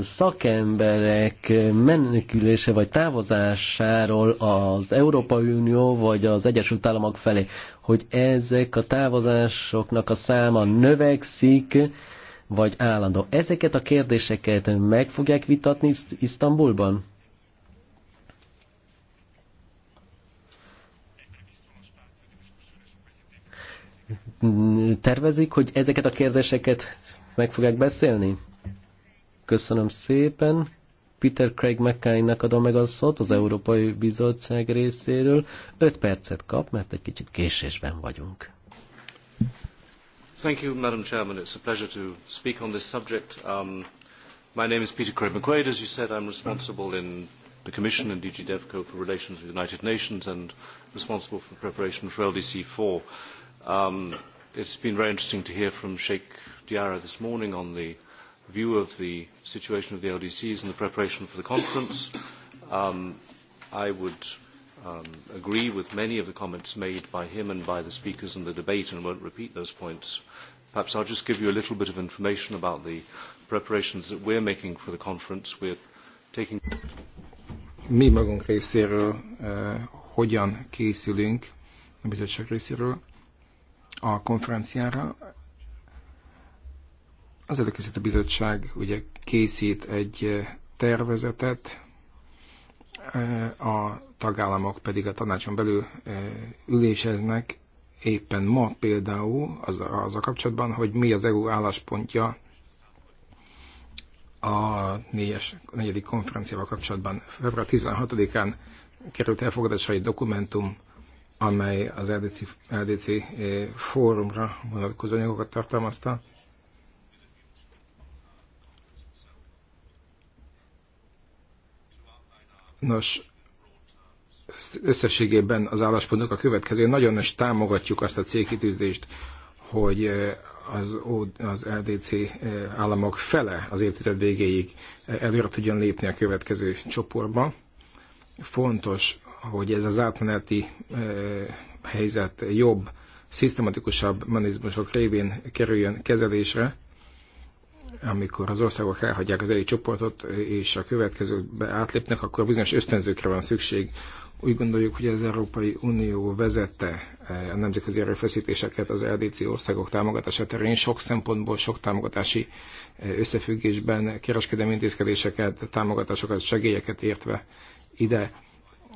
szakemberek menekülése vagy távozásáról az Európai Unió vagy az Egyesült Államok felé, hogy ezek a távozásoknak a száma növekszik, vagy állandó. Ezeket a kérdéseket meg fogják vitatni Isztambulban? tervezik, hogy ezeket a kérdéseket meg fogják beszélni? Köszönöm szépen. Peter Craig McKay-nak adom meg a szót az Európai Bizottság részéről. Öt percet kap, mert egy kicsit késésben vagyunk. Thank you, Madam Chairman. It's a pleasure to speak on this subject. Um, my name is Peter Craig McQuaid. As you said, I'm responsible in the Commission and DG DevCo for relations with the United Nations and responsible for preparation for LDC 4. Um, it's been very interesting to hear from Sheikh Diarra this morning on the view of the situation of the LDCs and the preparation for the conference. Um, I would um, agree with many of the comments made by him and by the speakers in the debate and won't repeat those points. Perhaps I'll just give you a little bit of information about the preparations that we're making for the conference. We're taking... Mi magunk részéről uh, hogyan készülünk a bizottság részéről a konferenciára. Az Előkészítő Bizottság ugye készít egy eh, tervezetet, eh, a tagállamok pedig a tanácson belül eh, üléseznek, éppen ma például az, az a kapcsolatban, hogy mi az EU álláspontja a négyes, negyedik konferenciával kapcsolatban. Február 16-án került elfogadásra egy dokumentum amely az LDC, LDC eh, fórumra vonatkozó anyagokat tartalmazta. Nos, összességében az álláspontok a következő. Nagyon is támogatjuk azt a célkitűzést, hogy eh, az, az LDC eh, államok fele az évtized végéig előre tudjon lépni a következő csoportba. Fontos, hogy ez az átmeneti helyzet jobb, szisztematikusabb manizmusok révén kerüljön kezelésre, amikor az országok elhagyják az egy csoportot, és a következőbe átlépnek, akkor bizonyos ösztönzőkre van szükség. Úgy gondoljuk, hogy az Európai Unió vezette a nemzetközi erőfeszítéseket az LDC országok támogatása terén sok szempontból, sok támogatási összefüggésben kereskedelmi intézkedéseket, támogatásokat, segélyeket értve ide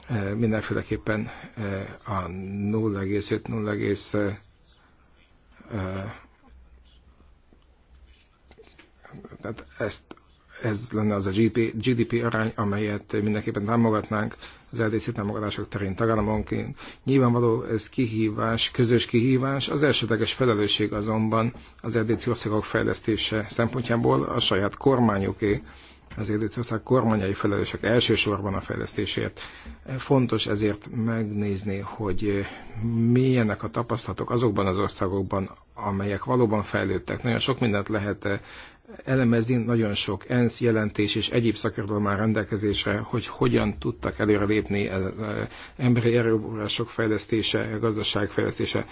e, mindenféleképpen e, a 0,5-0, e, tehát ezt, ez lenne az a GDP, GDP arány, amelyet mindenképpen támogatnánk az LDC támogatások terén tagállamonként. Nyilvánvaló ez kihívás, közös kihívás, az elsődleges felelősség azonban az LDC országok fejlesztése szempontjából a saját kormányoké az Észak kormányai felelősek elsősorban a fejlesztésért. Fontos ezért megnézni, hogy milyenek a tapasztalatok azokban az országokban, amelyek valóban fejlődtek. Nagyon sok mindent lehet elemezni, nagyon sok ENSZ jelentés és egyéb szakirodalom már rendelkezésre, hogy hogyan tudtak előrelépni az e, emberi erőforrások fejlesztése, gazdaság fejlesztése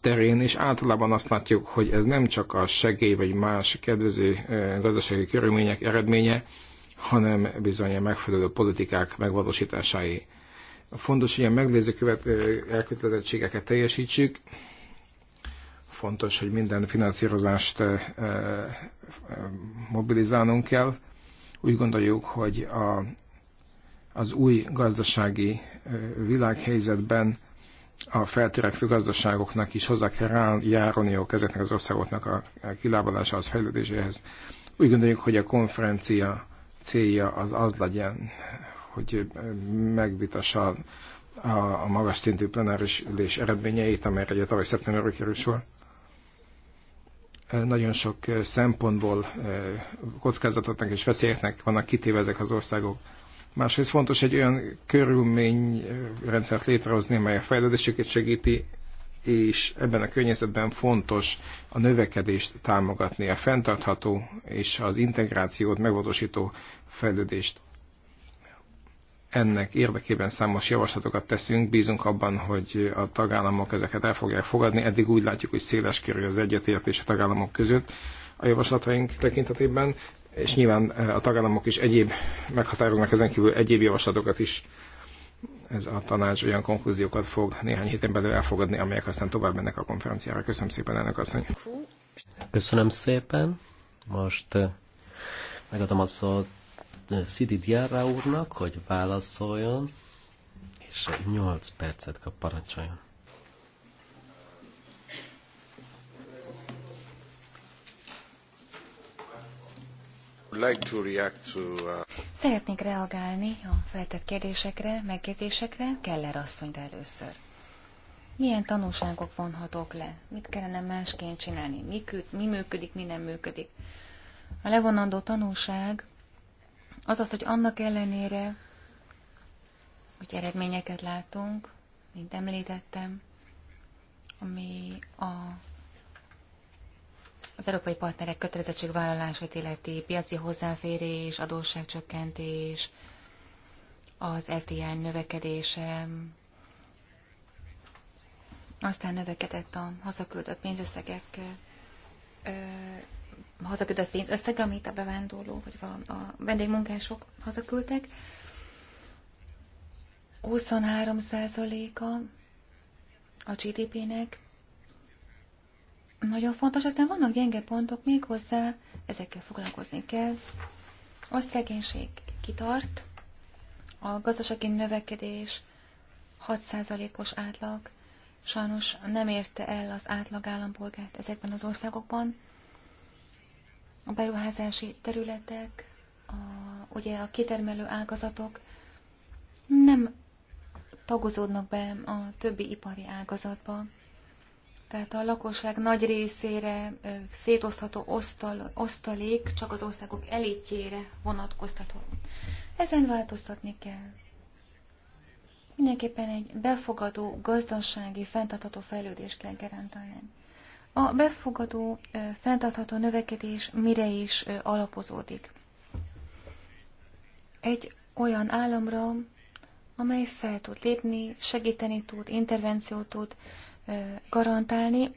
terén, és általában azt látjuk, hogy ez nem csak a segély vagy más kedvező e, gazdasági körülmények eredménye, hanem bizony a megfelelő politikák megvalósításái. Fontos, hogy a meglévő követ, elkötelezettségeket teljesítsük, fontos, hogy minden finanszírozást mobilizálnunk kell. Úgy gondoljuk, hogy a, az új gazdasági világhelyzetben a feltörekvő gazdaságoknak is hozzá kell járniuk ezeknek az országoknak a kilábalásához, fejlődéséhez. Úgy gondoljuk, hogy a konferencia célja az az legyen, hogy megvitassa a, a magas szintű plenáris ülés eredményeit, amelyre ugye tavaly szeptemberről kerül sor. Nagyon sok eh, szempontból eh, kockázatoknak és veszélyeknek vannak kitéve ezek az országok. Másrészt fontos egy olyan körülményrendszert létrehozni, amely a fejlődésüket segíti, és ebben a környezetben fontos a növekedést támogatni, a fenntartható és az integrációt megvalósító fejlődést. Ennek érdekében számos javaslatokat teszünk, bízunk abban, hogy a tagállamok ezeket el fogják fogadni. Eddig úgy látjuk, hogy széles körül az egyetértés a tagállamok között a javaslataink tekintetében, és nyilván eh, a tagállamok is egyéb meghatároznak ezen kívül egyéb javaslatokat is ez a tanács olyan konklúziókat fog néhány héten belül elfogadni, amelyek aztán tovább mennek a konferenciára. Köszönöm szépen, elnök asszony. Köszönöm szépen. Most eh, megadom a szót eh, Szidi Diára úrnak, hogy válaszoljon, és 8 percet kap parancsoljon. Uh, Szeretnék reagálni a feltett kérdésekre, megjegyzésekre, Keller asszonyra először. Milyen tanulságok vonhatók le? Mit kellene másként csinálni? Mi, küld, mi működik, mi nem működik? A levonandó tanulság az az, hogy annak ellenére, hogy eredményeket látunk, mint említettem, ami a az európai partnerek kötelezettségvállalásait illeti piaci hozzáférés, adósságcsökkentés, az FDI növekedése, aztán növekedett a hazaküldött pénzösszegek, ö, hazaküldött pénzösszeg, amit a bevándorló vagy a, a vendégmunkások hazaküldtek. 23%-a a, a GDP-nek, nagyon fontos. Aztán vannak gyenge pontok hozzá ezekkel foglalkozni kell. A szegénység kitart, a gazdasági növekedés 6%-os átlag, sajnos nem érte el az átlag állampolgárt ezekben az országokban. A beruházási területek, a, ugye a kitermelő ágazatok nem tagozódnak be a többi ipari ágazatba tehát a lakosság nagy részére szétosztható osztal, osztalék csak az országok elitjére vonatkoztató. Ezen változtatni kell. Mindenképpen egy befogadó, gazdasági, fenntartható fejlődést kell garantálni. A befogadó, fenntartható növekedés mire is alapozódik? Egy olyan államra, amely fel tud lépni, segíteni tud, intervenciót tud, garantálni,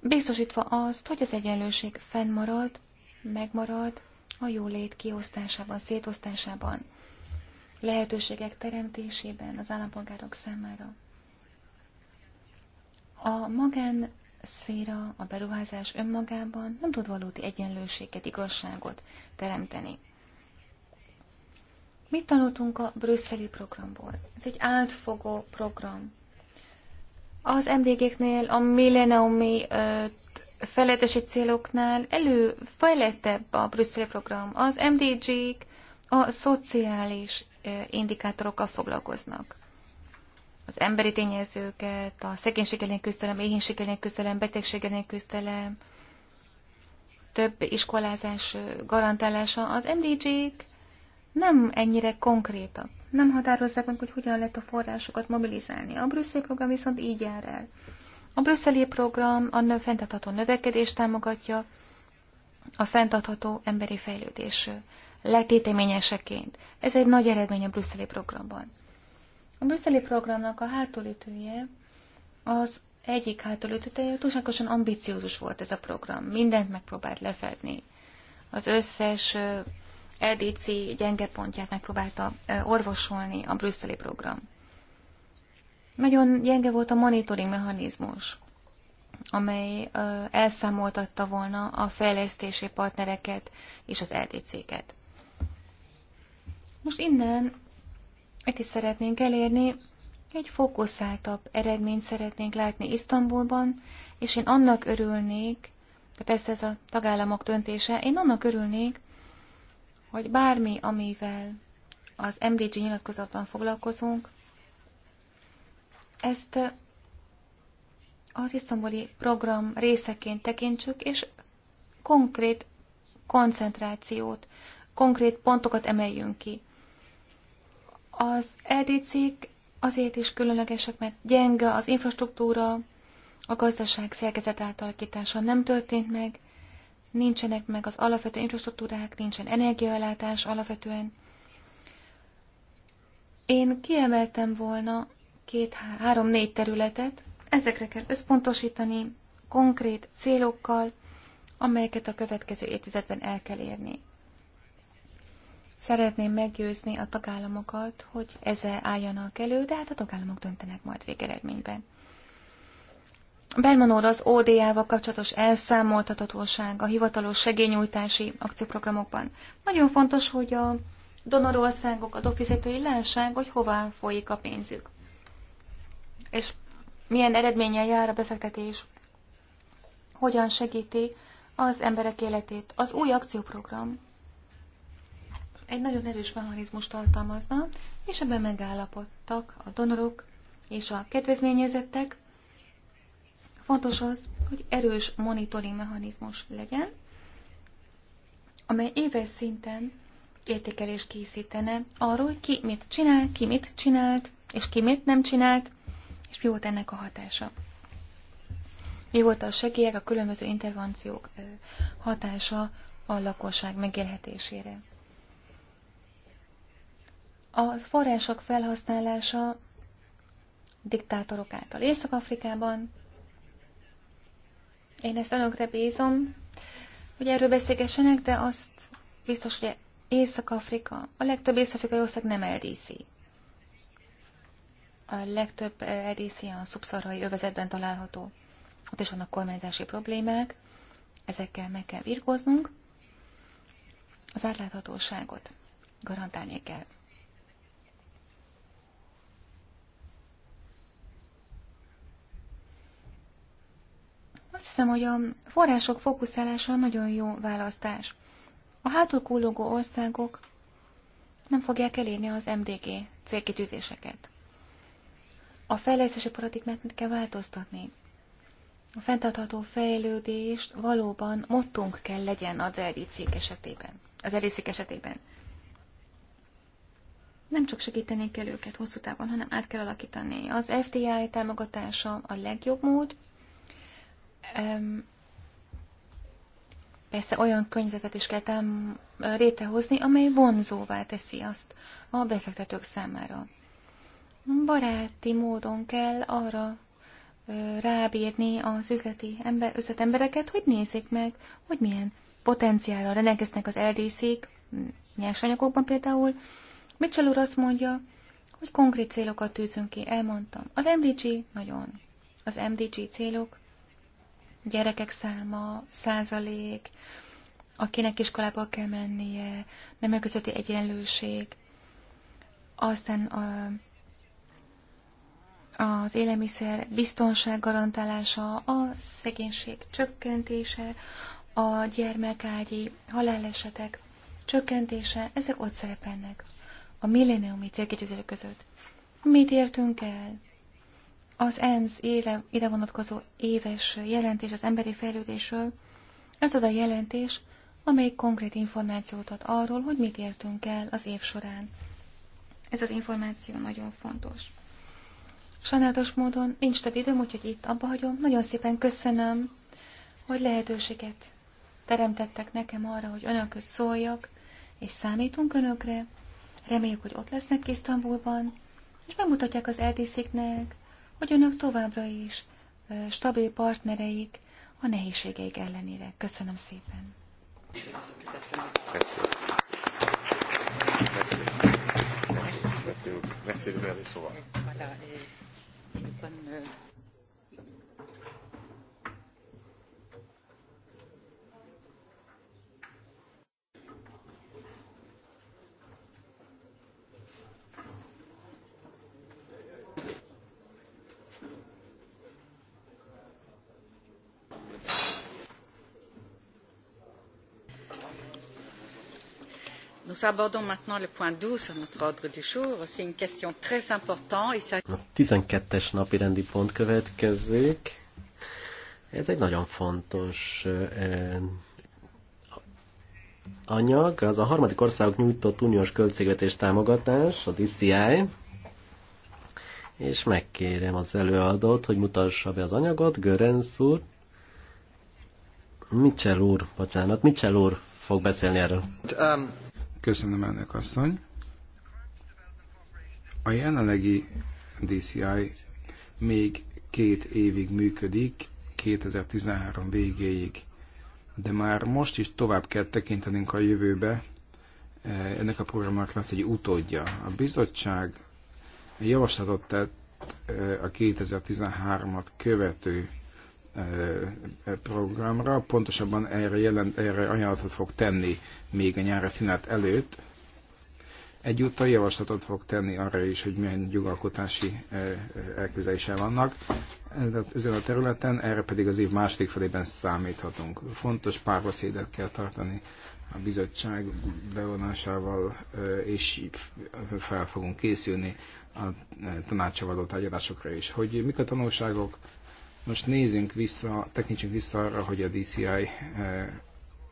biztosítva azt, hogy az egyenlőség fennmarad, megmarad a jólét kiosztásában, szétosztásában, lehetőségek teremtésében az állampolgárok számára. A magán szféra, a beruházás önmagában nem tud valódi egyenlőséget, igazságot teremteni. Mit tanultunk a brüsszeli programból? Ez egy átfogó program. Az MDG-knél, a milleniumi fejletési céloknál előfejlettebb a brüsszeli program. Az MDG-k a szociális indikátorokkal foglalkoznak. Az emberi tényezőket, a szegénység elleni küzdelem, éhénység elleni küzdelem, betegség elleni küzdelem, több iskolázás garantálása. Az MDG-k nem ennyire konkrétak nem határozzák meg, hogy hogyan lehet a forrásokat mobilizálni. A brüsszeli program viszont így jár el. A brüsszeli program a fenntartható növekedést támogatja, a fenntartható emberi fejlődés letéteményeseként. Ez egy nagy eredmény a brüsszeli programban. A brüsszeli programnak a hátulütője az egyik hátulütője, túlságosan ambiciózus volt ez a program. Mindent megpróbált lefedni. Az összes EDC gyenge pontját megpróbálta orvosolni a brüsszeli program. Nagyon gyenge volt a monitoring mechanizmus, amely elszámoltatta volna a fejlesztési partnereket és az LDC-ket. E Most innen itt is szeretnénk elérni, egy fókuszáltabb eredményt szeretnénk látni Isztambulban, és én annak örülnék, de persze ez a tagállamok döntése, én annak örülnék, hogy bármi, amivel az MDG nyilatkozatban foglalkozunk, ezt az isztambuli program részeként tekintsük, és konkrét koncentrációt, konkrét pontokat emeljünk ki. Az ldc e azért is különlegesek, mert gyenge az infrastruktúra, a gazdaság szerkezet átalakítása nem történt meg, nincsenek meg az alapvető infrastruktúrák, nincsen energiaellátás alapvetően. Én kiemeltem volna két, három, négy területet, ezekre kell összpontosítani, konkrét célokkal, amelyeket a következő évtizedben el kell érni. Szeretném meggyőzni a tagállamokat, hogy ezzel álljanak elő, de hát a tagállamok döntenek majd végeredményben. Berman úr az ODA-val kapcsolatos elszámoltatatóság a hivatalos segélynyújtási akcióprogramokban. Nagyon fontos, hogy a donorországok, a dofizetői lássák, hogy hová folyik a pénzük. És milyen eredménnyel jár a befektetés, hogyan segíti az emberek életét. Az új akcióprogram egy nagyon erős mechanizmust tartalmazna, és ebben megállapodtak a donorok és a kedvezményezettek, Fontos az, hogy erős monitoring mechanizmus legyen, amely éves szinten értékelést készítene arról, hogy ki mit csinál, ki mit csinált, és ki mit nem csinált, és mi volt ennek a hatása. Mi volt a segélyek, a különböző intervenciók hatása a lakosság megélhetésére. A források felhasználása diktátorok által Észak-Afrikában én ezt önökre bízom, hogy erről beszélgessenek, de azt biztos, hogy Észak-Afrika, a legtöbb észak-afrikai ország nem LDC. A legtöbb LDC a szubszarai övezetben található. Ott is vannak kormányzási problémák, ezekkel meg kell virgóznunk. Az átláthatóságot garantálni kell. Azt hiszem, hogy a források fókuszálása nagyon jó választás. A hátul kullogó országok nem fogják elérni az MDG célkitűzéseket. A fejlesztési paradigmát kell változtatni. A fenntartható fejlődést valóban mottunk kell legyen az LDC esetében. Az LDC esetében. Nem csak segíteni kell őket hosszú távon, hanem át kell alakítani. Az fti támogatása a legjobb mód, persze olyan környezetet is kell tám- létrehozni, amely vonzóvá teszi azt a befektetők számára. Baráti módon kell arra rábírni az üzleti ember, üzletembereket, hogy nézzék meg, hogy milyen potenciállal rendelkeznek az LDC-k, nyersanyagokban például. Mitchell úr azt mondja, hogy konkrét célokat tűzünk ki, elmondtam. Az MDG nagyon. Az MDG célok gyerekek száma, százalék, akinek iskolába kell mennie, nem közötti egyenlőség, aztán a, az élelmiszer biztonság garantálása, a szegénység csökkentése, a gyermekágyi halálesetek csökkentése, ezek ott szerepelnek a milléniumi célkitűzések között. Mit értünk el? Az ENSZ éle, ide vonatkozó éves jelentés az emberi fejlődésről, ez az a jelentés, amely konkrét információt ad arról, hogy mit értünk el az év során. Ez az információ nagyon fontos. Sajnálatos módon nincs több időm, úgyhogy itt abba hagyom. Nagyon szépen köszönöm, hogy lehetőséget teremtettek nekem arra, hogy önököt szóljak, és számítunk önökre. Reméljük, hogy ott lesznek Isztambulban, és bemutatják az erdészéknek, hogy önök továbbra is stabil partnereik a nehézségeik ellenére. Köszönöm szépen! Köszönöm. Köszönöm. Köszönöm. Nous abordons maintenant le point 12 à notre ordre du jour. C'est une question très importante. ça... 12-es napi rendi pont következik. Ez egy nagyon fontos eh, anyag, az a harmadik országok nyújtott uniós költségvetés támogatás, a DCI, és megkérem az előadót, hogy mutassa be az anyagot, Görenc úr, Mitchell úr, bocsánat, Mitchell úr fog beszélni erről. Um. Köszönöm, elnök asszony. A jelenlegi DCI még két évig működik, 2013 végéig, de már most is tovább kell tekintenünk a jövőbe. E, ennek a programnak lesz egy utódja. A bizottság javaslatot tett e, a 2013-at követő programra, pontosabban erre, jelent, erre ajánlatot fog tenni még a nyári szünet előtt. Egyúttal javaslatot fog tenni arra is, hogy milyen gyugalkotási elképzelése vannak. Ezen a területen, erre pedig az év második felében számíthatunk. Fontos párbeszédet kell tartani a bizottság bevonásával, és fel fogunk készülni a tanácsavadó tárgyalásokra is. Hogy mik a tanulságok, most nézzünk vissza, tekintsünk vissza arra, hogy a DCI eh,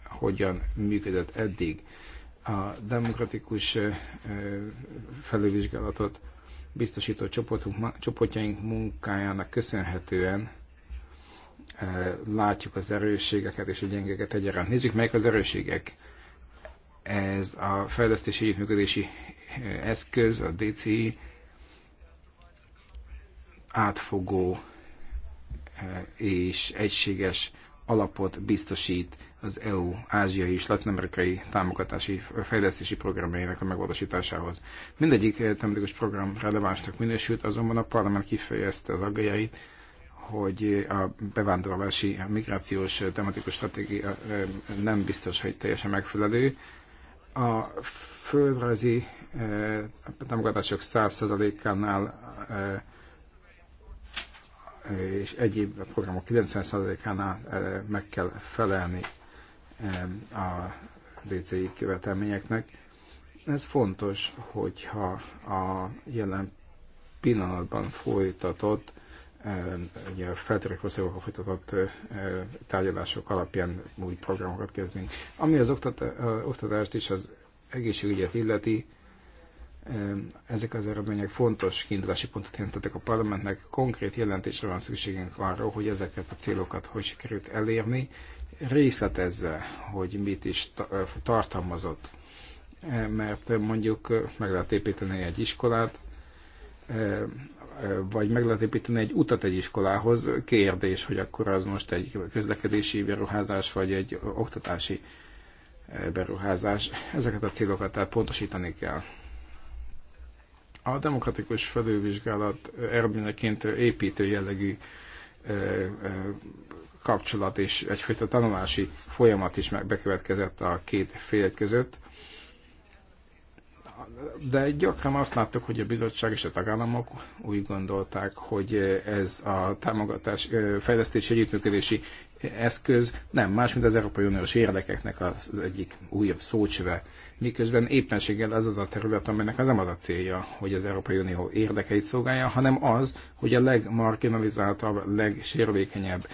hogyan működött eddig. A demokratikus eh, eh felülvizsgálatot biztosító csoportunk, csoportjaink munkájának köszönhetően eh, látjuk az erősségeket és a gyengeket egyaránt. Nézzük, melyek az erősségek. Ez a fejlesztési működési eh, eszköz, a DCI átfogó Eh, és egységes alapot biztosít az EU ázsiai és latinamerikai támogatási fejlesztési programjainak a megvalósításához. Mindegyik eh, tematikus program relevánsnak minősült, azonban a parlament kifejezte az aggájait, hogy a bevándorlási, a migrációs eh, tematikus stratégia nem biztos, hogy teljesen megfelelő. A földrajzi támogatások 100%-ánál és egyéb programok 90%-ánál eh, meg kell felelni eh, a DCI követelményeknek. Ez fontos, hogyha a jelen pillanatban folytatott, eh, ugye a feltörekvő országokkal folytatott tárgyalások alapján új programokat kezdünk. Ami az oktatást és az egészségügyet illeti, ezek az eredmények fontos kiindulási pontot jelentettek a parlamentnek. Konkrét jelentésre van szükségünk arra, hogy ezeket a célokat hogy sikerült elérni, részletezze, hogy mit is tartalmazott. Mert mondjuk meg lehet építeni egy iskolát, vagy meg lehet építeni egy utat egy iskolához. Kérdés, hogy akkor az most egy közlekedési beruházás, vagy egy oktatási beruházás. Ezeket a célokat tehát pontosítani kell. A demokratikus felülvizsgálat eredményeként építő jellegű kapcsolat és egyfajta tanulási folyamat is megbekövetkezett a két fél között de gyakran azt láttuk, hogy a bizottság és a tagállamok úgy gondolták, hogy ez a támogatás, fejlesztési együttműködési eszköz nem más, mint az Európai Uniós érdekeknek az egyik újabb szócsöve. Miközben éppenséggel ez az a terület, aminek az nem az a célja, hogy az Európai Unió érdekeit szolgálja, hanem az, hogy a legmarginalizáltabb, legsérvékenyebb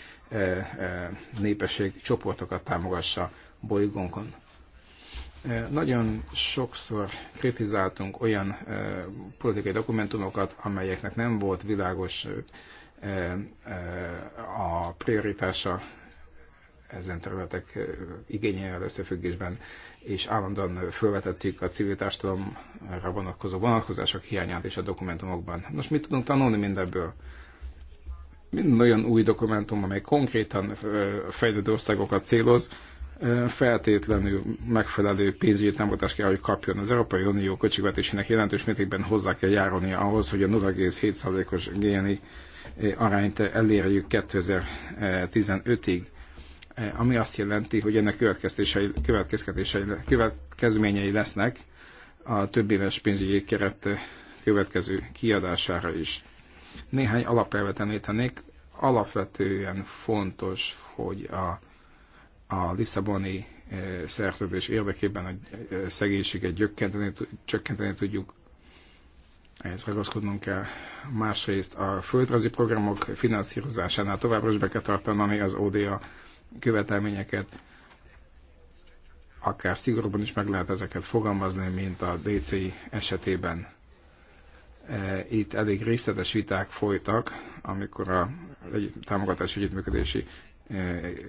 népesség csoportokat támogassa bolygónkon nagyon sokszor kritizáltunk olyan politikai dokumentumokat, amelyeknek nem volt világos a prioritása ezen területek igényével összefüggésben, és állandóan felvetettük a civil társadalomra vonatkozó vonatkozások hiányát és a dokumentumokban. Nos, mit tudunk tanulni mindebből? Mind olyan új dokumentum, amely konkrétan fejlődő országokat céloz, feltétlenül megfelelő pénzügyi támogatást kell, hogy kapjon. Az Európai Unió költségvetésének jelentős mértékben hozzá kell járni ahhoz, hogy a 0,7%-os GNI arányt elérjük 2015-ig, ami azt jelenti, hogy ennek következtései következtetései, következményei lesznek a több éves pénzügyi keret következő kiadására is. Néhány alapelvet említenék. Alapvetően fontos, hogy a a Lisszaboni eh, szerződés érdekében, a eh, szegénységet csökkenteni, csökkenteni tudjuk, ehhez ragaszkodnunk kell. Másrészt a földrajzi programok finanszírozásánál továbbra is be kell tartanani az ODA követelményeket, akár szigorúban is meg lehet ezeket fogalmazni, mint a DC esetében. Eh, itt elég részletes viták folytak, amikor a támogatási együttműködési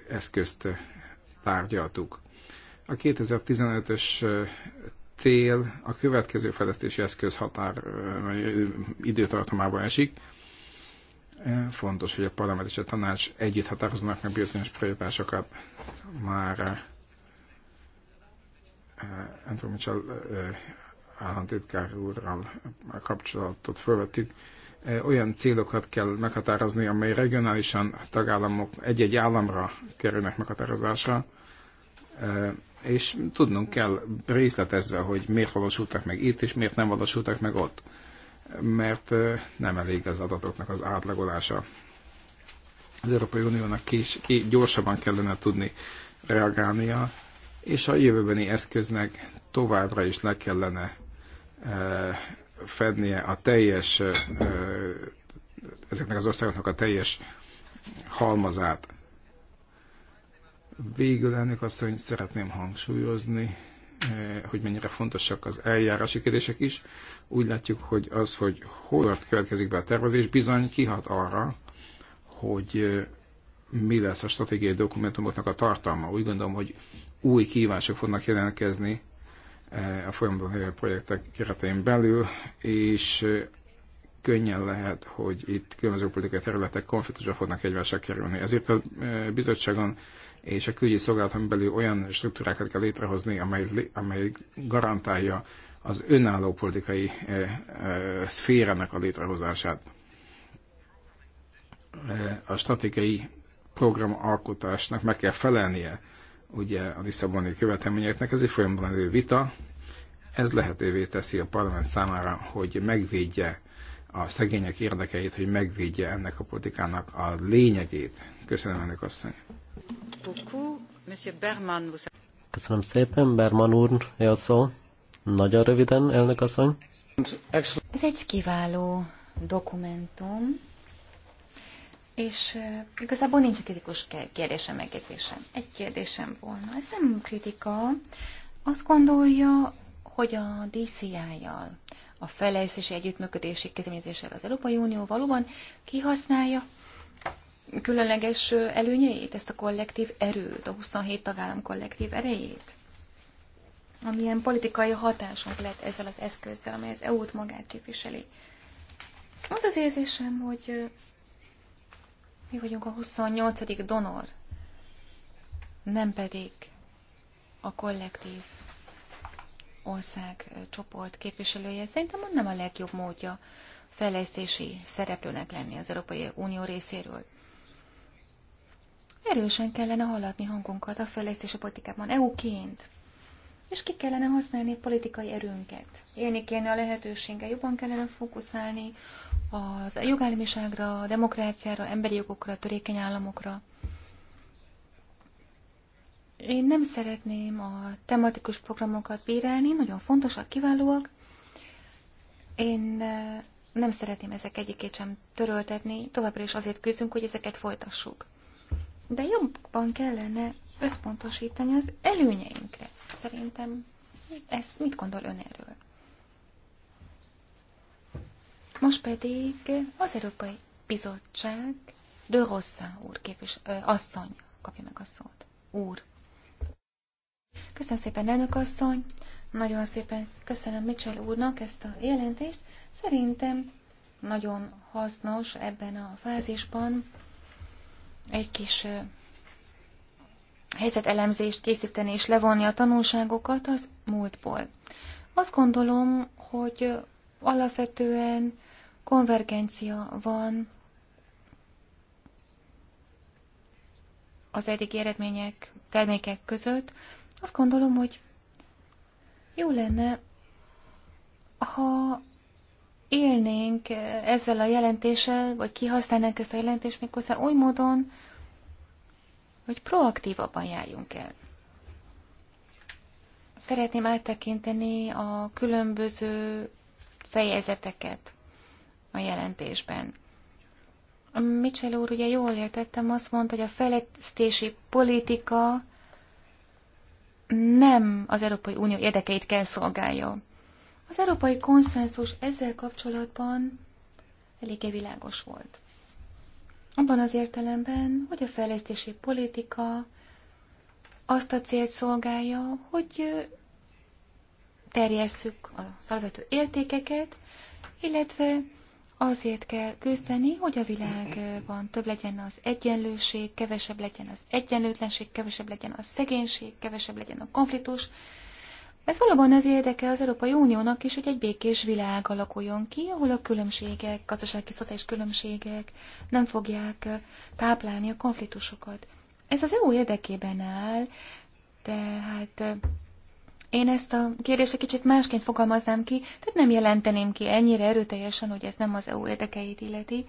eszközt tárgyaltuk. A 2015-ös cél a következő fejlesztési eszköz határ időtartomában esik. Fontos, hogy a parlament és a tanács együtt határozzanak meg bizonyos prioritásokat már Anthony Mitchell államtitkár úrral kapcsolatot felvettük, olyan célokat kell meghatározni, amely regionálisan tagállamok egy-egy államra kerülnek meghatározásra, és tudnunk kell részletezve, hogy miért valósultak meg itt, és miért nem valósultak meg ott. Mert nem elég az adatoknak az átlagolása. Az Európai Uniónak kés, kés, gyorsabban kellene tudni reagálnia, és a jövőbeni eszköznek továbbra is le kellene fednie a teljes, ezeknek az országoknak a teljes halmazát. Végül ennek azt, hogy szeretném hangsúlyozni, eh, hogy mennyire fontosak az eljárási kérdések is. Úgy látjuk, hogy az, hogy hol következik be a tervezés, bizony kihat arra, hogy eh, mi lesz a stratégiai dokumentumoknak a tartalma. Úgy gondolom, hogy új kívások fognak jelentkezni eh, a folyamatban lévő projektek keretein belül, és könnyen lehet, hogy itt különböző politikai területek konfliktusba fognak egymással kerülni. Ezért a bizottságon és a külügyi szolgálaton belül olyan struktúrákat kell létrehozni, amely, amely garantálja az önálló politikai eh, eh, szférának a létrehozását. Eh, a stratégiai alkotásnak meg kell felelnie ugye a Lisszaboni követelményeknek, ez egy folyamban elő vita, ez lehetővé teszi a parlament számára, hogy megvédje a szegények érdekeit, hogy megvédje ennek a politikának a lényegét. Köszönöm ennek asszony. Köszönöm szépen, Berman úr, a szó. Nagyon röviden, elnök asszony. Ez egy kiváló dokumentum, és igazából nincs kritikus kérdésem, megjegyzésem. Egy kérdésem volna. Ez nem kritika. Azt gondolja, hogy a DCI-jal, a fejlesztési együttműködési kezdeményezéssel az Európai Unió valóban kihasználja különleges előnyeit, ezt a kollektív erőt, a 27 tagállam kollektív erejét? Amilyen politikai hatásunk lett ezzel az eszközzel, amely az EU-t magát képviseli. Az az érzésem, hogy mi vagyunk a 28. donor, nem pedig a kollektív ország csoport képviselője. Szerintem nem a legjobb módja fejlesztési szereplőnek lenni az Európai Unió részéről. Erősen kellene hallatni hangunkat a fejlesztési politikában, EU-ként. És ki kellene használni politikai erőnket. Élni kéne a lehetőséggel, jobban kellene fókuszálni az jogállamiságra, a demokráciára, emberi jogokra, a törékeny államokra. Én nem szeretném a tematikus programokat bírálni, nagyon fontosak, kiválóak. Én eh, nem szeretném ezek egyikét sem töröltetni, továbbra is azért küzdünk, hogy ezeket folytassuk de jobban kellene összpontosítani az előnyeinkre. Szerintem ezt mit gondol ön erről? Most pedig az Európai Bizottság de Rossa úr képvis, ö, asszony kapja meg a szót. Úr. Köszönöm szépen, elnök asszony. Nagyon szépen köszönöm Mitchell úrnak ezt a jelentést. Szerintem nagyon hasznos ebben a fázisban egy kis helyzetelemzést készíteni és levonni a tanulságokat az múltból. Azt gondolom, hogy alapvetően konvergencia van az eddigi eredmények, termékek között. Azt gondolom, hogy jó lenne, ha élnénk eh, ezzel a jelentéssel, vagy kihasználnánk ezt a jelentést méghozzá oly módon, hogy proaktívabban járjunk el. Szeretném áttekinteni a különböző fejezeteket a jelentésben. Mitchell úr, ugye jól értettem, azt mondta, hogy a fejlesztési politika nem az Európai Unió érdekeit kell szolgálja. Az európai konszenzus ezzel kapcsolatban eléggé világos volt. Abban az értelemben, hogy a fejlesztési politika azt a célt szolgálja, hogy terjesszük az alapvető értékeket, illetve azért kell küzdeni, hogy a világban több legyen az egyenlőség, kevesebb legyen az egyenlőtlenség, kevesebb legyen a szegénység, kevesebb legyen a konfliktus, ez valóban az érdeke az Európai Uniónak is, hogy egy békés világ alakuljon ki, ahol a különbségek, gazdasági, szociális különbségek nem fogják táplálni a konfliktusokat. Ez az EU érdekében áll, hát én ezt a kérdést egy kicsit másként fogalmaznám ki, tehát nem jelenteném ki ennyire erőteljesen, hogy ez nem az EU érdekeit illeti.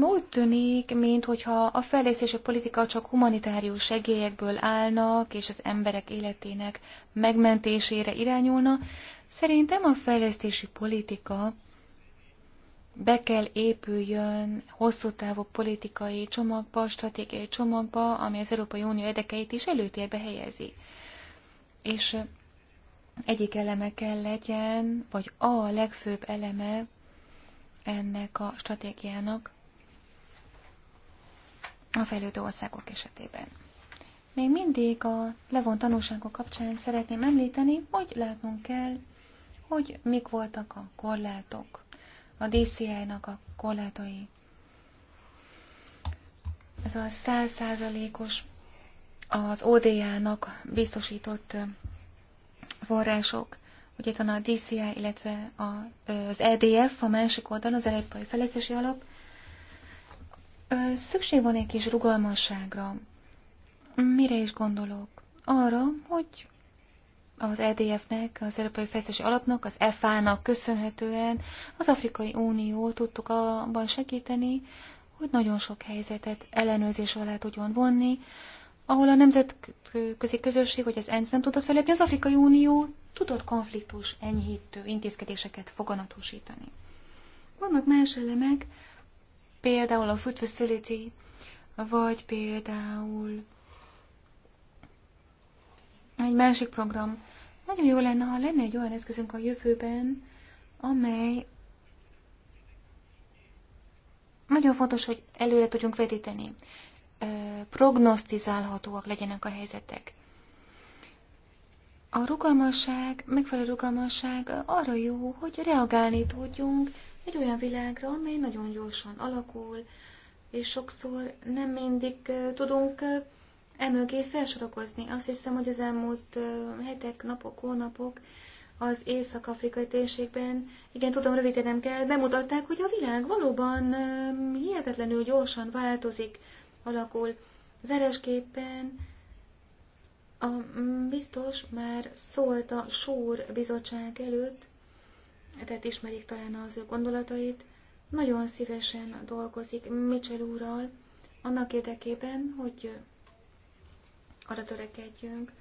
Úgy tűnik, mint hogyha a fejlesztés a politika csak humanitárius segélyekből állnak, és az emberek életének megmentésére irányulna. Szerintem a fejlesztési politika be kell épüljön hosszú távú politikai csomagba, stratégiai csomagba, ami az Európai Unió érdekeit is előtérbe helyezi. És egyik eleme kell legyen, vagy a legfőbb eleme ennek a stratégiának a fejlődő országok esetében. Még mindig a levon tanulságok kapcsán szeretném említeni, hogy látnunk kell, hogy mik voltak a korlátok, a DCI-nak a korlátai. Ez a százszázalékos az ODA-nak biztosított források. Ugye, itt van a DCI, illetve a, az EDF, a másik oldalon, az Európai Fejlesztési Alap. Szükség van egy kis rugalmasságra. Mire is gondolok? Arra, hogy az EDF-nek, az Európai Fejlesztési Alapnak, az EFA-nak köszönhetően az Afrikai Unió tudtuk abban segíteni, hogy nagyon sok helyzetet ellenőrzés alá tudjon vonni, ahol a nemzetközi közösség, vagy az ENSZ nem tudott felépni, az Afrikai Unió tudott konfliktus enyhítő intézkedéseket foganatosítani. Vannak más elemek, például a Food Facility, vagy például egy másik program. Nagyon jó lenne, ha lenne egy olyan eszközünk a jövőben, amely nagyon fontos, hogy előre tudjunk vetíteni. Prognosztizálhatóak legyenek a helyzetek. A rugalmasság, megfelelő rugalmasság arra jó, hogy reagálni tudjunk egy olyan világra, amely nagyon gyorsan alakul, és sokszor nem mindig tudunk emögé felsorakozni. Azt hiszem, hogy az elmúlt hetek, napok, hónapok az észak-afrikai térségben, igen, tudom, nem kell, bemutatták, hogy a világ valóban hihetetlenül gyorsan változik, alakul. Zeresképpen a mm, biztos már szólt a Súr bizottság előtt, tehát ismerik talán az ő gondolatait, nagyon szívesen dolgozik Mitchell úrral, annak érdekében, hogy arra törekedjünk,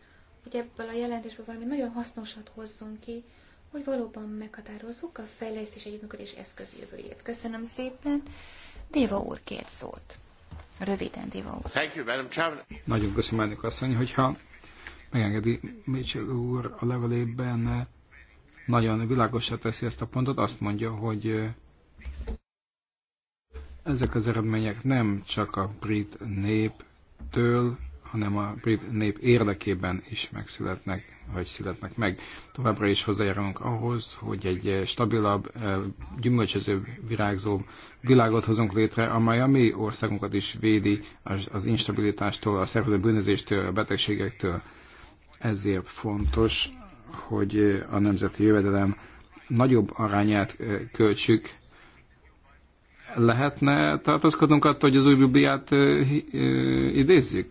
hogy ebből a jelentésből valami nagyon hasznosat hozzunk ki, hogy valóban meghatározzuk a fejlesztés együttműködés eszközjövőjét. Köszönöm szépen. Déva úr két szót. Röviden, Déva úr. Thank you, Madam Nagyon köszönöm, elnök asszony, hogyha megengedi Mitchell úr a levelében nagyon világosra teszi ezt a pontot, azt mondja, hogy ezek az eredmények nem csak a brit néptől, hanem a brit nép érdekében is megszületnek, vagy születnek meg. Továbbra is hozzájárulunk ahhoz, hogy egy stabilabb, gyümölcsözőbb, virágzó világot hozunk létre, amely a mi országunkat is védi az instabilitástól, a szervezet bűnözéstől, a betegségektől. Ezért fontos, hogy a nemzeti jövedelem nagyobb arányát költsük. Lehetne tartozkodnunk attól, hogy az új Bibliát idézzük?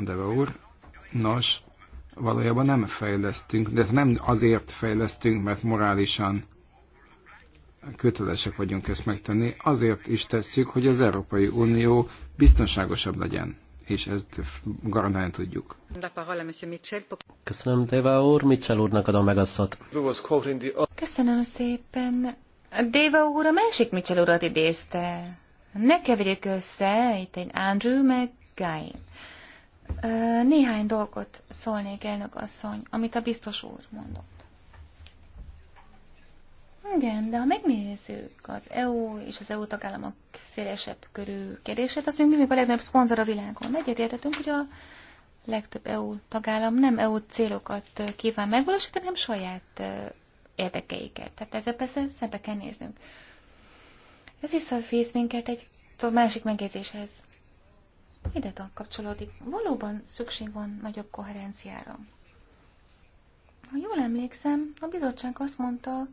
De úr, nos, valójában nem fejlesztünk, de nem azért fejlesztünk, mert morálisan kötelesek vagyunk ezt megtenni, azért is tesszük, hogy az Európai Unió biztonságosabb legyen és ezt garantálni tudjuk. Köszönöm, Deva úr. Mitchell úrnak adom meg a szót. Köszönöm szépen. Deva úr a másik Mitchell urat idézte. Ne keverjük össze, itt egy Andrew meg Guy. Néhány dolgot szólnék, elnök asszony, amit a biztos úr mondott. Igen, de ha megnézzük az EU és az EU tagállamok szélesebb körű kérdését, az még mindig a legnagyobb szponzor a világon. Egyetértetünk, hogy a legtöbb EU tagállam nem EU célokat kíván megvalósítani, hanem saját érdekeiket. Tehát ezzel persze szembe kell néznünk. Ez visszafész minket egy másik megjegyzéshez. Ide kapcsolódik. Valóban szükség van nagyobb koherenciára. Ha jól emlékszem, a bizottság azt mondta,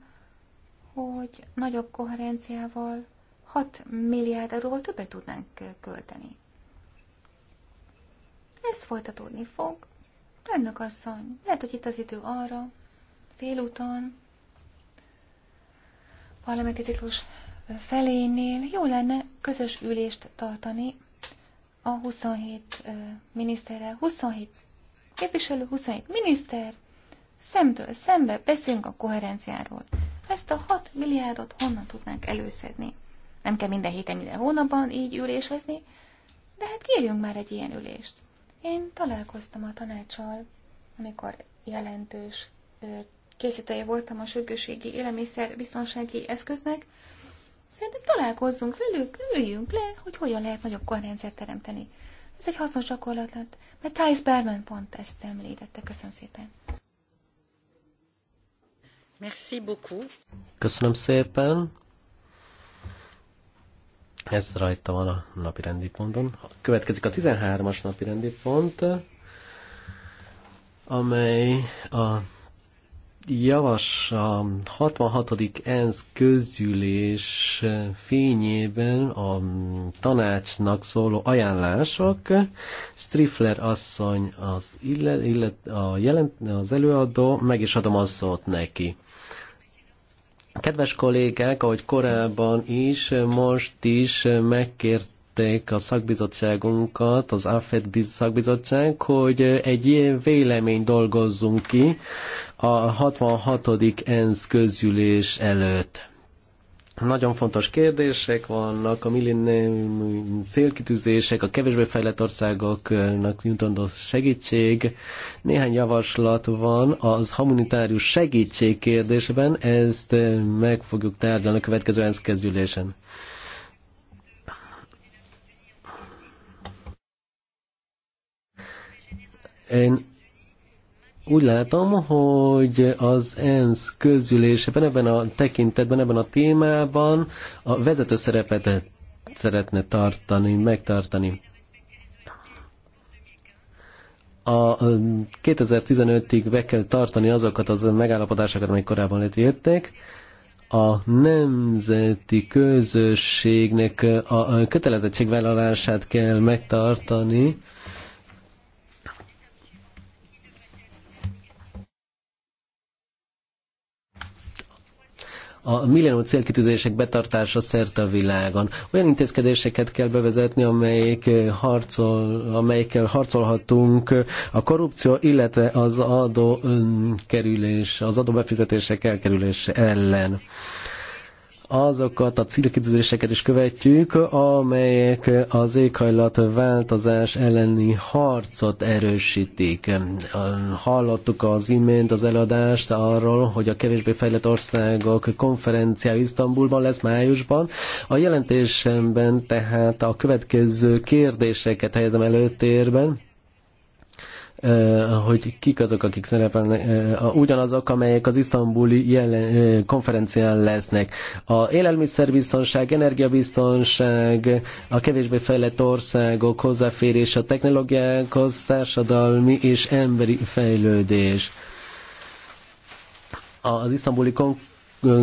hogy nagyobb koherenciával 6 milliárd euróval többet tudnánk költeni. Ez folytatódni fog. Önök asszony, lehet, hogy itt az idő arra, félúton, parlamenti ciklus felénél jó lenne közös ülést tartani a 27 miniszterrel, 27 képviselő, 27 miniszter, szemtől szembe beszélünk a koherenciáról. Ezt a 6 milliárdot honnan tudnánk előszedni? Nem kell minden héten, minden hónapban így ülésezni, de hát kérjünk már egy ilyen ülést. Én találkoztam a tanácsal, amikor jelentős készítője voltam a sürgőségi biztonsági eszköznek. Szerintem találkozzunk velük, üljünk le, hogy hogyan lehet nagyobb koherenciát teremteni. Ez egy hasznos gyakorlat lett, mert Thijs Berman pont ezt említette. Köszönöm szépen. Merci beaucoup. Köszönöm szépen. Ez rajta van a napi rendi ponton. Következik a 13-as napi rendi pont, amely a javas a 66. ENSZ közgyűlés fényében a tanácsnak szóló ajánlások. Strifler asszony az, illet, illet, a jelent, az előadó, meg is adom a szót neki. Kedves kollégák, ahogy korábban is, most is megkérték a szakbizottságunkat, az AFED szakbizottság, hogy egy ilyen vélemény dolgozzunk ki a 66. ENSZ közülés előtt. Nagyon fontos kérdések vannak, a millennium célkitűzések, a kevésbé fejlett országoknak nyújtandó segítség. Néhány javaslat van az humanitárius segítség kérdésben, ezt meg fogjuk tárgyalni a következő ENSZ kezdülésen. Én úgy látom, hogy az ENSZ közülésében, ebben a tekintetben, ebben a témában a vezető szerepet szeretne tartani, megtartani. A 2015-ig be kell tartani azokat az megállapodásokat, amelyek korábban létrejöttek, a nemzeti közösségnek a kötelezettségvállalását kell megtartani, a millennium célkitűzések betartása szerte a világon. Olyan intézkedéseket kell bevezetni, amelyik eh, harcol, amelyikkel harcolhatunk a korrupció, illetve az adó mm, kerülés, az adóbefizetések elkerülése ellen azokat a célkitűzéseket is követjük, amelyek az éghajlat változás elleni harcot erősítik. Hallottuk az imént az eladást arról, hogy a kevésbé fejlett országok konferenciája Isztambulban lesz májusban. A jelentésemben tehát a következő kérdéseket helyezem előtérben Eh, hogy kik azok, akik szerepelnek, eh, ugyanazok, amelyek az isztambuli jelen, eh, konferencián lesznek. A élelmiszerbiztonság, energiabiztonság, a kevésbé fejlett országok hozzáférés a technológiákhoz, társadalmi és emberi fejlődés az isztambuli konferencián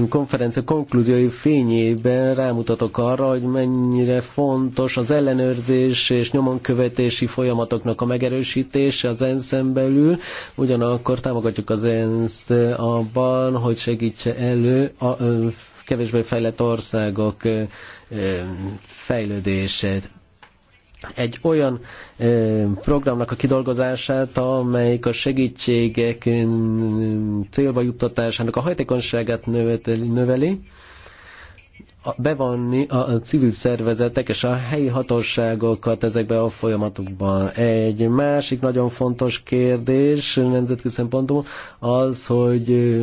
konferencia konklúziói fényében rámutatok arra, hogy mennyire fontos az ellenőrzés és nyomonkövetési folyamatoknak a megerősítése az ensz belül, ugyanakkor támogatjuk az ENSZ-t abban, hogy segítse elő a kevésbé fejlett országok fejlődését. Egy olyan programnak a kidolgozását, amelyik a segítségek célba juttatásának a hajtékonyságát növeli bevonni a civil szervezetek és a helyi hatóságokat ezekbe a folyamatokban. Egy másik nagyon fontos kérdés nemzetközi szempontból az, hogy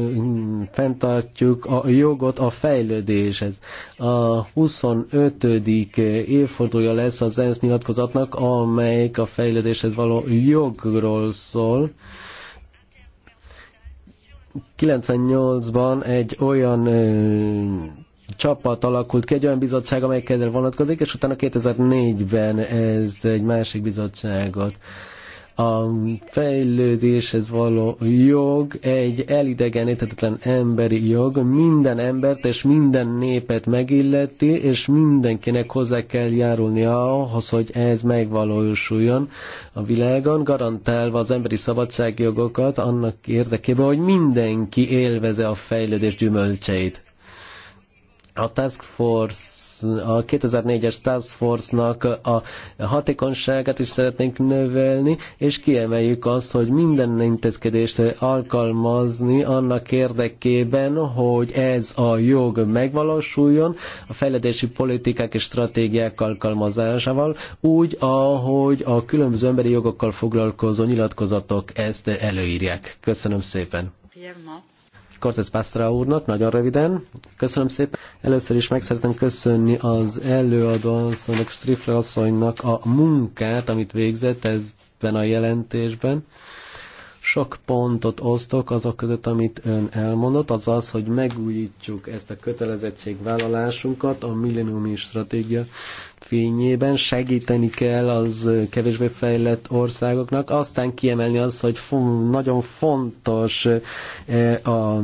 fenntartjuk a jogot a fejlődéshez. A 25. évfordulja lesz az ENSZ nyilatkozatnak, amelyik a fejlődéshez való jogról szól. 98-ban egy olyan csapat alakult ki, egy olyan bizottság, amely ezzel vonatkozik, és utána 2004-ben ez egy másik bizottságot a fejlődéshez való jog egy elidegeníthetetlen emberi jog, minden embert és minden népet megilleti, és mindenkinek hozzá kell járulni ahhoz, hogy ez megvalósuljon a világon, garantálva az emberi szabadságjogokat annak érdekében, hogy mindenki élveze a fejlődés gyümölcseit a Task Force, a 2004-es Task Force-nak a hatékonyságát is szeretnénk növelni, és kiemeljük azt, hogy minden intézkedést alkalmazni annak érdekében, hogy ez a jog megvalósuljon a fejlődési politikák és stratégiák alkalmazásával, úgy, ahogy a különböző emberi jogokkal foglalkozó nyilatkozatok ezt előírják. Köszönöm szépen! Cortez Pásztra úrnak, nagyon röviden. Köszönöm szépen. Először is meg szeretném köszönni az előadó asszonynak, Strifler asszonynak a munkát, amit végzett ebben a jelentésben. Sok pontot osztok azok között, amit ön elmondott, az az, hogy megújítjuk ezt a kötelezettségvállalásunkat a milleniumi stratégia fényében segíteni kell az kevésbé fejlett országoknak, aztán kiemelni az, hogy nagyon fontos eh, a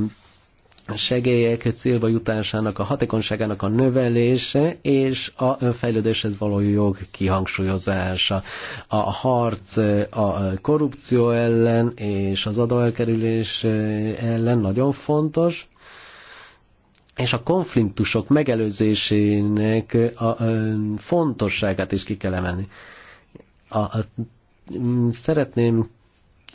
segélyek célba jutásának, a hatékonyságának a növelése és a fejlődéshez való jog kihangsúlyozása. A harc eh, a korrupció ellen és az adóelkerülés eh, ellen nagyon fontos, és a konfliktusok megelőzésének a, a fontosságát is ki kell emelni. A, a, szeretném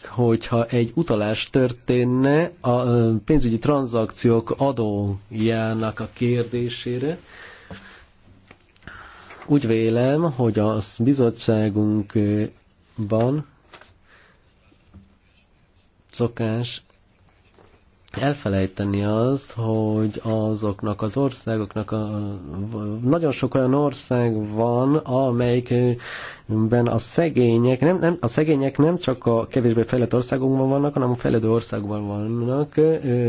hogyha egy utalás történne a pénzügyi tranzakciók adójának a kérdésére. Úgy vélem, hogy a bizottságunkban szokás elfelejteni az, hogy azoknak az országoknak a, nagyon sok olyan ország van, amelyik amiben a szegények nem, nem, a szegények nem csak a kevésbé fejlett országokban vannak, hanem a fejlődő országban vannak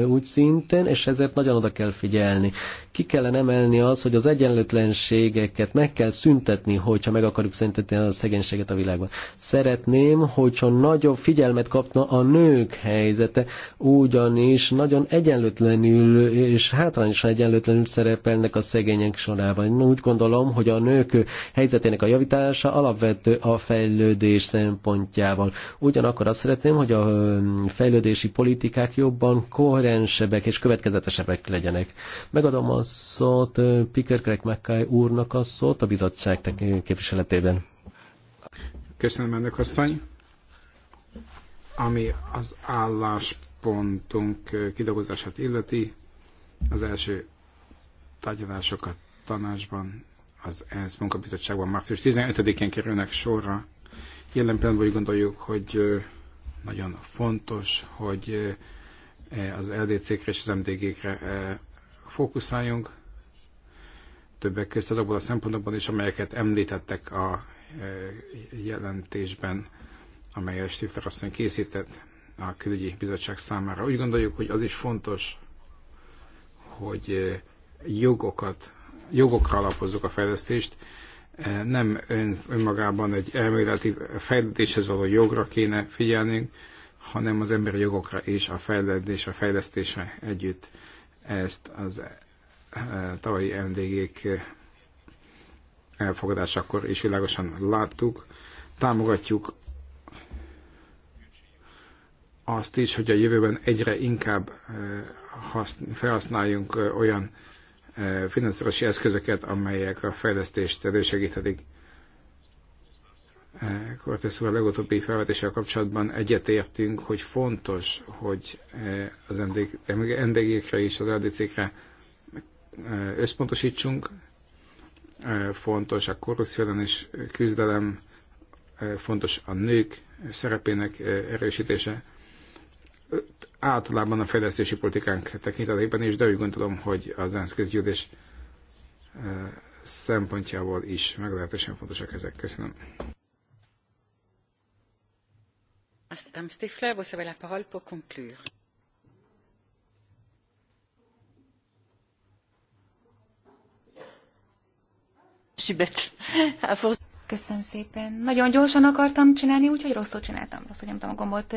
úgy szinten, és ezért nagyon oda kell figyelni. Ki kellene emelni az, hogy az egyenlőtlenségeket meg kell szüntetni, hogyha meg akarjuk szüntetni a szegénységet a világban. Szeretném, hogyha nagyobb figyelmet kapna a nők helyzete, ugyanis nagyon egyenlőtlenül és hátrányosan egyenlőtlenül szerepelnek a szegények sorában. Úgy gondolom, hogy a nők helyzetének a javítása alapvető alapvető a fejlődés szempontjával. Ugyanakkor azt szeretném, hogy a fejlődési politikák jobban koherensebbek és következetesebbek legyenek. Megadom a szót Piker Craig McKay úrnak a szót a bizottság képviseletében. Köszönöm, ennek asszony. Ami az álláspontunk kidolgozását illeti, az első tárgyalásokat tanácsban az ENSZ munkabizottságban március 15-én kerülnek sorra. Jelen pillanatban úgy gondoljuk, hogy nagyon fontos, hogy az LDC-kre és az MDG-kre fókuszáljunk, többek között azokból a szempontokból is, amelyeket említettek a jelentésben, amely a Stifler asszony készített a külügyi bizottság számára. Úgy gondoljuk, hogy az is fontos, hogy jogokat jogokra alapozzuk a fejlesztést, e, nem ön, önmagában egy elméleti fejlődéshez való jogra kéne figyelnünk, hanem az emberi jogokra és a fejlődés, a fejlesztésre együtt. Ezt az e, tavalyi mdg elfogadásakor is világosan láttuk. Támogatjuk azt is, hogy a jövőben egyre inkább e, felhasználjunk olyan finanszírozási eszközöket, amelyek a fejlesztést elősegíthetik. Cortez úr a legutóbbi felvetéssel kapcsolatban egyetértünk, hogy fontos, hogy az NDG-kre és az LDC-kre összpontosítsunk. Fontos a korrupció és küzdelem, fontos a nők szerepének erősítése általában a fejlesztési politikánk tekintetében is, de úgy gondolom, hogy az ENSZ közgyűlés eh, szempontjából is meglehetősen fontosak ezek. Köszönöm. Madame Stifler, vous avez la parole pour conclure. Köszönöm szépen. Nagyon gyorsan akartam csinálni, úgyhogy rosszul csináltam. Rosszul nyomtam a gombot.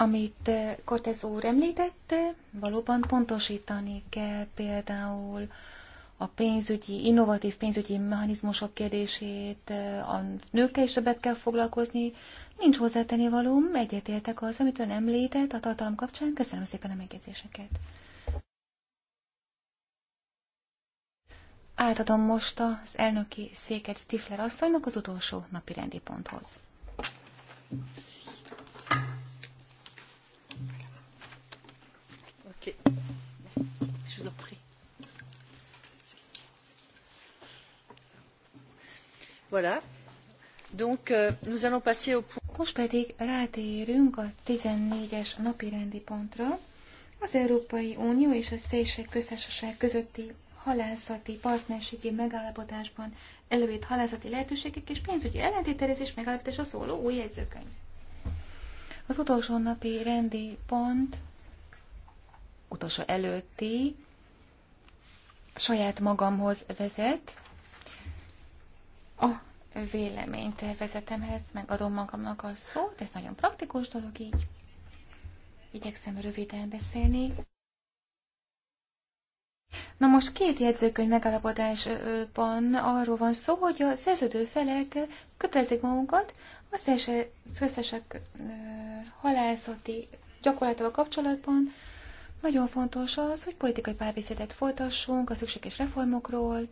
Amit eh, Cortez úr említett, eh, valóban pontosítani kell például a pénzügyi, innovatív pénzügyi mechanizmusok kérdését, eh, a nőkkel is többet kell foglalkozni. Nincs hozzátenni valóm, egyetértek az, amit ön említett a tartalom kapcsán. Köszönöm szépen a megjegyzéseket. Átadom most az elnöki széket Stifler asszonynak az utolsó napi rendi ponthoz. Donc, euh, nous allons passer au point. Most pedig rátérünk a 14-es napirendi pontra. Az Európai Unió és a Szélség Köztársaság közötti halászati partnerségi megállapodásban előírt halászati lehetőségek és pénzügyi ellentételezés megállapítása szóló új jegyzőkönyv. Az utolsó napi rendi pont, utolsó előtti, saját magamhoz vezet, a véleménytervezetemhez megadom magamnak a szót, ez nagyon praktikus dolog így. Igyekszem röviden beszélni. Na most két jegyzőkönyv megállapodásban arról van szó, hogy a szerződő felek kötelezik magunkat az összesek halászati gyakorlatával kapcsolatban. Nagyon fontos az, hogy politikai párbeszédet folytassunk a szükséges reformokról,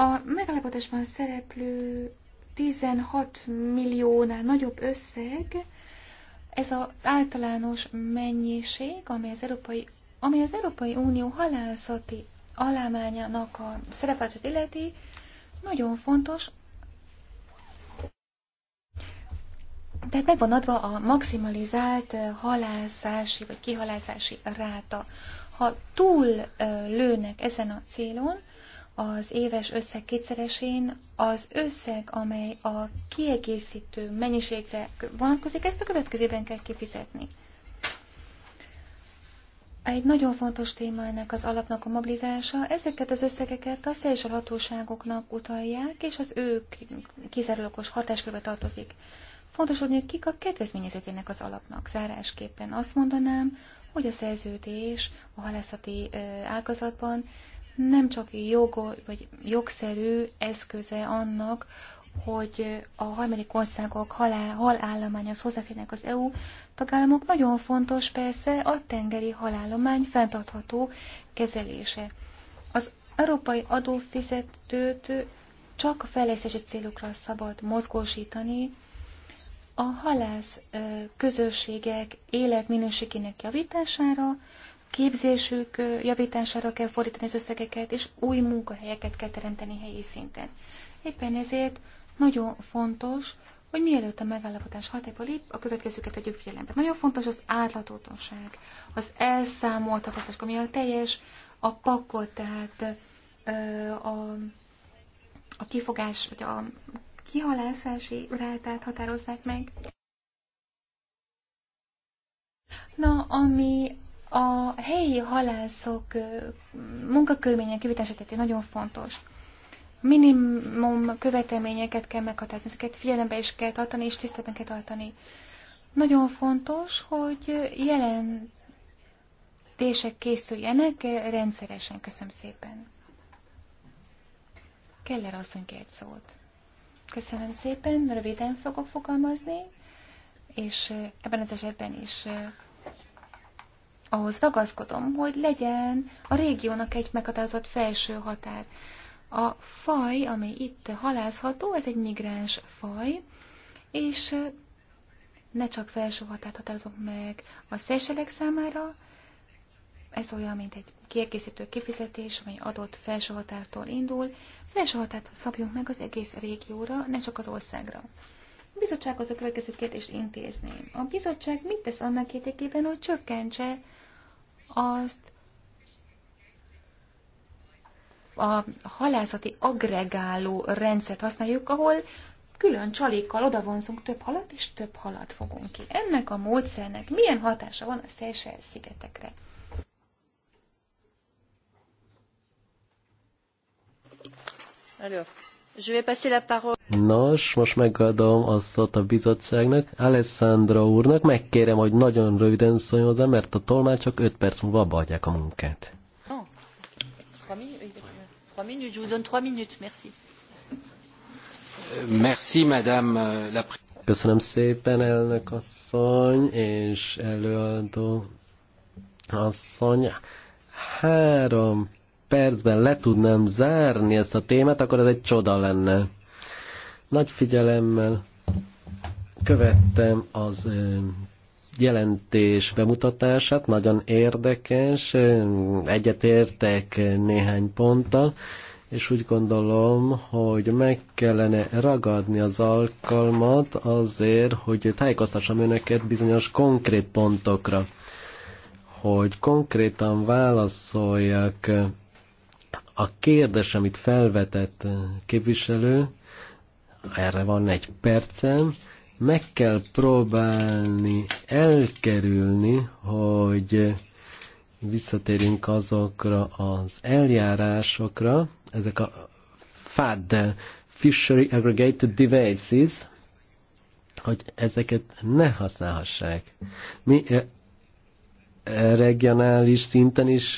a megállapodásban szereplő 16 milliónál nagyobb összeg, ez az általános mennyiség, amely az Európai, amely az Európai Unió halászati alámányának a szerepvácsot illeti, nagyon fontos. Tehát meg van adva a maximalizált halászási vagy kihalászási ráta. Ha túl lőnek ezen a célon, az éves összeg kétszeresén az összeg, amely a kiegészítő mennyiségre vonatkozik, ezt a következőben kell kifizetni. Egy nagyon fontos téma ennek az alapnak a mobilizása. Ezeket az összegeket a szélső hatóságoknak utalják, és az ők kizárólagos hatáskörbe tartozik. Fontos, hogy kik a kedvezményezetének az alapnak. Zárásképpen azt mondanám, hogy a szerződés a halászati ágazatban nem csak jogo, vagy jogszerű eszköze annak, hogy a harmadik országok halál, halállományhoz hozzáférnek az EU tagállamok, nagyon fontos persze a tengeri halállomány fenntartható kezelése. Az európai adófizetőt csak fejlesztési célokra szabad mozgósítani, a halász közösségek életminőségének javítására, képzésük javítására kell fordítani az összegeket, és új munkahelyeket kell teremteni helyi szinten. Éppen ezért nagyon fontos, hogy mielőtt a megállapodás hatályba lép, a következőket vegyük figyelembe. Nagyon fontos az átlatótonság, az elszámoltatás, ami a teljes, a pakot, tehát a, a kifogás, vagy a kihalászási rátát határozzák meg. Na, ami a helyi halászok munkakörmények kivitását nagyon fontos. Minimum követelményeket kell meghatározni, ezeket figyelembe is kell tartani, és tiszteletben kell tartani. Nagyon fontos, hogy jelentések készüljenek rendszeresen. Köszönöm szépen. Keller asszony egy szót. Köszönöm szépen, röviden fogok fogalmazni, és ebben az esetben is ahhoz ragaszkodom, hogy legyen a régiónak egy meghatározott felső határ. A faj, ami itt halászható, ez egy migráns faj, és ne csak felső határt határozok meg a szeselek számára, ez olyan, mint egy kiegészítő kifizetés, amely adott felső határtól indul, felső határt szabjunk meg az egész régióra, ne csak az országra. A bizottsághoz a következő kérdést intézném. A bizottság mit tesz annak érdekében, hogy csökkentse azt a halászati agregáló rendszert használjuk, ahol külön csalékkal odavonzunk több halat, és több halat fogunk ki. Ennek a módszernek milyen hatása van a Seychelles szigetekre? Előbb. Nos, most megadom a szót a bizottságnak, Alessandro úrnak. Megkérem, hogy nagyon röviden szóljon hozzá, mert a tolmácsok 5 perc múlva abbahagyják a munkát. Köszönöm szépen, elnök asszony és előadó asszony. Három percben le tudnám zárni ezt a témát, akkor ez egy csoda lenne. Nagy figyelemmel követtem az jelentés bemutatását, nagyon érdekes, egyetértek néhány ponttal, és úgy gondolom, hogy meg kellene ragadni az alkalmat azért, hogy tájékoztassam önöket bizonyos konkrét pontokra, hogy konkrétan válaszoljak a kérdés, amit felvetett eh, képviselő, erre van egy percem, meg kell próbálni elkerülni, hogy visszatérünk azokra az eljárásokra, ezek a FAD, eh, Fishery Aggregated Devices, hogy ezeket ne használhassák. Mi eh, regionális szinten is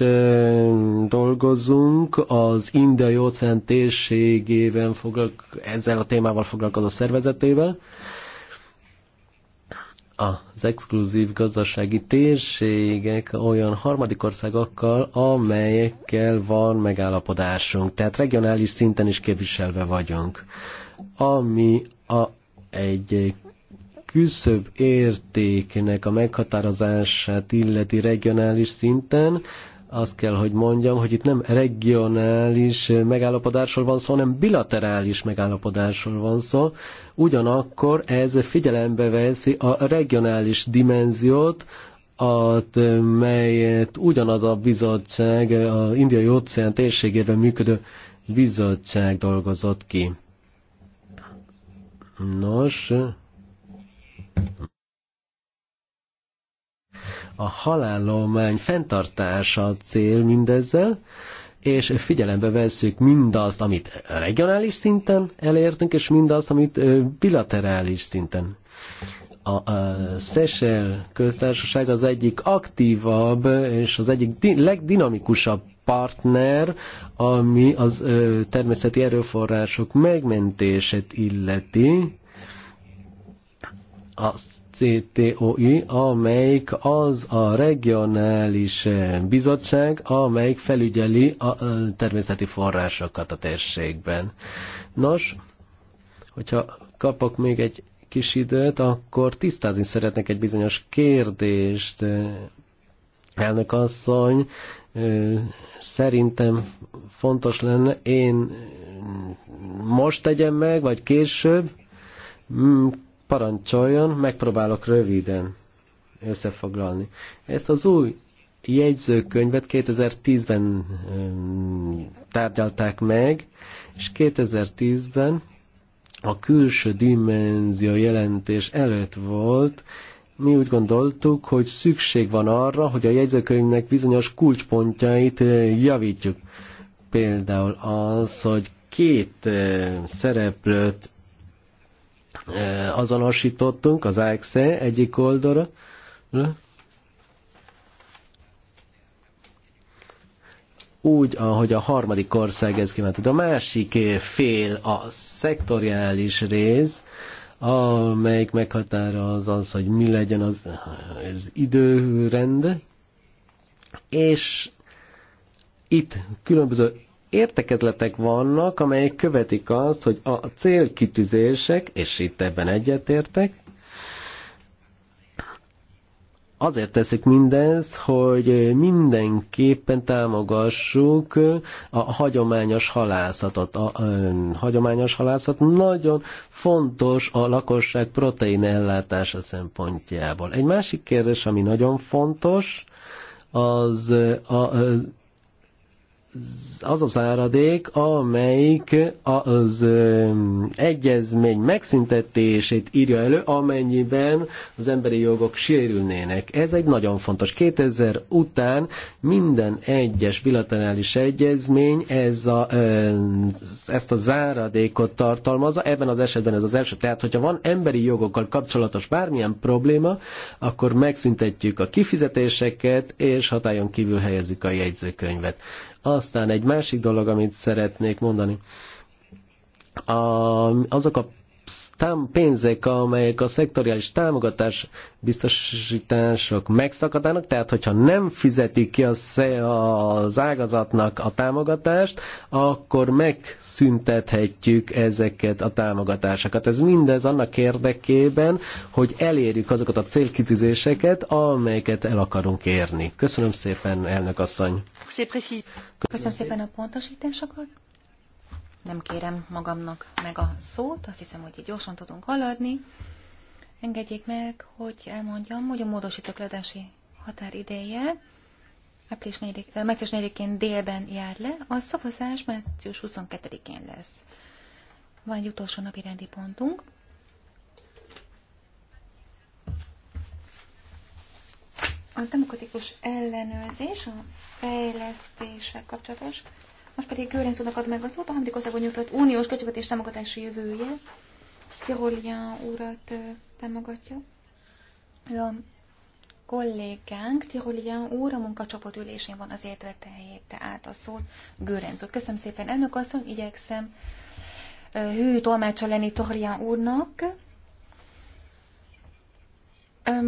dolgozunk. Az indiai óceán térségében foglalk, ezzel a témával foglalkozó szervezetével. Az exkluzív gazdasági térségek olyan harmadik országokkal, amelyekkel van megállapodásunk. Tehát regionális szinten is képviselve vagyunk. Ami a egy küszöbb értéknek a meghatározását illeti regionális szinten, azt kell, hogy mondjam, hogy itt nem regionális megállapodásról van szó, hanem bilaterális megállapodásról van szó. Ugyanakkor ez figyelembe veszi a regionális dimenziót, at, melyet ugyanaz a bizottság, a indiai óceán térségében működő bizottság dolgozott ki. Nos, a halállomány fenntartása a cél mindezzel, és figyelembe veszük mindazt, amit regionális szinten elértünk, és mindazt, amit bilaterális szinten. A, a Szesel köztársaság az egyik aktívabb és az egyik legdinamikusabb partner, ami az ö, természeti erőforrások megmentését illeti, a CTOI, amelyik az a regionális eh, bizottság, amelyik felügyeli a eh, természeti forrásokat a térségben. Nos, hogyha kapok még egy kis időt, akkor tisztázni szeretnék egy bizonyos kérdést. Eh, elnök asszony, szerintem fontos lenne, én mm, most tegyem meg, vagy később, mm, Parancsoljon, megpróbálok röviden összefoglalni. Ezt az új jegyzőkönyvet 2010-ben tárgyalták meg, és 2010-ben a külső dimenzió jelentés előtt volt, mi úgy gondoltuk, hogy szükség van arra, hogy a jegyzőkönyvnek bizonyos kulcspontjait eh, javítjuk. Például az, hogy két eh, szereplőt azonosítottunk az AXE egyik oldalra, úgy, ahogy a harmadik ország ez kívánt. A másik fél a szektoriális rész, amelyik az az, hogy mi legyen az, az időrend, és itt különböző értekezletek vannak, amelyek követik azt, hogy a célkitűzések, és itt ebben egyetértek, azért teszik mindezt, hogy mindenképpen támogassuk a hagyományos halászatot. A, a, a hagyományos halászat nagyon fontos a lakosság protein ellátása szempontjából. Egy másik kérdés, ami nagyon fontos, az a, a az az áradék, amelyik az egyezmény megszüntetését írja elő, amennyiben az emberi jogok sérülnének. Ez egy nagyon fontos. 2000 után minden egyes bilaterális egyezmény ez a, ezt a záradékot tartalmazza, ebben az esetben ez az első. Tehát, hogyha van emberi jogokkal kapcsolatos bármilyen probléma, akkor megszüntetjük a kifizetéseket, és hatályon kívül helyezzük a jegyzőkönyvet. Aztán egy másik dolog, amit szeretnék mondani. A, azok a pénzek, amelyek a szektoriális támogatás biztosítások megszakadnak, tehát hogyha nem fizetik ki az ágazatnak a támogatást, akkor megszüntethetjük ezeket a támogatásokat. Ez mindez annak érdekében, hogy elérjük azokat a célkitűzéseket, amelyeket el akarunk érni. Köszönöm szépen, elnök asszony! Köszönöm szépen a pontosításokat! nem kérem magamnak meg a szót, azt hiszem, hogy így gyorsan tudunk haladni. Engedjék meg, hogy elmondjam, hogy a módosítók leadási határideje április 4, március 4-én délben jár le, a szavazás március 22-én lesz. Van egy utolsó napi rendi pontunk. A demokratikus ellenőrzés a fejlesztéssel kapcsolatos most pedig Görenc szónak ad meg a szót, a harmadik országban nyújtott uniós költségvetés támogatási jövője. Tirolian urat támogatja. Ő a kollégánk, Tirolian úr a munkacsoport ülésén van, azért vette helyette át a szót Görenc úr. Köszönöm szépen, elnök asszony, igyekszem hű tolmácsa lenni Torian úrnak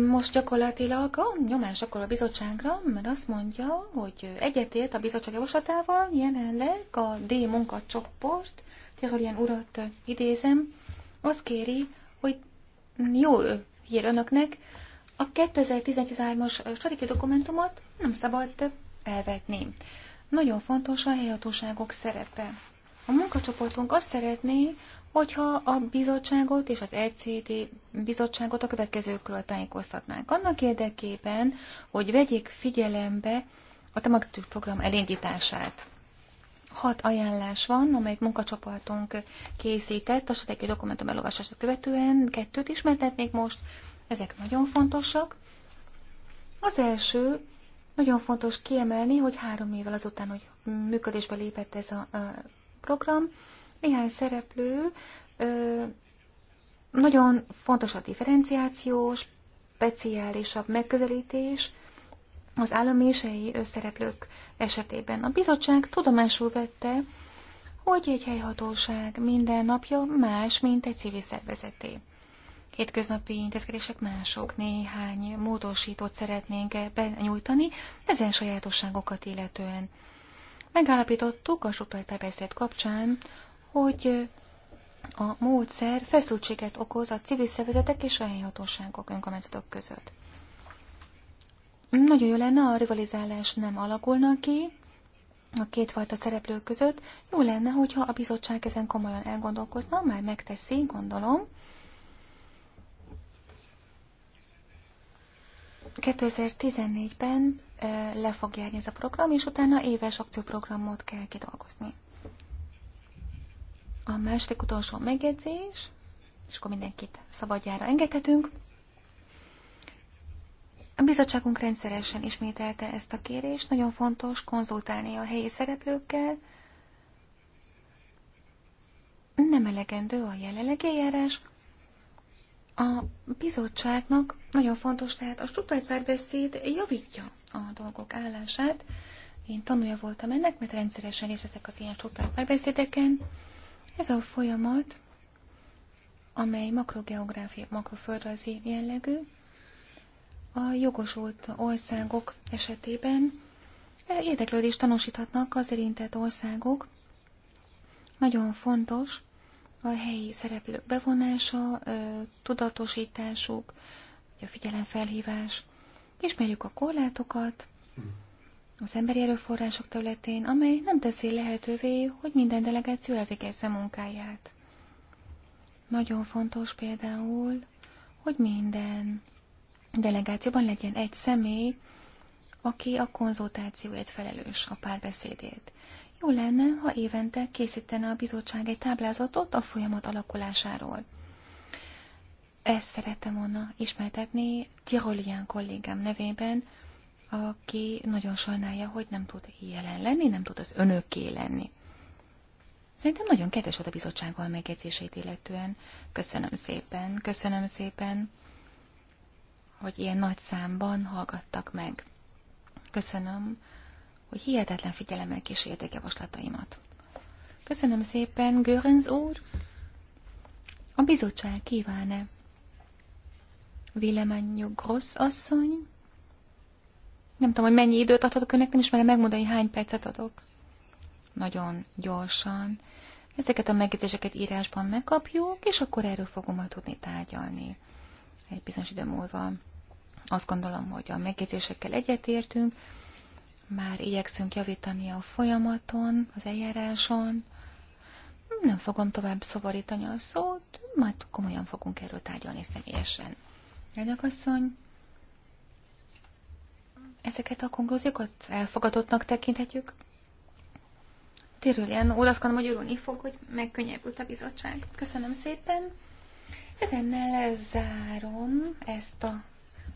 most gyakorlatilag a nyomás akkor a bizottságra, mert azt mondja, hogy egyetért a bizottság javaslatával jelenleg a D munkacsoport, ilyen urat idézem, azt kéri, hogy jó hír önöknek, a 2013-as stratégiai dokumentumot nem szabad elvetni. Nagyon fontos a helyhatóságok szerepe. A munkacsoportunk azt szeretné, hogyha a bizottságot és az ECD bizottságot a következőkről tájékoztatnánk. Annak érdekében, hogy vegyék figyelembe a tematikus program elindítását. Hat ajánlás van, amelyet munkacsoportunk készített a stratégiai dokumentum elolvasását követően. Kettőt ismertetnék most, ezek nagyon fontosak. Az első, nagyon fontos kiemelni, hogy három évvel azután, hogy működésbe lépett ez a program, néhány szereplő nagyon fontos a differenciáció, speciálisabb megközelítés az állami és helyi összereplők esetében. A bizottság tudomásul vette, hogy egy helyhatóság minden napja más, mint egy civil szervezeté. Hétköznapi intézkedések mások, néhány módosítót szeretnénk benyújtani ezen sajátosságokat illetően. Megállapítottuk a struktúrált párbeszéd kapcsán, hogy a módszer feszültséget okoz a civil szervezetek és a helyi hatóságok önkormányzatok között. Nagyon jó lenne, a rivalizálás nem alakulna ki a kétfajta szereplő között. Jó lenne, hogyha a bizottság ezen komolyan elgondolkozna, már megteszi, gondolom. 2014-ben le fog járni ez a program, és utána éves akcióprogramot kell kidolgozni. A második utolsó megjegyzés, és akkor mindenkit szabadjára engedhetünk. A bizottságunk rendszeresen ismételte ezt a kérést, nagyon fontos konzultálni a helyi szereplőkkel. Nem elegendő a jelenlegi eljárás. A bizottságnak nagyon fontos, tehát a struktúrált párbeszéd javítja a dolgok állását. Én tanulja voltam ennek, mert rendszeresen és ezek az ilyen struktúrált párbeszédeken ez a folyamat, amely makrogeográfia, makroföldrajzi jellegű, a jogosult országok esetében érdeklődést tanúsíthatnak az érintett országok. Nagyon fontos a helyi szereplők bevonása, tudatosításuk, a figyelemfelhívás. Ismerjük a korlátokat, mm az emberi erőforrások területén, amely nem teszi lehetővé, hogy minden delegáció elvégezze munkáját. Nagyon fontos például, hogy minden delegációban legyen egy személy, aki a konzultációért felelős a párbeszédét. Jó lenne, ha évente készítene a bizottság egy táblázatot a folyamat alakulásáról. Ezt szerettem volna ismertetni Tirolian kollégám nevében, aki nagyon sajnálja, hogy nem tud jelen lenni, nem tud az önöké lenni. Szerintem nagyon kedves volt a bizottsággal megjegyzéseit illetően. Köszönöm szépen, köszönöm szépen, hogy ilyen nagy számban hallgattak meg. Köszönöm, hogy hihetetlen figyelemmel kísérték javaslataimat. Köszönöm szépen, Görönz úr! A bizottság kíván-e? Véleményük Grossz asszony? Nem tudom, hogy mennyi időt adhatok önnek, nem is merem megmondani, hogy hány percet adok. Nagyon gyorsan. Ezeket a megjegyzéseket írásban megkapjuk, és akkor erről fogom majd tudni tárgyalni. Egy bizonyos idő múlva azt gondolom, hogy a megjegyzésekkel egyetértünk, már igyekszünk javítani a folyamaton, az eljáráson. Nem fogom tovább szoborítani a szót, majd komolyan fogunk erről tárgyalni személyesen. Egyek asszony, Ezeket a konklúziókat elfogadottnak tekinthetjük? Térüljen, úgy azt gondolom, hogy örülni fog, hogy megkönnyebbült a bizottság. Köszönöm szépen. Ezennel lezárom ezt a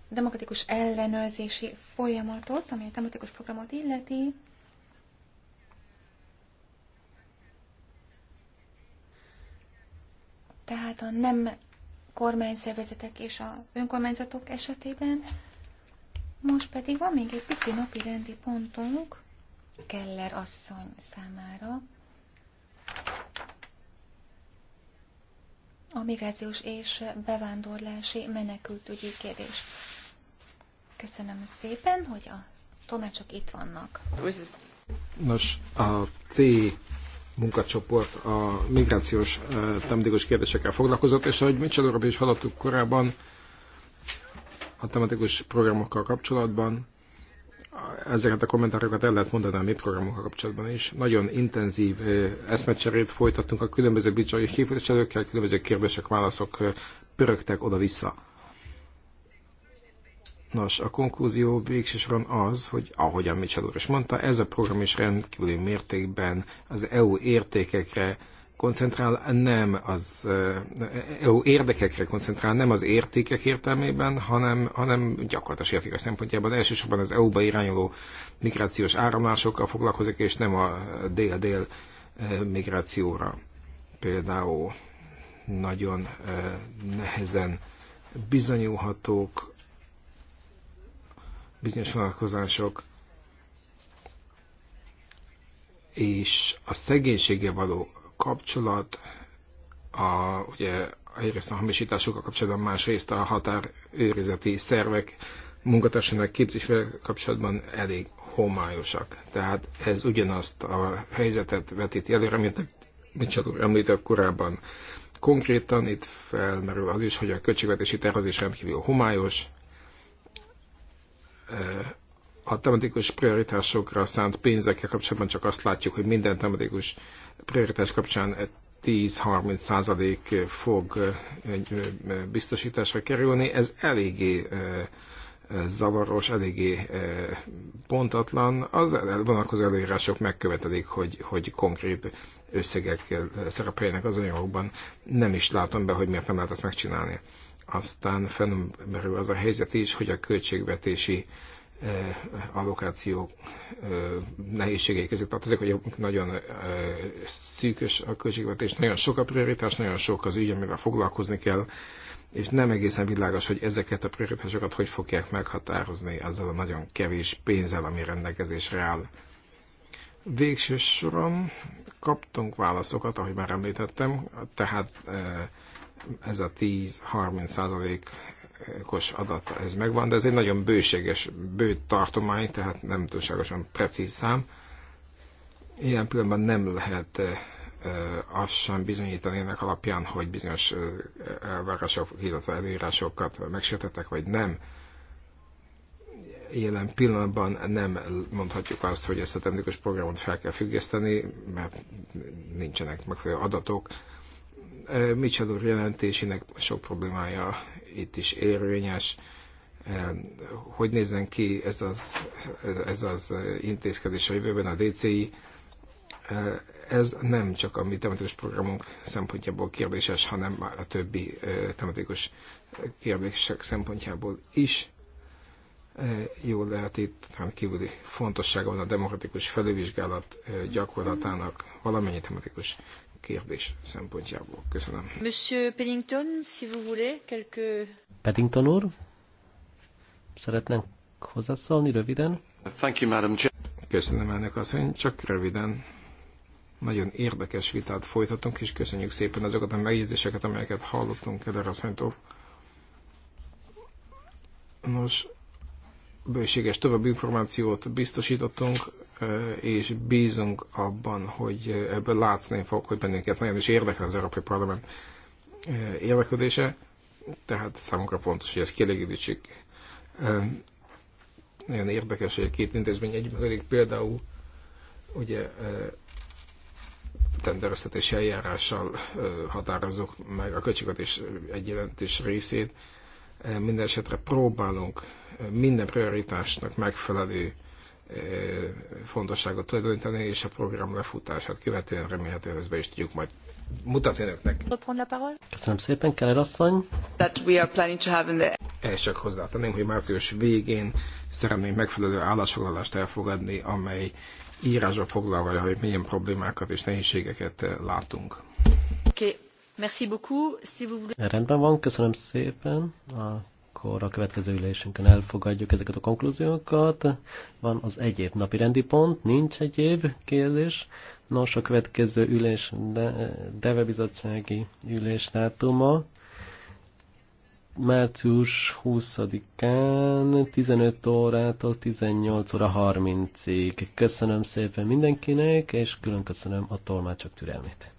demokratikus ellenőrzési folyamatot, ami a demokratikus programot illeti. Tehát a nem kormányszervezetek és a önkormányzatok esetében most pedig van még egy pici napi rendi pontunk Keller asszony számára. A migrációs és bevándorlási menekültügyi kérdés. Köszönöm szépen, hogy a tomácsok itt vannak. Nos, a C munkacsoport a migrációs eh, tematikus kérdésekkel foglalkozott, és ahogy Mitchell is hallottuk korábban, a tematikus programokkal kapcsolatban. Ezeket a kommentárokat el lehet mondani a mi programokkal kapcsolatban is. Nagyon intenzív eszmecserét folytattunk a különböző bizonyos képviselőkkel, különböző kérdések, válaszok pörögtek oda-vissza. Nos, a konklúzió végsősoron az, hogy ahogyan Mitchell úr is mondta, ez a program is rendkívüli mértékben az EU értékekre koncentrál, nem az eh, EU érdekekre koncentrál, nem az értékek értelmében, hanem, hanem gyakorlatilag értékek szempontjában elsősorban az EU-ba irányuló migrációs áramlásokkal foglalkozik, és nem a dél-dél eh, migrációra. Például nagyon eh, nehezen bizonyulhatók bizonyos vonatkozások, és a szegénysége való kapcsolat, a, ugye egyrészt a hamisításokkal kapcsolatban, másrészt a határőrizeti szervek munkatársának képzésével kapcsolatban elég homályosak. Tehát ez ugyanazt a helyzetet vetíti előre, mint Mitchell úr említett korábban. Konkrétan itt felmerül az is, hogy a költségvetési tervezés rendkívül homályos, a tematikus prioritásokra szánt pénzekkel kapcsolatban csak azt látjuk, hogy minden tematikus prioritás kapcsán 10-30 százalék fog biztosításra kerülni. Ez eléggé zavaros, eléggé pontatlan. Az vonatkozó előírások megkövetelik, hogy, hogy konkrét összegek szerepeljenek az anyagokban. Nem is látom be, hogy miért nem lehet ezt megcsinálni. Aztán felmerül az a helyzet is, hogy a költségvetési allokáció nehézségei között tartozik, hogy nagyon szűkös a költségvetés, nagyon sok a prioritás, nagyon sok az ügy, amivel foglalkozni kell, és nem egészen világos, hogy ezeket a prioritásokat hogy fogják meghatározni azzal a nagyon kevés pénzzel, ami rendelkezésre áll. Végső soron kaptunk válaszokat, ahogy már említettem, tehát ez a 10-30 százalék százalékos adata ez megvan, de ez egy nagyon bőséges, bő tartomány, tehát nem túlságosan precíz szám. Ilyen pillanatban nem lehet azt sem bizonyítani ennek alapján, hogy bizonyos elvárások, illetve előírásokat megsértettek, vagy nem. Jelen pillanatban nem mondhatjuk azt, hogy ezt a technikus programot fel kell függeszteni, mert nincsenek megfelelő adatok. Micsador jelentésének sok problémája itt is érvényes. Hogy nézzen ki ez az, ez az intézkedés a jövőben a DCI? Ez nem csak a mi tematikus programunk szempontjából kérdéses, hanem a többi tematikus kérdések szempontjából is jó lehet itt kívüli fontossága van a demokratikus felülvizsgálat gyakorlatának valamennyi tematikus kérdés szempontjából. Köszönöm. Monsieur Pennington, si vous voulez, quelque... Pennington úr, szeretnénk hozzászólni röviden? Thank you, Madam Köszönöm elnök asszony, csak röviden. Nagyon érdekes vitát folytatunk, és köszönjük szépen azokat a megjegyzéseket, amelyeket hallottunk kedves asszonytól. Nos, bőséges további információt biztosítottunk, és bízunk abban, hogy ebből látszni fog, hogy bennünket nagyon is érdekel az Európai Parlament érdeklődése, tehát számunkra fontos, hogy ezt kielégítsük. Nagyon érdekes, hogy a két intézmény együttműködik, például ugye tendereztetési eljárással határozzuk meg a költségvetés egy jelentős részét. Minden esetre próbálunk minden prioritásnak megfelelő fontosságot tulajdonítani, és a program lefutását követően remélhetően ezt be is tudjuk majd mutatni önöknek. Köszönöm szépen, Keller asszony. That we are planning to have in the... Ezt csak hozzátenném, hogy március végén szeretnénk megfelelő állásfoglalást elfogadni, amely írásba foglalva, hogy milyen problémákat és nehézségeket látunk. Okay. Merci beaucoup. Si vous voulez... Rendben van, köszönöm szépen. A akkor a következő ülésünkön elfogadjuk ezeket a konklúziókat. Van az egyéb napi rendi pont, nincs egyéb kérdés. Nos, a következő ülés, de, Deve ülés dátuma március 20-án 15 órától 18 óra 30-ig. Köszönöm szépen mindenkinek, és külön köszönöm a tolmácsok türelmét.